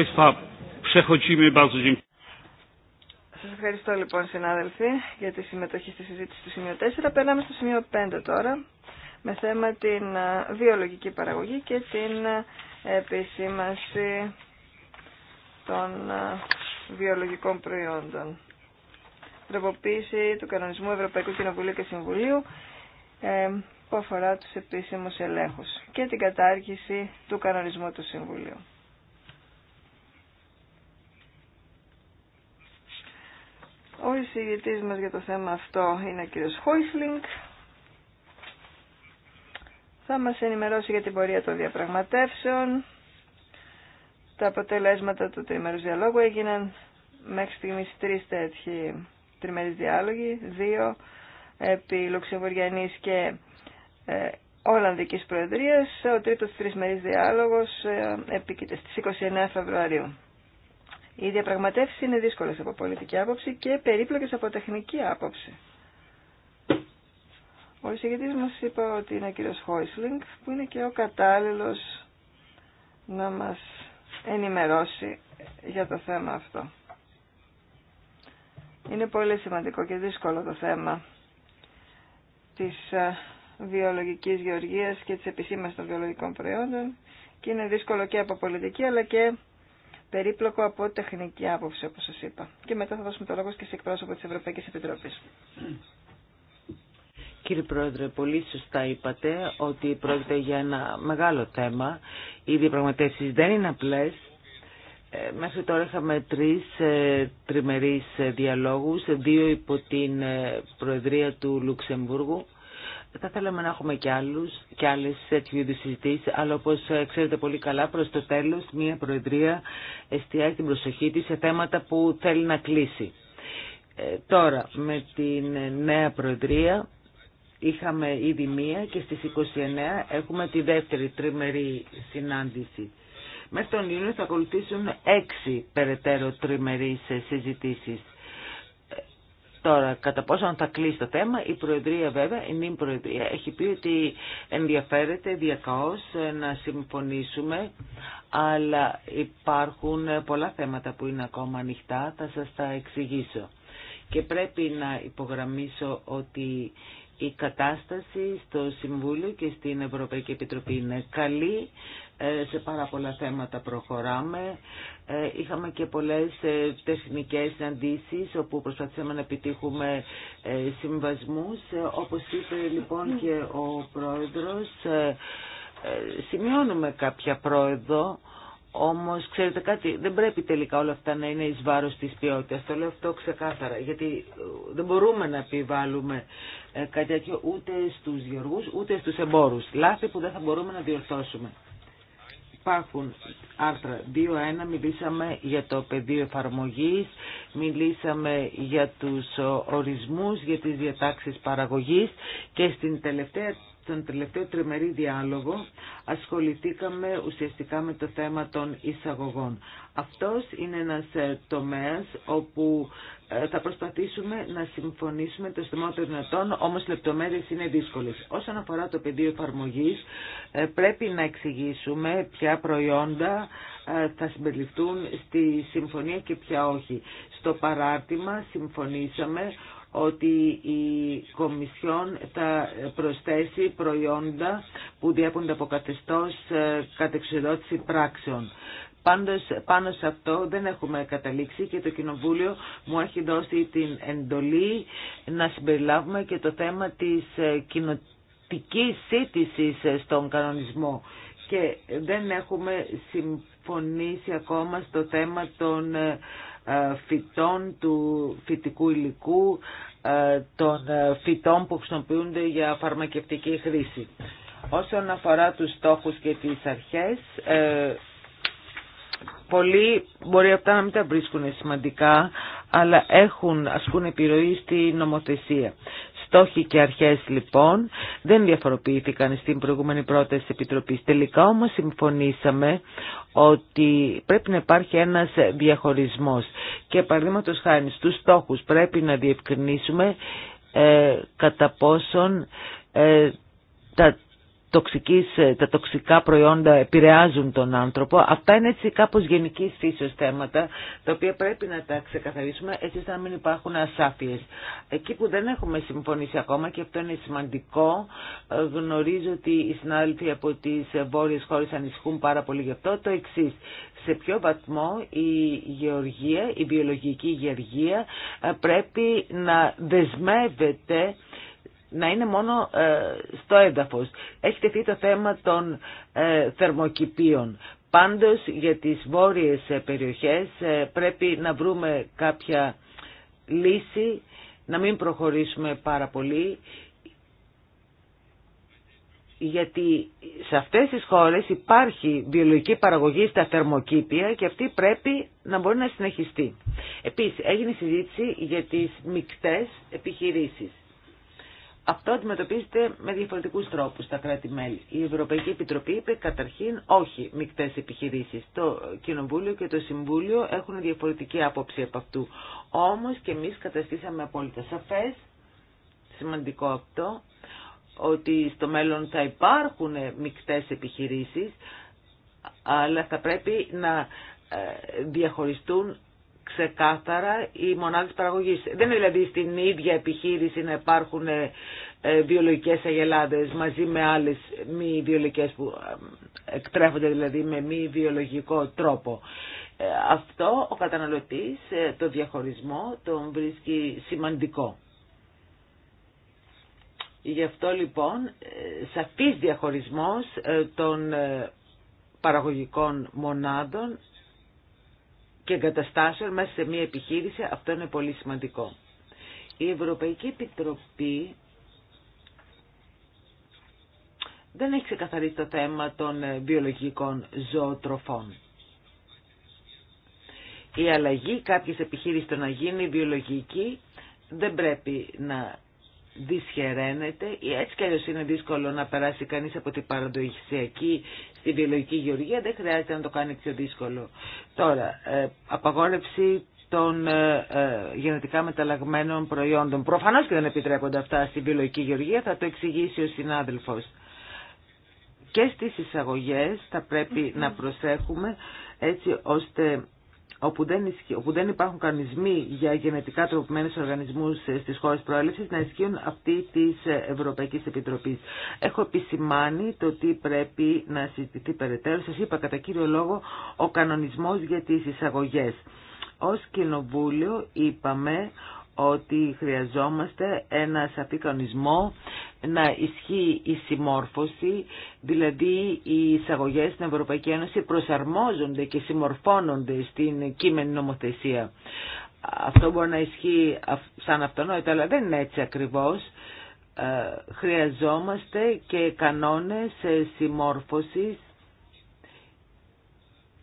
[SPEAKER 3] Państwa, przechodzimy. Bardzo
[SPEAKER 1] Σας ευχαριστώ λοιπόν συνάδελφοι για τη συμμετοχή στη συζήτηση του σημείου 4. Περνάμε στο σημείο 5 τώρα με θέμα την βιολογική παραγωγή και την επισήμανση των βιολογικών προϊόντων. Τροποποίηση του κανονισμού Ευρωπαϊκού Κοινοβουλίου και Συμβουλίου ε, που αφορά τους επίσημους ελέγχους και την κατάργηση του κανονισμού του Συμβουλίου. Ο εισηγητής μας για το θέμα αυτό είναι ο κύριος Χόισλινγκ. Θα μας ενημερώσει για την πορεία των διαπραγματεύσεων. Τα αποτελέσματα του τριμερούς διαλόγου έγιναν μέχρι στιγμής τρεις τέτοιοι τριμερείς διάλογοι, δύο επί Λουξεμβουργιανής και ε, Ολλανδικής Προεδρίας, ο τρίτος τριμερείς διάλογος ε, επίκειται στις 29 Φεβρουαρίου. Οι διαπραγματεύσει είναι δύσκολε από πολιτική άποψη και περίπλοκε από τεχνική άποψη. Ο εισηγητή μα είπε ότι είναι ο κύριο Χόισλινγκ, που είναι και ο κατάλληλο να μα ενημερώσει για το θέμα αυτό. Είναι πολύ σημαντικό και δύσκολο το θέμα της βιολογικής γεωργίας και της επισήμανσης των βιολογικών προϊόντων και είναι δύσκολο και από πολιτική αλλά και περίπλοκο από τεχνική άποψη, όπως σας είπα. Και μετά θα δώσουμε το λόγο και σε εκπρόσωπο της Ευρωπαϊκής Επιτροπής.
[SPEAKER 4] Κύριε Πρόεδρε, πολύ σωστά είπατε ότι πρόκειται για ένα μεγάλο θέμα. Οι διαπραγματεύσει δεν είναι απλές. Ε, μέχρι τώρα είχαμε τρεις ε, τριμερείς ε, διαλόγους, δύο υπό την Προεδρία του Λουξεμβούργου θα θέλαμε να έχουμε και άλλους, και άλλες τέτοιου είδους συζητήσεις, αλλά όπως ξέρετε πολύ καλά προς το τέλος μια Προεδρία εστιάζει την προσοχή της σε θέματα που θέλει να κλείσει. Ε, τώρα, με την νέα Προεδρία είχαμε ήδη μία και στις 29 έχουμε τη δεύτερη τριμερή συνάντηση. Μέχρι τον Ιούνιο θα ακολουθήσουν έξι περαιτέρω τριμερείς συζητήσεις. Τώρα, κατά πόσο θα κλείσει το θέμα, η Προεδρία βέβαια, η νυν Προεδρία, έχει πει ότι ενδιαφέρεται διακαώς ε, να συμφωνήσουμε, αλλά υπάρχουν πολλά θέματα που είναι ακόμα ανοιχτά, θα σας τα εξηγήσω. Και πρέπει να υπογραμμίσω ότι η κατάσταση στο Συμβούλιο και στην Ευρωπαϊκή Επιτροπή είναι καλή. Ε, σε πάρα πολλά θέματα προχωράμε. Ε, είχαμε και πολλές ε, τεχνικές αντίσεις όπου προσπαθήσαμε να επιτύχουμε συμβασμούς. Όπως είπε λοιπόν και ο Πρόεδρος, σημειώνουμε κάποια πρόεδρο όμως, ξέρετε κάτι, δεν πρέπει τελικά όλα αυτά να είναι εις βάρος της ποιότητας. Το λέω αυτό ξεκάθαρα, γιατί ε, δεν μπορούμε να επιβάλλουμε ε, κάτι τέτοιο ούτε στους γεωργού ούτε στους εμπόρους. Λάθη που δεν θα μπορούμε να διορθώσουμε. Υπάρχουν άρθρα δύο-1, μιλήσαμε για το πεδίο εφαρμογής, μιλήσαμε για τους ε, ορισμούς, για τις διατάξεις παραγωγής και στην τελευταία στον τελευταίο τριμερή διάλογο ασχοληθήκαμε ουσιαστικά με το θέμα των εισαγωγών. Αυτός είναι ένας ε, τομέας όπου ε, θα προσπαθήσουμε να συμφωνήσουμε το των δυνατών, όμως λεπτομέρειες είναι δύσκολες. Όσον αφορά το πεδίο εφαρμογή, ε, πρέπει να εξηγήσουμε ποια προϊόντα θα συμπεριληφθούν στη συμφωνία και ποια όχι. Στο παράρτημα συμφωνήσαμε ότι η Κομισιόν θα προσθέσει προϊόντα που διέπονται από καθεστώς ε, κατεξοδότηση πράξεων. Πάντως, πάνω σε αυτό δεν έχουμε καταλήξει και το Κοινοβούλιο μου έχει δώσει την εντολή να συμπεριλάβουμε και το θέμα της ε, κοινοτικής σύντησης ε, στον κανονισμό και δεν έχουμε συμφωνήσει ακόμα στο θέμα των ε, φυτών, του φυτικού υλικού, ε, των ε, φυτών που χρησιμοποιούνται για φαρμακευτική χρήση. Όσον αφορά τους στόχους και τις αρχές, πολλοί μπορεί αυτά να μην τα βρίσκουν σημαντικά, αλλά έχουν ασκούν επιρροή στη νομοθεσία. Στόχοι και αρχές λοιπόν δεν διαφοροποιήθηκαν στην προηγούμενη πρόταση της Επιτροπής. Τελικά όμως συμφωνήσαμε ότι πρέπει να υπάρχει ένας διαχωρισμός και παραδείγματος χάρη στους στόχους πρέπει να διευκρινίσουμε ε, κατά πόσον ε, τα τοξικής, ε, τα τοξικά προϊόντα επηρεάζουν τον άνθρωπο. Αυτά είναι έτσι κάπως γενική φύσεως θέματα, τα οποία πρέπει να τα ξεκαθαρίσουμε έτσι να μην υπάρχουν ασάφειες. Εκεί που δεν έχουμε συμφωνήσει ακόμα και αυτό είναι σημαντικό, ε, γνωρίζω ότι οι συνάδελφοι από τις ε, βόρειες χώρες ανησυχούν πάρα πολύ γι' αυτό, το εξή. Σε ποιο βαθμό η γεωργία, η βιολογική γεωργία πρέπει να δεσμεύεται να είναι μόνο ε, στο έδαφος. Έχει τεθεί το θέμα των ε, θερμοκηπίων. Πάντως για τις βόρειες ε, περιοχές πρέπει να βρούμε κάποια λύση, να μην προχωρήσουμε πάρα πολύ, γιατί σε αυτές τις χώρες υπάρχει βιολογική παραγωγή στα θερμοκήπια και αυτή πρέπει να μπορεί να συνεχιστεί. Επίσης έγινε συζήτηση για τις μικτές επιχειρήσεις. Αυτό αντιμετωπίζεται με διαφορετικούς τρόπους στα κράτη-μέλη. Η Ευρωπαϊκή Επιτροπή είπε καταρχήν όχι μεικτές επιχειρήσεις. Το Κοινοβούλιο και το Συμβούλιο έχουν διαφορετική άποψη από αυτού. Όμως και εμείς καταστήσαμε απόλυτα σαφές, σημαντικό αυτό, ότι στο μέλλον θα υπάρχουν μεικτές επιχειρήσεις, αλλά θα πρέπει να ε, διαχωριστούν ξεκάθαρα οι μονάδες παραγωγής. Δεν είναι δηλαδή στην ίδια επιχείρηση να υπάρχουν ε, ε, βιολογικές αγελάδες μαζί με άλλες μη βιολογικές που εκτρέφονται δηλαδή με μη βιολογικό τρόπο. Ε, αυτό ο καταναλωτής, το διαχωρισμό τον βρίσκει σημαντικό. Γι' αυτό λοιπόν σαφής διαχωρισμός των παραγωγικών μονάδων και εγκαταστάσεων μέσα σε μια επιχείρηση, αυτό είναι πολύ σημαντικό. Η Ευρωπαϊκή Επιτροπή δεν έχει ξεκαθαρίσει το θέμα των ε, βιολογικών ζωοτροφών. Η αλλαγή κάποιες επιχείρησης το να γίνει βιολογική δεν πρέπει να δυσχεραίνεται. Έτσι κι αλλιώς είναι δύσκολο να περάσει κανείς από την παραδοχησιακή στη βιολογική γεωργία. Δεν χρειάζεται να το κάνει πιο δύσκολο. Τώρα, ε, απαγόρευση των ε, ε, γενετικά μεταλλαγμένων προϊόντων. Προφανώς και δεν επιτρέπονται αυτά στη βιολογική γεωργία, θα το εξηγήσει ο συνάδελφος. Και στις εισαγωγές θα πρέπει να προσέχουμε έτσι ώστε όπου δεν, ισχύ, όπου δεν υπάρχουν κανονισμοί για γενετικά τροποποιημένους οργανισμούς ε, στις χώρες προέλευσης να ισχύουν αυτοί της Ευρωπαϊκής Επιτροπής. Έχω επισημάνει το τι πρέπει να συζητηθεί περαιτέρω. Σας είπα κατά κύριο λόγο ο κανονισμός για τις εισαγωγές. Ως κοινοβούλιο είπαμε ότι χρειαζόμαστε ένα σαφή κανονισμό να ισχύει η συμμόρφωση, δηλαδή οι εισαγωγέ στην Ευρωπαϊκή Ένωση προσαρμόζονται και συμμορφώνονται στην κείμενη νομοθεσία. Αυτό μπορεί να ισχύει σαν αυτονόητο, αλλά δεν είναι έτσι ακριβώς. Ε, χρειαζόμαστε και κανόνες ε, συμμόρφωσης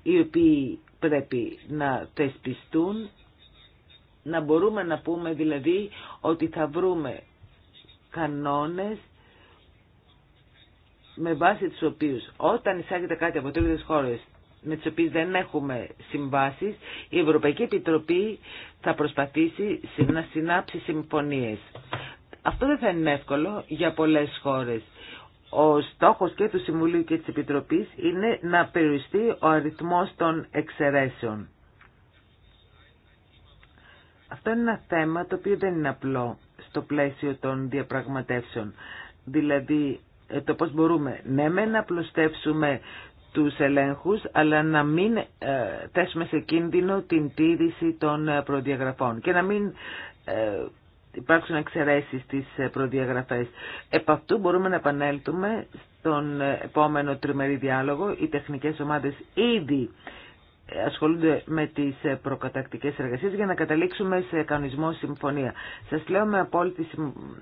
[SPEAKER 4] οι οποίοι πρέπει να θεσπιστούν να μπορούμε να πούμε δηλαδή ότι θα βρούμε κανόνες με βάση τους οποίους όταν εισάγεται κάτι από τρίτες χώρες με τις οποίες δεν έχουμε συμβάσεις, η Ευρωπαϊκή Επιτροπή θα προσπαθήσει να συνάψει συμφωνίες. Αυτό δεν θα είναι εύκολο για πολλές χώρες. Ο στόχος και του Συμβουλίου και της Επιτροπής είναι να περιοριστεί ο αριθμός των εξαιρέσεων. Αυτό είναι ένα θέμα το οποίο δεν είναι απλό στο πλαίσιο των διαπραγματεύσεων. Δηλαδή ε, το πώς μπορούμε ναι με να απλωστεύσουμε τους ελέγχους αλλά να μην ε, θέσουμε σε κίνδυνο την τήρηση των ε, προδιαγραφών και να μην υπάρξουν εξαιρέσεις στις προδιαγραφές. Επ' αυτού μπορούμε να επανέλθουμε στον επόμενο τριμερή διάλογο. Οι τεχνικές ομάδες ήδη ασχολούνται με τις ε, προκατακτικές εργασίες για να καταλήξουμε σε κανονισμό συμφωνία. Σας λέω, με απόλυτη,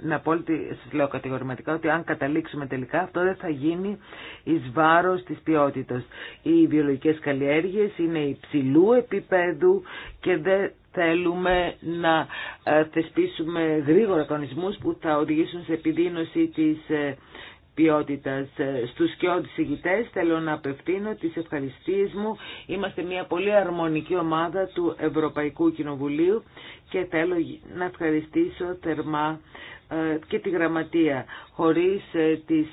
[SPEAKER 4] με απόλυτη, σας λέω κατηγορηματικά ότι αν καταλήξουμε τελικά αυτό δεν θα γίνει εις βάρος της ποιότητας. Οι βιολογικές καλλιέργειες είναι υψηλού επίπεδου και δεν θέλουμε να ε, θεσπίσουμε γρήγορα κανονισμούς που θα οδηγήσουν σε επιδείνωση της ε, ποιότητας. Ε, στους και ηγητές θέλω να απευθύνω τις ευχαριστίες μου. Είμαστε μια πολύ αρμονική ομάδα του Ευρωπαϊκού Κοινοβουλίου και θέλω να ευχαριστήσω θερμά ε, και τη γραμματεία. Χωρίς ε, τις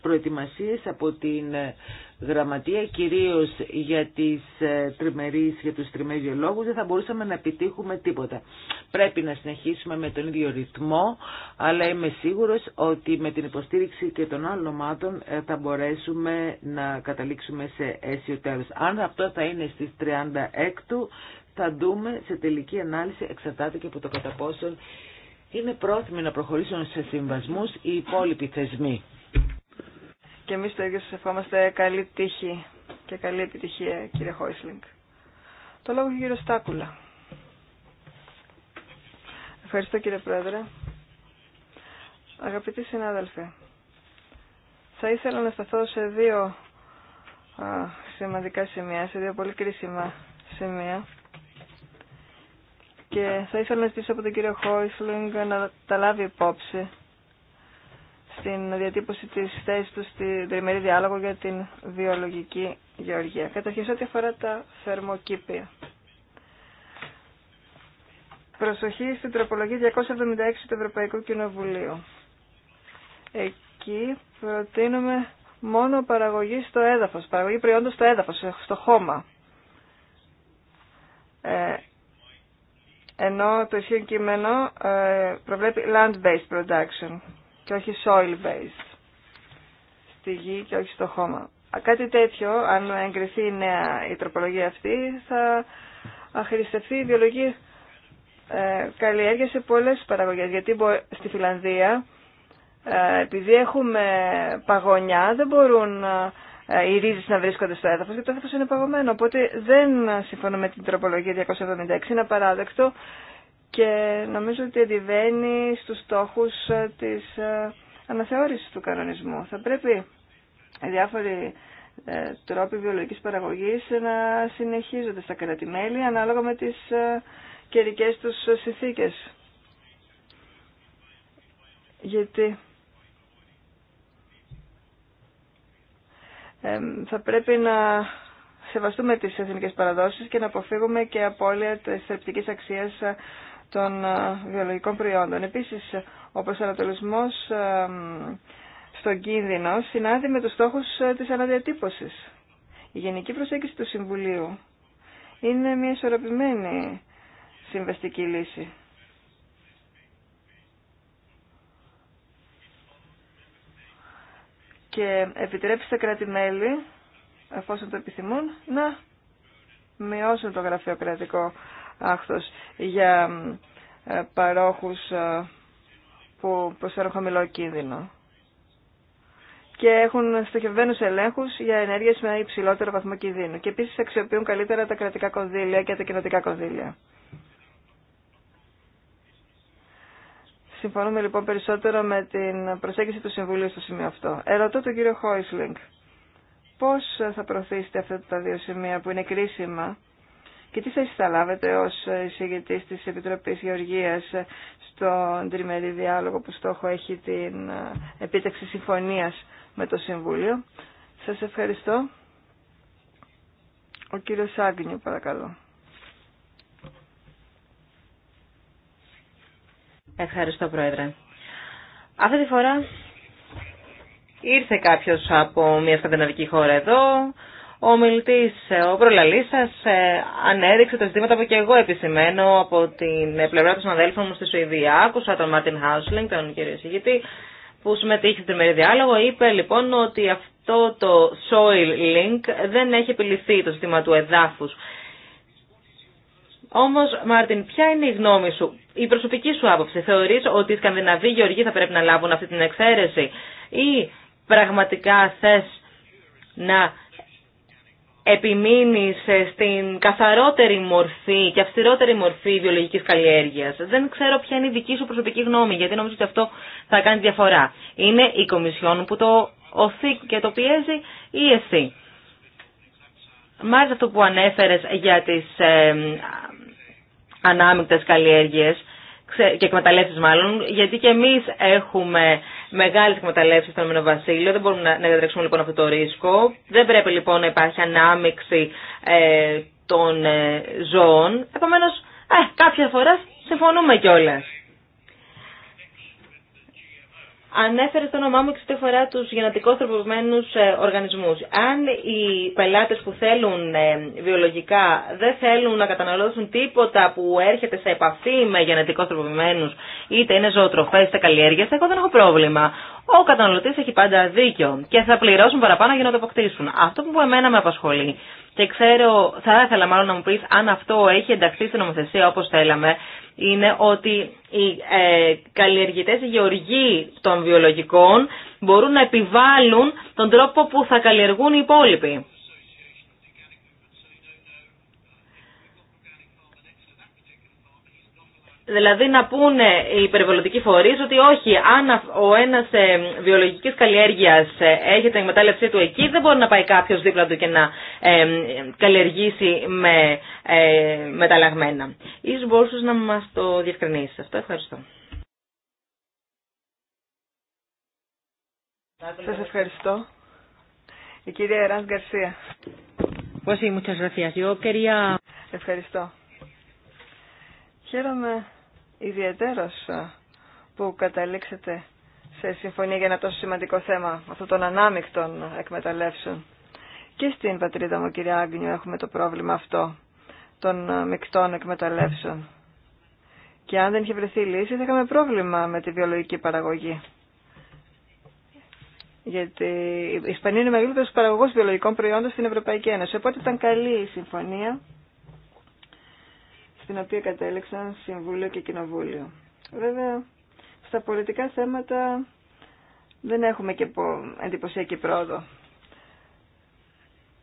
[SPEAKER 4] προετοιμασίες από την γραμματεία, κυρίως για, τις ε, τριμερείς, για τους τριμερείς δεν θα μπορούσαμε να επιτύχουμε τίποτα. Πρέπει να συνεχίσουμε με τον ίδιο ρυθμό, αλλά είμαι σίγουρος ότι με την υποστήριξη και των άλλων ομάδων ε, θα μπορέσουμε να καταλήξουμε σε αίσιο τέλος. Αν αυτό θα είναι στις 36 θα δούμε σε τελική ανάλυση, εξαρτάται και από το κατά πόσο είναι πρόθυμοι να προχωρήσουν σε συμβασμούς οι υπόλοιποι θεσμοί.
[SPEAKER 1] Και εμείς το ίδιο σας ευχόμαστε καλή τύχη και καλή επιτυχία κύριε Χόισλινγκ. Το λόγο έχει κύριο Στάκουλα. Ευχαριστώ κύριε Πρόεδρε. Αγαπητοί συνάδελφοι, θα ήθελα να σταθώ σε δύο σημαντικά σημεία, σε δύο πολύ κρίσιμα σημεία. Και θα ήθελα να ζητήσω από τον κύριο Χόισλινγκ να τα λάβει υπόψη στην διατύπωση τη θέση του στην τριμερή διάλογο για την βιολογική γεωργία. Καταρχήν ό,τι αφορά τα θερμοκήπια. Προσοχή στην τροπολογία 276 του Ευρωπαϊκού Κοινοβουλίου. Εκεί προτείνουμε μόνο παραγωγή στο έδαφος, παραγωγή προϊόντος στο έδαφος, στο χώμα. Ε, ενώ το ισχύον κείμενο ε, προβλέπει land-based production και όχι soil-based, στη γη και όχι στο χώμα. Κάτι τέτοιο, αν εγκριθεί η νέα η τροπολογία αυτή, θα αχρηστευτεί η βιολογική ε, καλλιέργεια σε πολλές παραγωγές. Γιατί στη Φιλανδία, ε, επειδή έχουμε παγωνιά, δεν μπορούν ε, οι ρίζες να βρίσκονται στο έδαφος, γιατί το έδαφος είναι παγωμένο. Οπότε δεν συμφωνώ με την τροπολογία 276, είναι απαράδεκτο και νομίζω ότι αντιβαίνει στους στόχους ε, της ε, αναθεώρησης του κανονισμού. Θα πρέπει διάφοροι ε, τρόποι βιολογικής παραγωγής να συνεχίζονται στα κρατημέλη ανάλογα με τις καιρικέ τους συνθήκες. Γιατί θα πρέπει να σεβαστούμε τις εθνικές παραδόσεις και να αποφύγουμε και απώλεια της θρεπτικής αξίας των ε, βιολογικών προϊόντων. Επίσης, ο προσανατολισμός ε, στον κίνδυνο συνάδει με τους στόχους ε, της αναδιατύπωσης. Η γενική προσέγγιση του Συμβουλίου είναι μια ισορροπημένη συμβαστική λύση. Και επιτρέψει τα κράτη-μέλη, εφόσον το επιθυμούν, να μειώσουν το γραφειοκρατικό άχθος για ε, παρόχους ε, που προσφέρουν χαμηλό κίνδυνο και έχουν στοχευμένους ελέγχους για ενέργειες με υψηλότερο βαθμό κινδύνου και επίσης αξιοποιούν καλύτερα τα κρατικά κονδύλια και τα κοινοτικά κονδύλια. Συμφωνούμε λοιπόν περισσότερο με την προσέγγιση του Συμβουλίου στο σημείο αυτό. Ερωτώ τον κύριο Χόισλινγκ. Πώς θα προωθήσετε αυτά τα δύο σημεία που είναι κρίσιμα και τι θέση θα λάβετε ως εισηγητής της Επιτροπής Γεωργίας στον τριμερή διάλογο που στόχο έχει την επίτευξη συμφωνίας με το Συμβούλιο. Σας ευχαριστώ. Ο κύριος Άγνιου παρακαλώ.
[SPEAKER 2] Ευχαριστώ Πρόεδρε. Αυτή τη φορά ήρθε κάποιος από μια σκανδιναβική χώρα εδώ, ο μιλητή, ε, ο προλαλής σας, ε, ανέδειξε τα ζητήματα που και εγώ επισημαίνω από την πλευρά των συναδέλφων μου στη Σουηδία. Άκουσα τον Μάρτιν Χάουσλινγκ, τον κύριο Σιγητή, που συμμετείχε στην τριμερή διάλογο. Είπε λοιπόν ότι αυτό το soil link δεν έχει επιληθεί το ζήτημα του εδάφου. Όμω, Μάρτιν, ποια είναι η γνώμη σου, η προσωπική σου άποψη. Θεωρείς ότι οι Σκανδιναβοί γεωργοί θα πρέπει να λάβουν αυτή την εξαίρεση ή πραγματικά θε να επιμείνει ε, στην καθαρότερη μορφή και αυστηρότερη μορφή βιολογικής καλλιέργειας. Δεν ξέρω ποια είναι η δική σου προσωπική γνώμη, γιατί νομίζω ότι αυτό θα κάνει διαφορά. Είναι η Κομισιόν που το οθεί και το πιέζει ή εσύ. Μάλιστα αυτό που ανέφερες για τις ε, ανάμεικτες καλλιέργειες και εκμεταλλεύσει μάλλον, γιατί και εμείς έχουμε μεγάλες εκμεταλλεύσει στον Ηνωμένο Βασίλειο, δεν μπορούμε να διατρέξουμε λοιπόν αυτό το ρίσκο. Δεν πρέπει λοιπόν να υπάρχει ανάμειξη ε, των ε, ζώων. Επομένω, ε, κάποια φορά συμφωνούμε κιόλας. Ανέφερε στο όνομά μου στη φορά του γενετικώ τροποποιημένου ε, οργανισμού. Αν οι πελάτε που θέλουν ε, βιολογικά δεν θέλουν να καταναλώσουν τίποτα που έρχεται σε επαφή με γενετικώ τροποποιημένου, είτε είναι ζωοτροφέ είτε καλλιέργειε, εγώ δεν έχω πρόβλημα. Ο καταναλωτή έχει πάντα δίκιο και θα πληρώσουν παραπάνω για να το αποκτήσουν. Αυτό που εμένα με απασχολεί και ξέρω, θα ήθελα μάλλον να μου πεις αν αυτό έχει ενταχθεί στην νομοθεσία όπως θέλαμε, είναι ότι οι ε, καλλιεργητές, γεωργοί των βιολογικών μπορούν να επιβάλλουν τον τρόπο που θα καλλιεργούν οι υπόλοιποι. Δηλαδή να πούνε οι περιβαλλοντικοί φορεί ότι όχι, αν ο ένα ε, βιολογική καλλιέργεια ε, έχει την εκμετάλλευσή του εκεί, δεν μπορεί να πάει κάποιο δίπλα του και να ε, καλλιεργήσει με μεταλλαγμένα. σω μπορούσε να μα το διευκρινίσει αυτό. Ευχαριστώ.
[SPEAKER 1] Σα ευχαριστώ. Η κυρία Εράν Γκαρσία. Ευχαριστώ. Χαίρομαι ιδιαίτερος ε, που καταλήξετε σε συμφωνία για ένα τόσο σημαντικό θέμα, αυτό των ανάμεικτων εκμεταλλεύσεων. Και στην πατρίδα μου, κυρία Άγγινιο, έχουμε το πρόβλημα αυτό των ε, μεικτών εκμεταλλεύσεων. Και αν δεν είχε βρεθεί λύση, θα είχαμε πρόβλημα με τη βιολογική παραγωγή. Γιατί η Ισπανία είναι ο μεγαλύτερο παραγωγό βιολογικών προϊόντων στην Ευρωπαϊκή Ένωση. Οπότε ήταν καλή η συμφωνία στην οποία κατέληξαν Συμβούλιο και Κοινοβούλιο. Βέβαια, στα πολιτικά θέματα δεν έχουμε και εντυπωσιακή πρόοδο.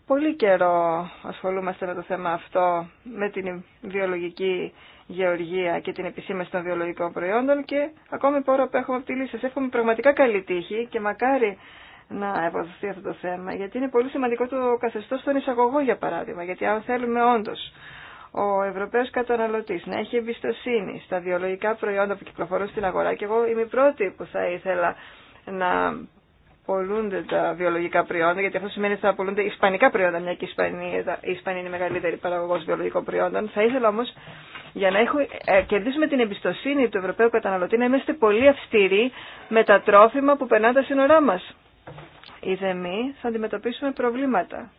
[SPEAKER 1] Πολύ καιρό ασχολούμαστε με το θέμα αυτό, με την βιολογική γεωργία και την επισήμεση των βιολογικών προϊόντων και ακόμη πόρο απέχουμε από τη λύση. Σας εύχομαι πραγματικά καλή τύχη και μακάρι να εποδοθεί αυτό το θέμα, γιατί είναι πολύ σημαντικό το καθεστώς στον εισαγωγό, για παράδειγμα, γιατί αν θέλουμε όντως ο Ευρωπαίος καταναλωτής να έχει εμπιστοσύνη στα βιολογικά προϊόντα που κυκλοφορούν στην αγορά και εγώ είμαι η πρώτη που θα ήθελα να πολλούνται τα βιολογικά προϊόντα, γιατί αυτό σημαίνει ότι θα πολλούνται ισπανικά προϊόντα, μια και η Ισπανία, είναι η μεγαλύτερη παραγωγό βιολογικών προϊόντων. Θα ήθελα όμω για να ε, κερδίσουμε την εμπιστοσύνη του Ευρωπαίου καταναλωτή να είμαστε πολύ αυστηροί με τα τρόφιμα που περνάνε τα σύνορά μα. Ή δε θα αντιμετωπίσουμε προβλήματα.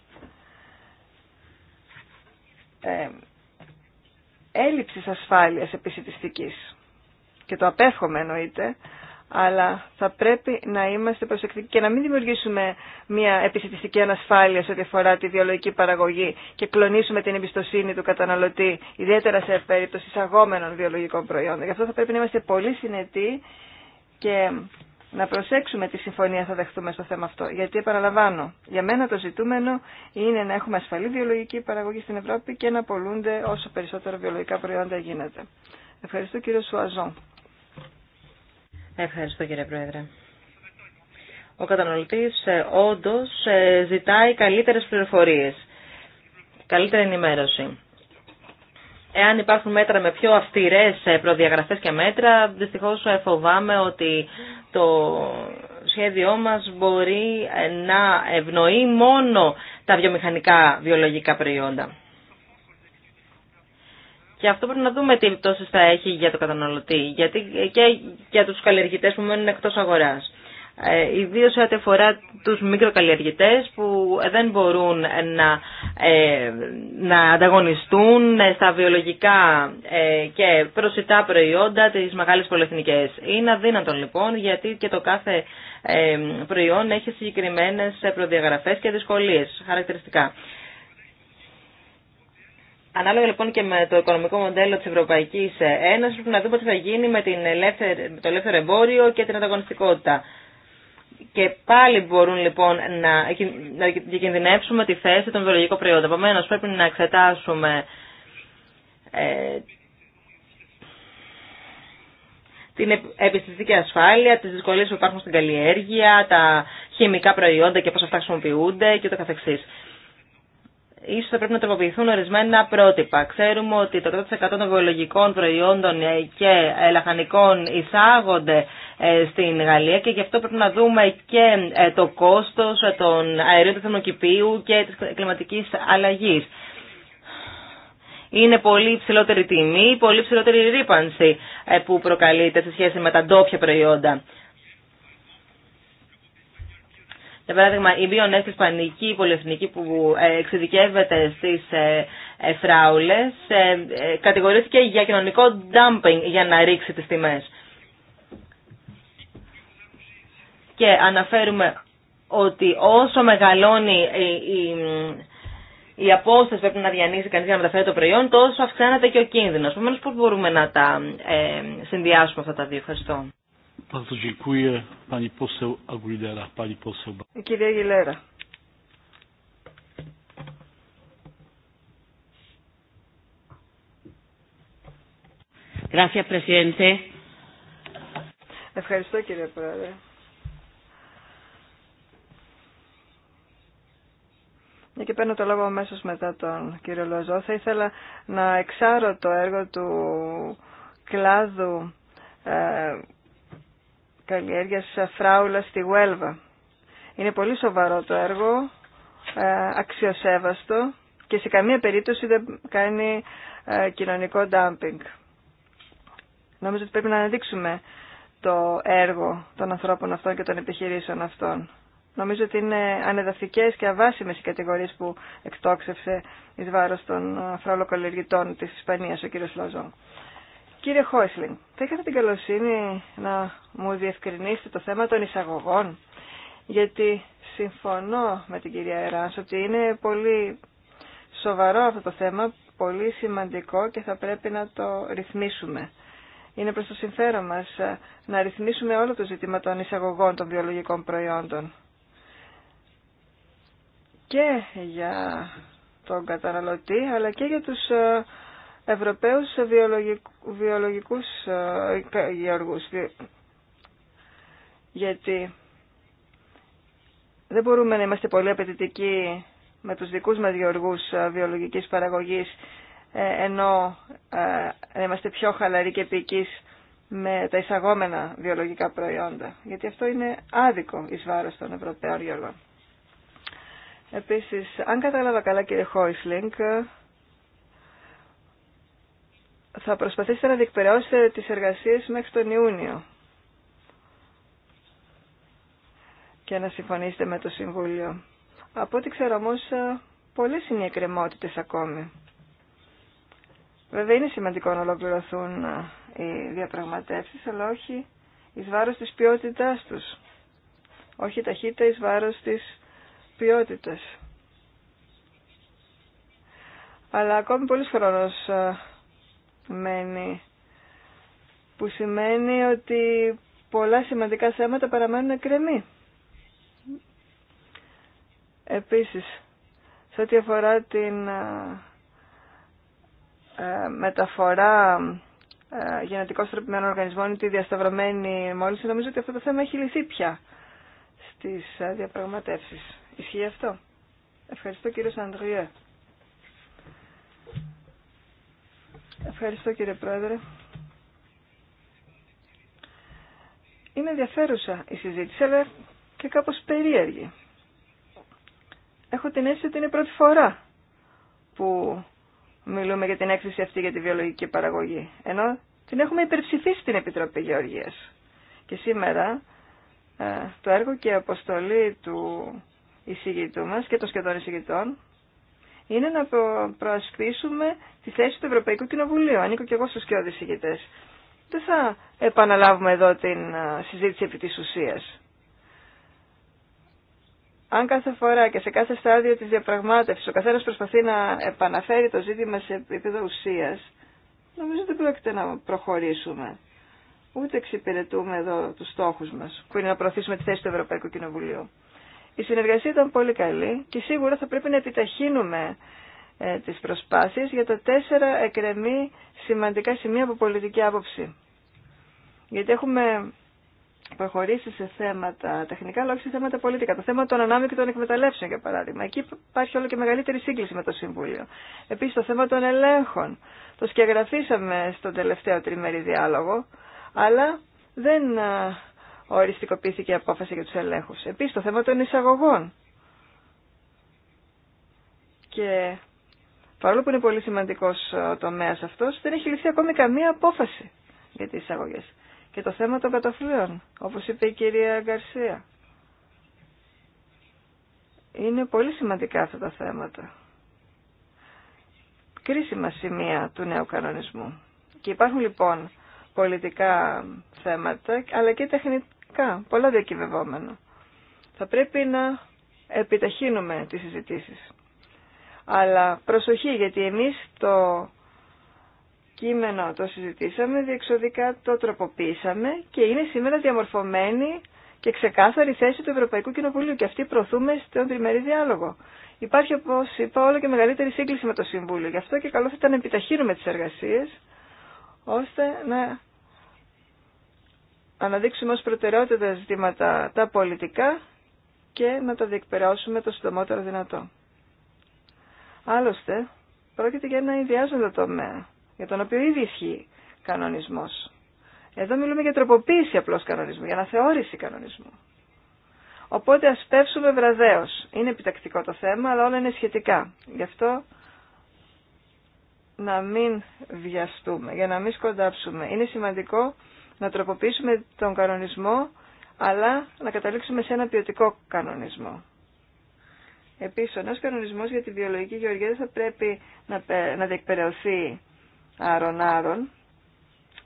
[SPEAKER 1] Ε, έλλειψης ασφάλειας επισητιστικής. Και το απέχομαι εννοείται, αλλά θα πρέπει να είμαστε προσεκτικοί και να μην δημιουργήσουμε μια επισητιστική ανασφάλεια σε ό,τι αφορά τη βιολογική παραγωγή και κλονίσουμε την εμπιστοσύνη του καταναλωτή, ιδιαίτερα σε περίπτωση εισαγόμενων βιολογικών προϊόντων. Γι' αυτό θα πρέπει να είμαστε πολύ συνετοί και να προσέξουμε τη συμφωνία θα δεχτούμε στο θέμα αυτό. Γιατί, επαναλαμβάνω, για μένα το ζητούμενο είναι να έχουμε ασφαλή βιολογική παραγωγή στην Ευρώπη και να πολλούνται όσο περισσότερα βιολογικά προϊόντα γίνεται. Ευχαριστώ κύριε Σουαζόν. Ευχαριστώ κύριε Πρόεδρε. Ο καταναλωτής ε,
[SPEAKER 2] όντως ε, ζητάει καλύτερες πληροφορίες, καλύτερη ενημέρωση. Εάν υπάρχουν μέτρα με πιο αυστηρές ε, προδιαγραφές και μέτρα, δυστυχώς ε, φοβάμαι ότι το σχέδιό μας μπορεί ε, να ευνοεί μόνο τα βιομηχανικά βιολογικά προϊόντα. Και αυτό πρέπει να δούμε τι επιπτώσεις θα έχει για το καταναλωτή, γιατί και για τους καλλιεργητές που μένουν εκτός αγοράς ε, ιδίω ό,τι αφορά τους μικροκαλλιεργητές που δεν μπορούν να, ε, να ανταγωνιστούν στα βιολογικά ε, και προσιτά προϊόντα τις μεγάλες πολυεθνικές. Είναι αδύνατο λοιπόν γιατί και το κάθε ε, προϊόν έχει συγκεκριμένε προδιαγραφέ και δυσκολίε χαρακτηριστικά. Ανάλογα λοιπόν και με το οικονομικό μοντέλο της Ευρωπαϊκής Ένωσης, πρέπει να δούμε τι θα γίνει με την το ελεύθερο εμπόριο και την ανταγωνιστικότητα. Και πάλι μπορούν λοιπόν να διακινδυνεύσουμε τη θέση των βιολογικών προϊόντων. Επομένω, πρέπει να εξετάσουμε ε, την επιστημική ασφάλεια, τι δυσκολίε που υπάρχουν στην καλλιέργεια, τα χημικά προϊόντα και πώ αυτά χρησιμοποιούνται και το καθεξής ίσως θα πρέπει να τροποποιηθούν ορισμένα πρότυπα. Ξέρουμε ότι το 100% των βιολογικών προϊόντων ε, και ε, λαχανικών εισάγονται ε, στην Γαλλία και γι' αυτό πρέπει να δούμε και το κόστος των αερίων του θερμοκηπίου και της κλιματικής αλλαγής. Είναι πολύ υψηλότερη τιμή, πολύ υψηλότερη ρήπανση που προκαλείται σε σχέση με τα ντόπια προϊόντα. Για παράδειγμα, η Μπιονέστη ισπανική πολυεθνική που ε, εξειδικεύεται στις ε, ε, φράουλε, κατηγορήθηκε για κοινωνικό dumping για να ρίξει τις τιμέ. Και αναφέρουμε ότι όσο μεγαλώνει η, η απόσταση πρέπει να διανύσει κανείς για να μεταφέρει το προϊόν, τόσο αυξάνεται και ο κίνδυνος. Επομένως, πώς μπορούμε να τα συνδυάσουμε αυτά τα δύο. Ευχαριστώ.
[SPEAKER 3] Ευχαριστώ
[SPEAKER 1] κύριε Πρόεδρε. Μια και παίρνω το λόγο αμέσω μετά τον κύριο Λοζό. Θα ήθελα να εξάρω το έργο του κλάδου ε, καλλιέργειας φράουλα στη Γουέλβα. Είναι πολύ σοβαρό το έργο, ε, αξιοσέβαστο και σε καμία περίπτωση δεν κάνει ε, κοινωνικό ντάμπινγκ. Νομίζω ότι πρέπει να αναδείξουμε το έργο των ανθρώπων αυτών και των επιχειρήσεων αυτών. Νομίζω ότι είναι ανεδαφικές και αβάσιμες οι κατηγορίες που εκτόξευσε εις βάρος των ε, φραουλοκαλλιεργητών της Ισπανίας ο κύριος Λόζο. Κύριε Χόισλινγκ, θα είχατε την καλοσύνη να μου διευκρινίσετε το θέμα των εισαγωγών, γιατί συμφωνώ με την κυρία Εράνς ότι είναι πολύ σοβαρό αυτό το θέμα, πολύ σημαντικό και θα πρέπει να το ρυθμίσουμε. Είναι προς το συμφέρον μας ε, να ρυθμίσουμε όλο το ζήτημα των εισαγωγών των βιολογικών προϊόντων. Και για τον καταναλωτή, αλλά και για τους ε, Ευρωπαίους βιολογικούς ε, γεωργούς. Γιατί δεν μπορούμε να είμαστε πολύ απαιτητικοί με τους δικούς μας γεωργούς ε, βιολογικής παραγωγής ε, ενώ να είμαστε πιο χαλαροί και επικείς με τα εισαγόμενα βιολογικά προϊόντα. Γιατί αυτό είναι άδικο εις βάρος των Ευρωπαίων γεωργών. Επίσης, αν κατάλαβα καλά κύριε Χόισλινγκ, θα προσπαθήσετε να διεκπαιρεώσετε τις εργασίες μέχρι τον Ιούνιο και να συμφωνήσετε με το Συμβούλιο. Από ό,τι ξέρω όμως, ε, πολλές είναι οι εκκρεμότητες ακόμη. Βέβαια είναι σημαντικό να ολοκληρωθούν ε, οι διαπραγματεύσεις, αλλά όχι εις βάρος της ποιότητάς τους. Όχι ταχύτητα εις βάρος της ποιότητας. Αλλά ακόμη πολλής χρόνος ε, μένει, που σημαίνει ότι πολλά σημαντικά θέματα παραμένουν εκκρεμή. Επίσης, σε ό,τι αφορά την ε, ε, μεταφορά ε, γενετικών τροπημένων οργανισμών ή τη διασταυρωμένη μόλυνση, νομίζω ότι αυτό το θέμα έχει λυθεί πια στις διαπραγματεύσεις. Ισχύει αυτό. Ευχαριστώ κύριο Σαντριέ. Ευχαριστώ κύριε Πρόεδρε. Είναι ενδιαφέρουσα η συζήτηση, αλλά και κάπως περίεργη. Έχω την αίσθηση ότι είναι η πρώτη φορά που μιλούμε για την έκθεση αυτή για τη βιολογική παραγωγή. Ενώ την έχουμε υπερψηφίσει στην Επιτροπή Γεωργίας. Και σήμερα ε, το έργο και η αποστολή του εισηγητού μας και των σχεδόν εισηγητών είναι να προασπίσουμε τη θέση του Ευρωπαϊκού Κοινοβουλίου. Ανήκω και εγώ στους και ηγητές. Δεν θα επαναλάβουμε εδώ την συζήτηση επί της ουσίας. Αν κάθε φορά και σε κάθε στάδιο της διαπραγμάτευσης ο καθένας προσπαθεί να επαναφέρει το ζήτημα σε επίπεδο ουσίας, νομίζω δεν πρόκειται να προχωρήσουμε. Ούτε εξυπηρετούμε εδώ τους στόχους μας, που είναι να προωθήσουμε τη θέση του Ευρωπαϊκού Κοινοβουλίου. Η συνεργασία ήταν πολύ καλή και σίγουρα θα πρέπει να επιταχύνουμε ε, τις προσπάσεις για τα τέσσερα εκρεμή σημαντικά σημεία από πολιτική άποψη. Γιατί έχουμε προχωρήσει σε θέματα τεχνικά, αλλά όχι σε θέματα πολιτικά. Το θέμα των των εκμεταλλεύσεων, για παράδειγμα. Εκεί υπάρχει όλο και μεγαλύτερη σύγκληση με το Συμβούλιο. Επίση, το θέμα των ελέγχων. Το σκεγγραφήσαμε στον τελευταίο τριμερή διάλογο, αλλά δεν οριστικοποιήθηκε η απόφαση για τους ελέγχους. Επίσης το θέμα των εισαγωγών. Και παρόλο που είναι πολύ σημαντικός ε, ο τομέας αυτός, δεν έχει ληφθεί ακόμη καμία απόφαση για τις εισαγωγές. Και το θέμα των κατοφλίων, όπως είπε η κυρία Γκαρσία. Είναι πολύ σημαντικά αυτά τα θέματα. Κρίσιμα σημεία του νέου κανονισμού. Και υπάρχουν λοιπόν πολιτικά θέματα, αλλά και πολλά διακυβευόμενα. Θα πρέπει να επιταχύνουμε τις συζητήσεις. Αλλά προσοχή, γιατί εμείς το κείμενο το συζητήσαμε, διεξοδικά το τροποποίησαμε και είναι σήμερα διαμορφωμένη και ξεκάθαρη θέση του Ευρωπαϊκού Κοινοβουλίου και αυτή προωθούμε στον τριμερή διάλογο. Υπάρχει, όπω είπα, όλο και μεγαλύτερη σύγκληση με το Συμβούλιο. Γι' αυτό και καλό θα ήταν να επιταχύνουμε τι εργασίε, ώστε να αναδείξουμε ως προτεραιότητα ζητήματα τα πολιτικά και να τα διεκπαιρεώσουμε το συντομότερο δυνατό. Άλλωστε, πρόκειται για ένα ιδιάζοντα τομέα, για τον οποίο ήδη ισχύει κανονισμός. Εδώ μιλούμε για τροποποίηση απλώς κανονισμού, για αναθεώρηση κανονισμού. Οπότε ας πέψουμε βραδέως. Είναι επιτακτικό το θέμα, αλλά όλα είναι σχετικά. Γι' αυτό να μην βιαστούμε, για να μην σκοντάψουμε. Είναι σημαντικό να τροποποιήσουμε τον κανονισμό, αλλά να καταλήξουμε σε ένα ποιοτικό κανονισμό. Επίσης, ο νέος κανονισμός για τη βιολογική γεωργία δεν θα πρέπει να, να διεκπαιρεωθεί άρων-άρων,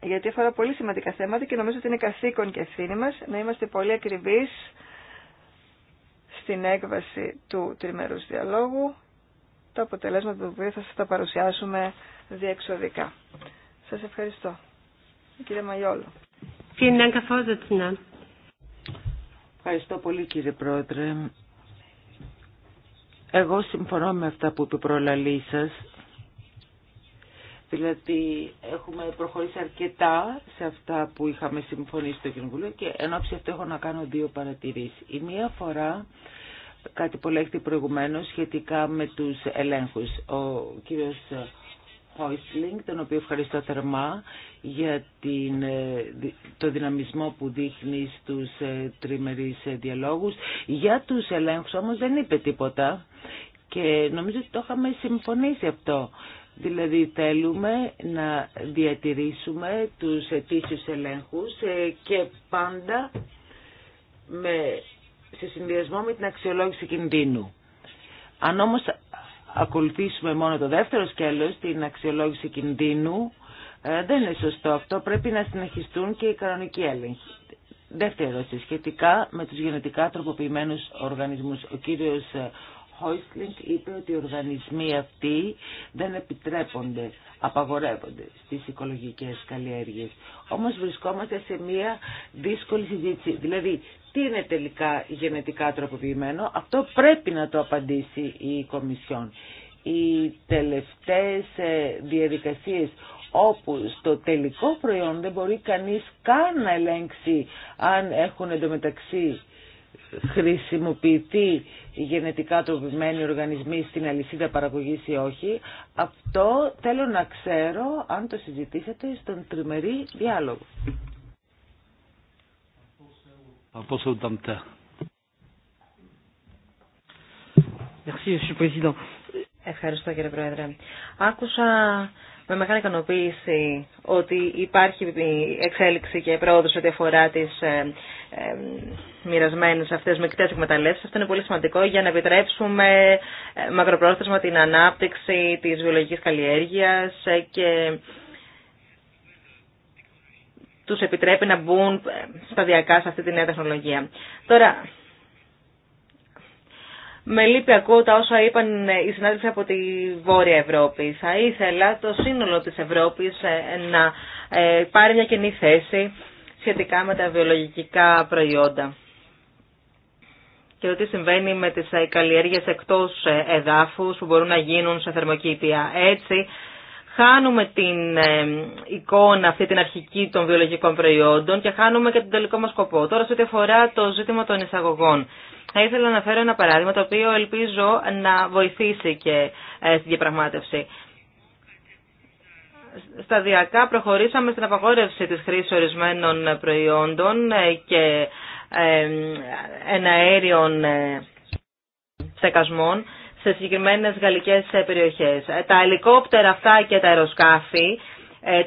[SPEAKER 1] γιατί αφορά πολύ σημαντικά θέματα και νομίζω ότι είναι καθήκον και ευθύνη μας να είμαστε πολύ ακριβείς στην έκβαση του τριμερούς διαλόγου, τα αποτελέσματα του οποίου θα σας τα παρουσιάσουμε διεξοδικά. Σας ευχαριστώ. Κύριε Μαγιόλο.
[SPEAKER 4] Ευχαριστώ πολύ κύριε Πρόεδρε. Εγώ συμφωνώ με αυτά που είπε προλαλή σα, Δηλαδή έχουμε προχωρήσει αρκετά σε αυτά που είχαμε συμφωνήσει στο Κοινοβουλίο και ενώ ώψη αυτό έχω να κάνω δύο παρατηρήσεις. Η μία φορά κάτι που λέγεται προηγουμένως σχετικά με τους ελέγχους. Ο κύριος τον οποίο ευχαριστώ θερμά για την, ε, το δυναμισμό που δείχνει στους ε, τριμερείς ε, διαλόγους. Για τους ελέγχους όμως δεν είπε τίποτα και νομίζω ότι το είχαμε συμφωνήσει αυτό. Δηλαδή θέλουμε να διατηρήσουμε τους ετήσιους ελέγχους και πάντα με, σε συνδυασμό με την αξιολόγηση κινδύνου. Αν όμως ακολουθήσουμε μόνο το δεύτερο σκέλος, την αξιολόγηση κινδύνου, ε, δεν είναι σωστό αυτό. Πρέπει να συνεχιστούν και οι κανονικοί έλεγχοι. Δεύτερο, σχετικά με τους γενετικά τροποποιημένους οργανισμούς. Ο κύριος ε, Χόισλινγκ είπε ότι οι οργανισμοί αυτοί δεν επιτρέπονται, απαγορεύονται στις οικολογικές καλλιέργειες. Όμως βρισκόμαστε σε μια δύσκολη συζήτηση. Δηλαδή, τι είναι τελικά γενετικά τροποποιημένο, αυτό πρέπει να το απαντήσει η Κομισιόν. Οι τελευταίες ε, διαδικασίες όπου στο τελικό προϊόν δεν μπορεί κανείς καν να ελέγξει αν έχουν εντωμεταξύ χρησιμοποιηθεί γενετικά τροπημένοι οργανισμοί στην αλυσίδα παραγωγής ή όχι. Αυτό θέλω να ξέρω αν το συζητήσετε στον τριμερή διάλογο.
[SPEAKER 2] Ευχαριστώ κύριε Πρόεδρε. Άκουσα με μεγάλη ικανοποίηση ότι υπάρχει εξέλιξη και πρόοδος ό,τι αφορά τις ε, ε, μοιρασμένες αυτές μικρές Αυτό είναι πολύ σημαντικό για να επιτρέψουμε ε, μακροπρόθεσμα την ανάπτυξη της βιολογικής καλλιέργειας ε, και τους επιτρέπει να μπουν ε, σταδιακά σε αυτή τη νέα τεχνολογία. Τώρα, με λύπη ακούω τα όσα είπαν οι συνάδελφοι από τη Βόρεια Ευρώπη. Θα ήθελα το σύνολο της Ευρώπης ε, να ε, πάρει μια κοινή θέση σχετικά με τα βιολογικά προϊόντα και ότι συμβαίνει με τις ε, καλλιέργειες εκτός εδάφους που μπορούν να γίνουν σε θερμοκήπια. Έτσι, χάνουμε την εικόνα αυτή την αρχική των βιολογικών προϊόντων και χάνουμε και τον τελικό μας σκοπό. Τώρα, σε ό,τι αφορά το ζήτημα των εισαγωγών. Θα ήθελα να φέρω ένα παράδειγμα το οποίο ελπίζω να βοηθήσει και ε, στην διαπραγμάτευση. Σταδιακά προχωρήσαμε στην απαγόρευση της χρήσης ορισμένων προϊόντων ε, και εναέριων ε, στεκασμών σε συγκεκριμένες γαλλικές περιοχές. Τα ελικόπτερα αυτά και τα αεροσκάφη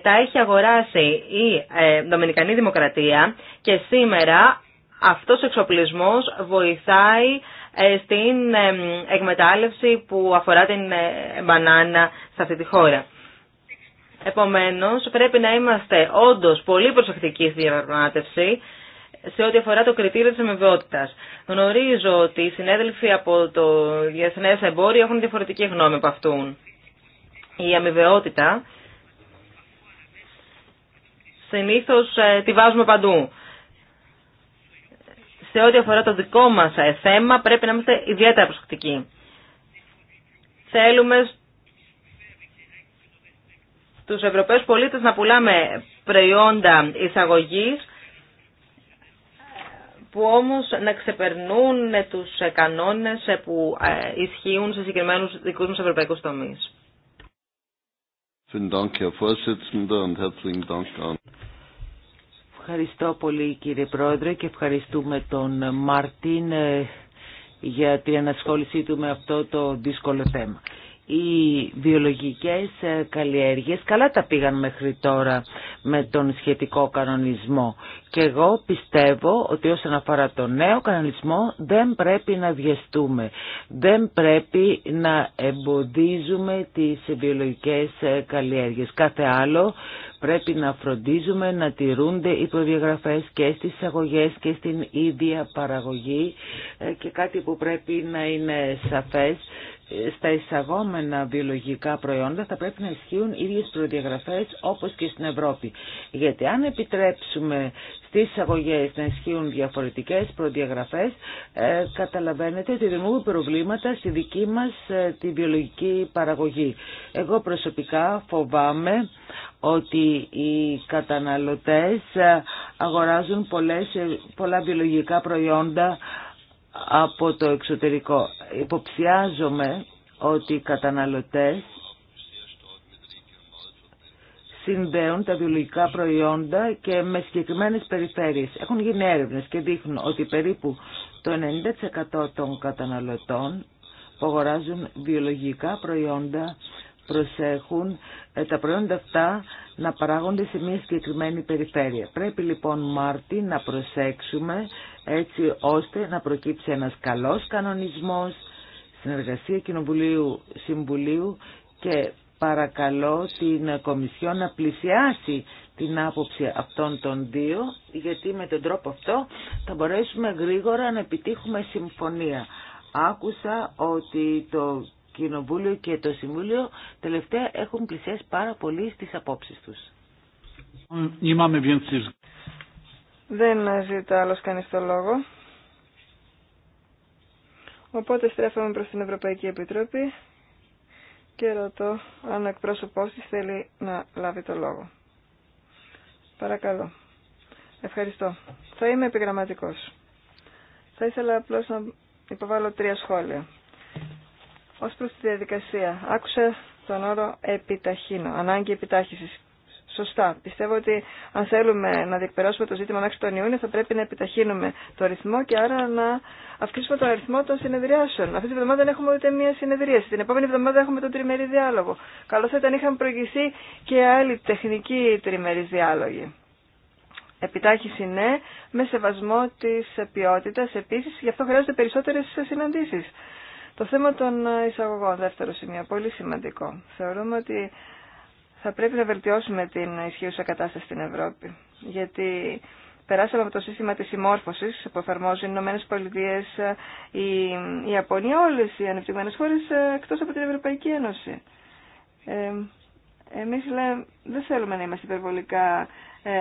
[SPEAKER 2] τα έχει αγοράσει η Δομινικανή Δημοκρατία και σήμερα αυτός ο εξοπλισμός βοηθάει ε, στην ε, εκμετάλλευση που αφορά την ε, μπανάνα σε αυτή τη χώρα. Επομένως, πρέπει να είμαστε όντως πολύ προσεκτικοί στη διαπραγμάτευση σε ό,τι αφορά το κριτήριο της αμοιβαιότητας. Γνωρίζω ότι οι συνέδελφοι από το Διεθνές Εμπόριο έχουν διαφορετική γνώμη από αυτούν. Η αμοιβαιότητα συνήθως τη βάζουμε παντού σε ό,τι αφορά το δικό μας ε, θέμα πρέπει να είμαστε ιδιαίτερα προσεκτικοί. Θέλουμε στους Ευρωπαίους πολίτες να πουλάμε προϊόντα εισαγωγής που όμως να ξεπερνούν τους κανόνες που ε, ισχύουν σε συγκεκριμένους δικούς μας ευρωπαϊκούς τομείς. Ευχαριστώ πολύ
[SPEAKER 4] κύριε Πρόεδρε και ευχαριστούμε τον Μαρτίν ε, για την ανασχόλησή του με αυτό το δύσκολο θέμα. Οι βιολογικές ε, καλλιέργειες καλά τα πήγαν μέχρι τώρα με τον σχετικό κανονισμό και εγώ πιστεύω ότι όσον αφορά τον νέο κανονισμό δεν πρέπει να βιαστούμε, δεν πρέπει να εμποδίζουμε τις βιολογικές ε, καλλιέργειες. Κάθε άλλο Πρέπει να φροντίζουμε να τηρούνται οι προδιαγραφές και στις αγωγές και στην ίδια παραγωγή ε, και κάτι που πρέπει να είναι σαφές ε, στα εισαγόμενα βιολογικά προϊόντα θα πρέπει να ισχύουν ίδιες προδιαγραφές όπως και στην Ευρώπη. Γιατί αν επιτρέψουμε στις εισαγωγέ να ισχύουν διαφορετικές προδιαγραφές, ε, καταλαβαίνετε ότι δημιουργούν προβλήματα στη δική μας ε, τη βιολογική παραγωγή. Εγώ προσωπικά φοβάμαι ότι οι καταναλωτές ε, αγοράζουν πολλές, πολλά βιολογικά προϊόντα από το εξωτερικό. Υποψιάζομαι ότι οι καταναλωτές συνδέουν τα βιολογικά προϊόντα και με συγκεκριμένες περιφέρειες. Έχουν γίνει έρευνες και δείχνουν ότι περίπου το 90% των καταναλωτών που αγοράζουν βιολογικά προϊόντα προσέχουν ε, τα προϊόντα αυτά να παράγονται σε μια συγκεκριμένη περιφέρεια. Πρέπει λοιπόν Μάρτι να προσέξουμε έτσι ώστε να προκύψει ένας καλός κανονισμός, συνεργασία Κοινοβουλίου Συμβουλίου και παρακαλώ την Κομισιό να πλησιάσει την άποψη αυτών των δύο, γιατί με τον τρόπο αυτό θα μπορέσουμε γρήγορα να επιτύχουμε συμφωνία. Άκουσα ότι το Κοινοβούλιο και το Συμβούλιο τελευταία έχουν πλησιάσει πάρα
[SPEAKER 1] πολύ στις απόψεις τους. Δεν ζητά άλλο κανείς το λόγο. Οπότε στρέφαμε προς την Ευρωπαϊκή Επιτροπή και ρωτώ αν ο εκπρόσωπός θέλει να λάβει το λόγο. Παρακαλώ. Ευχαριστώ. Θα είμαι επιγραμματικός. Θα ήθελα απλώς να υποβάλω τρία σχόλια. Ως προς τη διαδικασία, άκουσα τον όρο επιταχύνω, ανάγκη επιτάχυσης σωστά. Πιστεύω ότι αν θέλουμε να διεκπαιρώσουμε το ζήτημα μέχρι τον Ιούνιο θα πρέπει να επιταχύνουμε το αριθμό και άρα να αυξήσουμε τον αριθμό των συνεδριάσεων. Αυτή τη βδομάδα δεν έχουμε ούτε μία συνεδρία. Την επόμενη βδομάδα έχουμε τον τριμερή διάλογο. Καλό θα ήταν είχαν προηγηθεί και άλλοι τεχνικοί τριμερείς διάλογοι. Επιτάχυση ναι, με σεβασμό τη ποιότητα επίση, γι' αυτό χρειάζονται περισσότερε συναντήσει. Το θέμα των εισαγωγών, δεύτερο σημείο, πολύ σημαντικό. Θεωρούμε ότι θα πρέπει να βελτιώσουμε την ισχύουσα κατάσταση στην Ευρώπη. Γιατί περάσαμε από το σύστημα της συμμόρφωσης που εφαρμόζουν οι Ηνωμένες Πολιτείες, η Ιαπωνία, όλες οι ανεπτυγμένες χώρες ε, εκτός από την Ευρωπαϊκή Ένωση. Ε, εμείς λέμε, δεν θέλουμε να είμαστε υπερβολικά ε,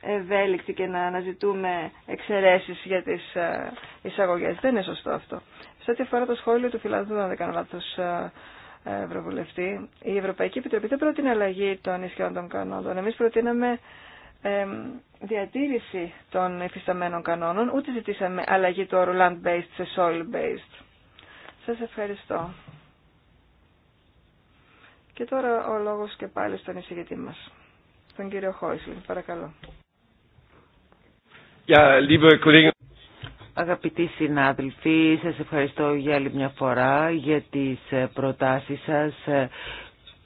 [SPEAKER 1] ευέλικτοι και να αναζητούμε εξαιρέσεις για τις ε, εισαγωγές. Δεν είναι σωστό αυτό. Σε ό,τι αφορά το σχόλιο του Φιλανδού, αν δεν κάνω λάθος, ε, Ευρωβουλευτή, η Ευρωπαϊκή Επιτροπή δεν πρότεινε αλλαγή των ισχυρών των κανόνων. Εμεί προτείναμε διατήρηση των εφισταμένων κανόνων, ούτε ζητήσαμε αλλαγή του όρου land-based σε soil-based. Σα ευχαριστώ. Και τώρα ο λόγο και πάλι στον εισηγητή μα. τον κύριο Χόισλιν, παρακαλώ.
[SPEAKER 4] Ja, liebe Αγαπητοί συνάδελφοι, σας ευχαριστώ για άλλη μια φορά για τις ε, προτάσεις σας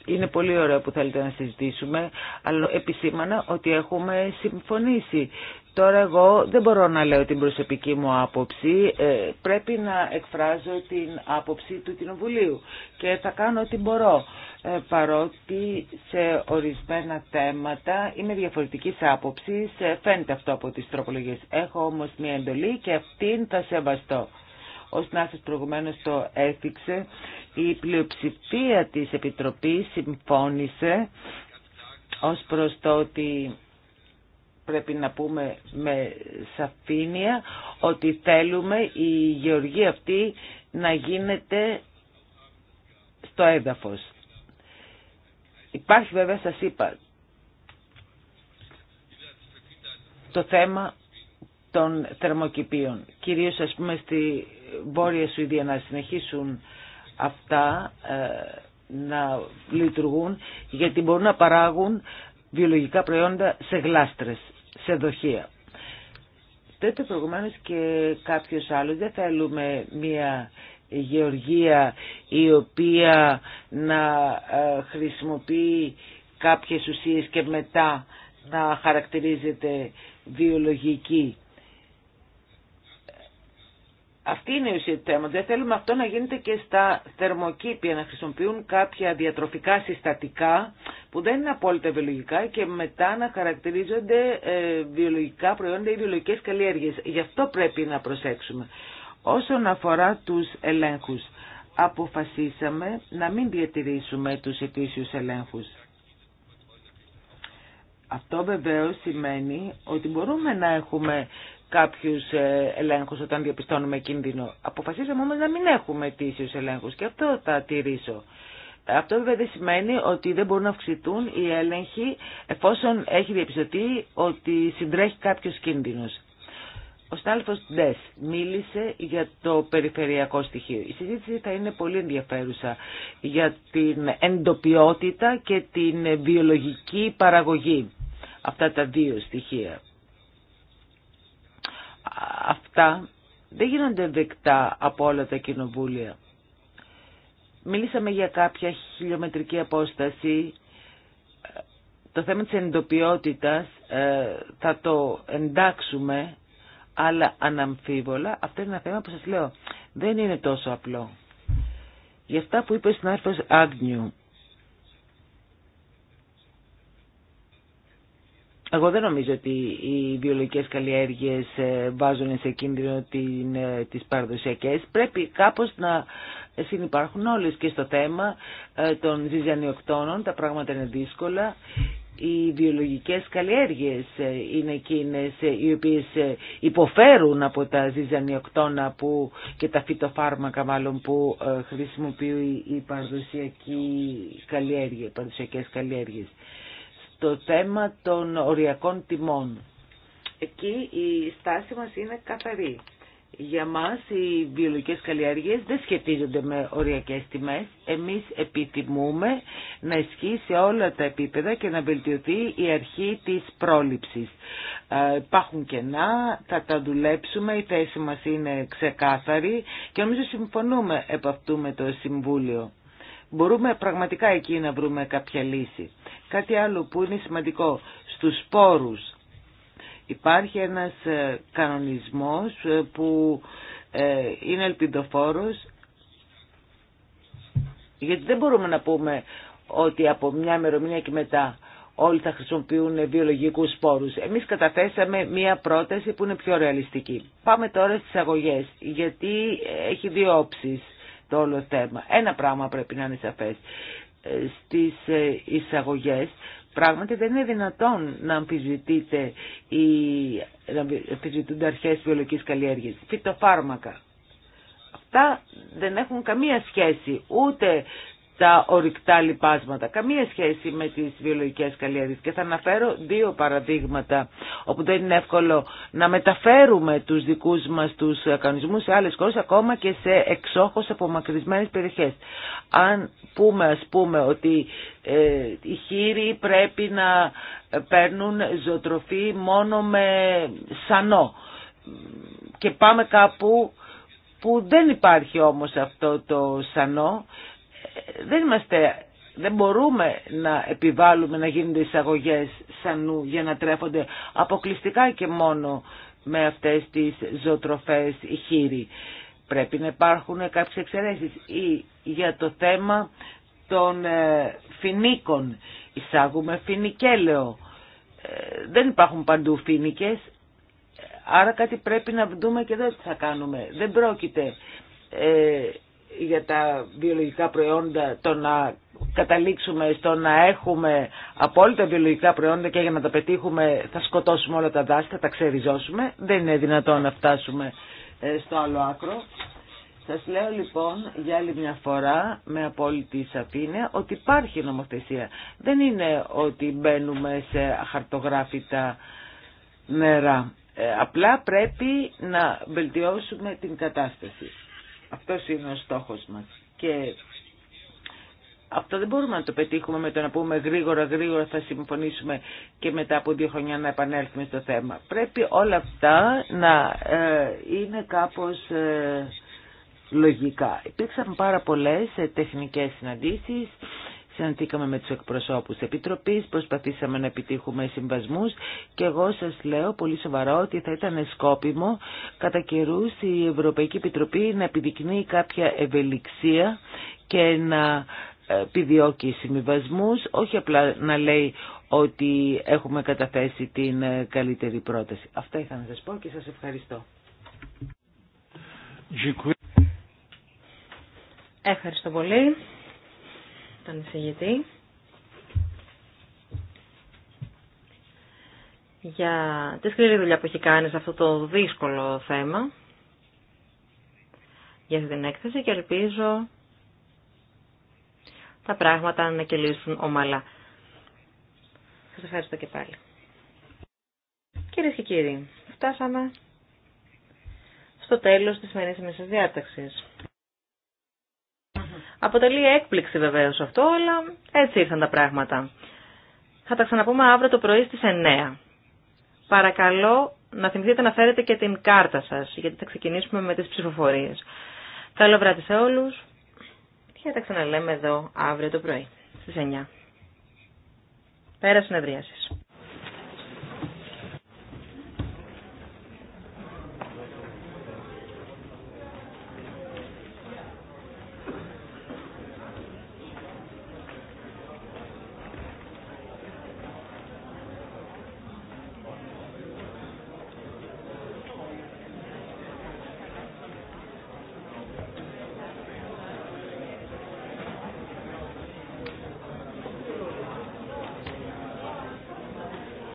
[SPEAKER 4] είναι πολύ ωραίο που θέλετε να συζητήσουμε, αλλά επισήμανα ότι έχουμε συμφωνήσει. Τώρα εγώ δεν μπορώ να λέω την προσωπική μου άποψη, ε, πρέπει να εκφράζω την άποψη του Κοινοβουλίου και θα κάνω ό,τι μπορώ, ε, παρότι σε ορισμένα θέματα είμαι διαφορετικής άποψης, φαίνεται αυτό από τις τροπολογίες. Έχω όμως μια εντολή και αυτήν θα σεβαστώ ο συνάδελφος προηγουμένως το έφηξε. η πλειοψηφία της Επιτροπής συμφώνησε ως προς το ότι πρέπει να πούμε με σαφήνεια ότι θέλουμε η γεωργία αυτή να γίνεται στο έδαφος. Υπάρχει βέβαια, σας είπα, το θέμα των θερμοκηπίων, κυρίως ας πούμε στη Βόρεια Σουηδία να συνεχίσουν αυτά ε, να λειτουργούν γιατί μπορούν να παράγουν βιολογικά προϊόντα σε γλάστρες, σε δοχεία. Τέτοιο προηγουμένω και κάποιος άλλος δεν θέλουμε μια γεωργία η οποία να ε, χρησιμοποιεί κάποιες ουσίες και μετά να χαρακτηρίζεται βιολογική αυτή είναι η ουσία του θέματος. Δεν θέλουμε αυτό να γίνεται και στα θερμοκήπια, να χρησιμοποιούν κάποια διατροφικά συστατικά που δεν είναι απόλυτα βιολογικά και μετά να χαρακτηρίζονται ε, βιολογικά προϊόντα ή βιολογικές καλλιέργειες. Γι' αυτό πρέπει να προσέξουμε. Όσον αφορά τους ελέγχους, αποφασίσαμε να μην διατηρήσουμε τους ετήσιους ελέγχους. Αυτό βεβαίω σημαίνει ότι μπορούμε να έχουμε κάποιους ε, ελέγχους όταν διαπιστώνουμε κίνδυνο. Αποφασίσαμε όμως να μην έχουμε τήσιους ελέγχους και αυτό θα τηρήσω. Αυτό βέβαια δεν σημαίνει ότι δεν μπορούν να αυξηθούν οι έλεγχοι εφόσον έχει διαπιστωθεί ότι συντρέχει κάποιος κίνδυνος. Ο Στάλφος Ντες μίλησε για το περιφερειακό στοιχείο. Η συζήτηση θα είναι πολύ ενδιαφέρουσα για την εντοπιότητα και την βιολογική παραγωγή. Αυτά τα δύο στοιχεία αυτά δεν γίνονται δεκτά από όλα τα κοινοβούλια. Μιλήσαμε για κάποια χιλιομετρική απόσταση. Το θέμα της εντοπιότητας ε, θα το εντάξουμε, αλλά αναμφίβολα. Αυτό είναι ένα θέμα που σας λέω, δεν είναι τόσο απλό. Για αυτά που είπε ο συνάδελφος Άγνιου, Εγώ δεν νομίζω ότι οι βιολογικές καλλιέργειες ε, βάζουν σε κίνδυνο την, ε, τις παραδοσιακές. Πρέπει κάπως να συνυπάρχουν όλες και στο θέμα ε, των ζυζανιοκτώνων. Τα πράγματα είναι δύσκολα. Οι βιολογικές καλλιέργειες είναι εκείνες οι οποίες υποφέρουν από τα ζυζανιοκτώνα που και τα φυτοφάρμακα μάλλον που χρησιμοποιούν οι παραδοσιακές καλλιέργειες το θέμα των οριακών τιμών. Εκεί η στάση μας είναι καθαρή. Για μας οι βιολογικές καλλιέργειες δεν σχετίζονται με οριακές τιμές. Εμείς επιτιμούμε να ισχύει σε όλα τα επίπεδα και να βελτιωθεί η αρχή της πρόληψης. Ε, υπάρχουν κενά, θα τα δουλέψουμε, η θέση μας είναι ξεκάθαρη και νομίζω συμφωνούμε επ' αυτού με το Συμβούλιο. Μπορούμε πραγματικά εκεί να βρούμε κάποια λύση. Κάτι άλλο που είναι σημαντικό, στους σπόρους υπάρχει ένας ε, κανονισμός ε, που ε, είναι ελπιδοφόρος γιατί δεν μπορούμε να πούμε ότι από μια ημερομηνία και μετά όλοι θα χρησιμοποιούν βιολογικούς σπόρους. Εμείς καταθέσαμε μία πρόταση που είναι πιο ρεαλιστική. Πάμε τώρα στις αγωγές, γιατί έχει δύο όψεις το όλο θέμα. Ένα πράγμα πρέπει να είναι σαφές στις ε, εισαγωγές πράγματι δεν είναι δυνατόν να αμφισβητείτε ή να αμφισβητούνται αρχές βιολογικής καλλιέργειας, φυτοφάρμακα. Αυτά δεν έχουν καμία σχέση ούτε τα ορυκτά λιπάσματα. Καμία σχέση με τις βιολογικές καλλιέργειες. Και θα αναφέρω δύο παραδείγματα όπου δεν είναι εύκολο να μεταφέρουμε τους δικούς μας τους κανονισμούς σε άλλες χώρες ακόμα και σε εξόχως απομακρυσμένες περιοχές. Αν πούμε ας πούμε ότι ε, οι χείροι πρέπει να παίρνουν ζωοτροφή μόνο με σανό και πάμε κάπου που δεν υπάρχει όμως αυτό το σανό δεν είμαστε δεν μπορούμε να επιβάλλουμε να γίνονται εισαγωγές σανού για να τρέφονται αποκλειστικά και μόνο με αυτές τις ζωοτροφές χείροι. Πρέπει να υπάρχουν κάποιες εξαιρέσεις ή για το θέμα των ε, φινίκων. Εισάγουμε φινικέλαιο. Ε, δεν υπάρχουν παντού φινικές, άρα κάτι πρέπει να δούμε και δεν τι θα κάνουμε. Δεν πρόκειται ε, για τα βιολογικά προϊόντα το να καταλήξουμε στο να έχουμε απόλυτα βιολογικά προϊόντα και για να τα πετύχουμε θα σκοτώσουμε όλα τα δάση, θα τα ξεριζώσουμε. Δεν είναι δυνατόν να φτάσουμε ε, στο άλλο άκρο. Σας λέω λοιπόν για άλλη μια φορά με απόλυτη σαφήνεια ότι υπάρχει νομοθεσία. Δεν είναι ότι μπαίνουμε σε χαρτογράφητα νερά. Ε, απλά πρέπει να βελτιώσουμε την κατάσταση. Αυτός είναι ο στόχος μας. Και αυτό δεν μπορούμε να το πετύχουμε με το να πούμε γρήγορα, γρήγορα θα συμφωνήσουμε και μετά από δύο χρονιά να επανέλθουμε στο θέμα. Πρέπει όλα αυτά να ε, είναι κάπως ε, λογικά. Υπήρξαν πάρα πολλές ε, τεχνικές συναντήσεις συναντήκαμε με τους εκπροσώπους Επιτροπής, προσπαθήσαμε να επιτύχουμε συμβασμούς και εγώ σας λέω πολύ σοβαρά ότι θα ήταν σκόπιμο κατά καιρού η Ευρωπαϊκή Επιτροπή να επιδεικνύει κάποια ευελιξία και να ε, επιδιώκει συμβασμούς, όχι απλά να λέει ότι έχουμε καταθέσει την ε, καλύτερη πρόταση. Αυτά είχα να σας πω
[SPEAKER 2] και σας ευχαριστώ. Ευχαριστώ πολύ τον εισηγητή για τη σκληρή δουλειά που έχει κάνει σε αυτό το δύσκολο θέμα για αυτή την έκθεση και ελπίζω τα πράγματα να κυλήσουν ομαλά. Σας ευχαριστώ και πάλι. Κυρίε και κύριοι, φτάσαμε στο τέλος της σημερινής διάταξης. Αποτελεί έκπληξη βεβαίως αυτό, αλλά έτσι ήρθαν τα πράγματα. Θα τα ξαναπούμε αύριο το πρωί στι 9. Παρακαλώ να θυμηθείτε να φέρετε και την κάρτα σας, γιατί θα ξεκινήσουμε με τις ψηφοφορίε. Καλό βράδυ σε όλου. και τα ξαναλέμε εδώ αύριο το πρωί στι 9. Πέρα συνεδρίασης.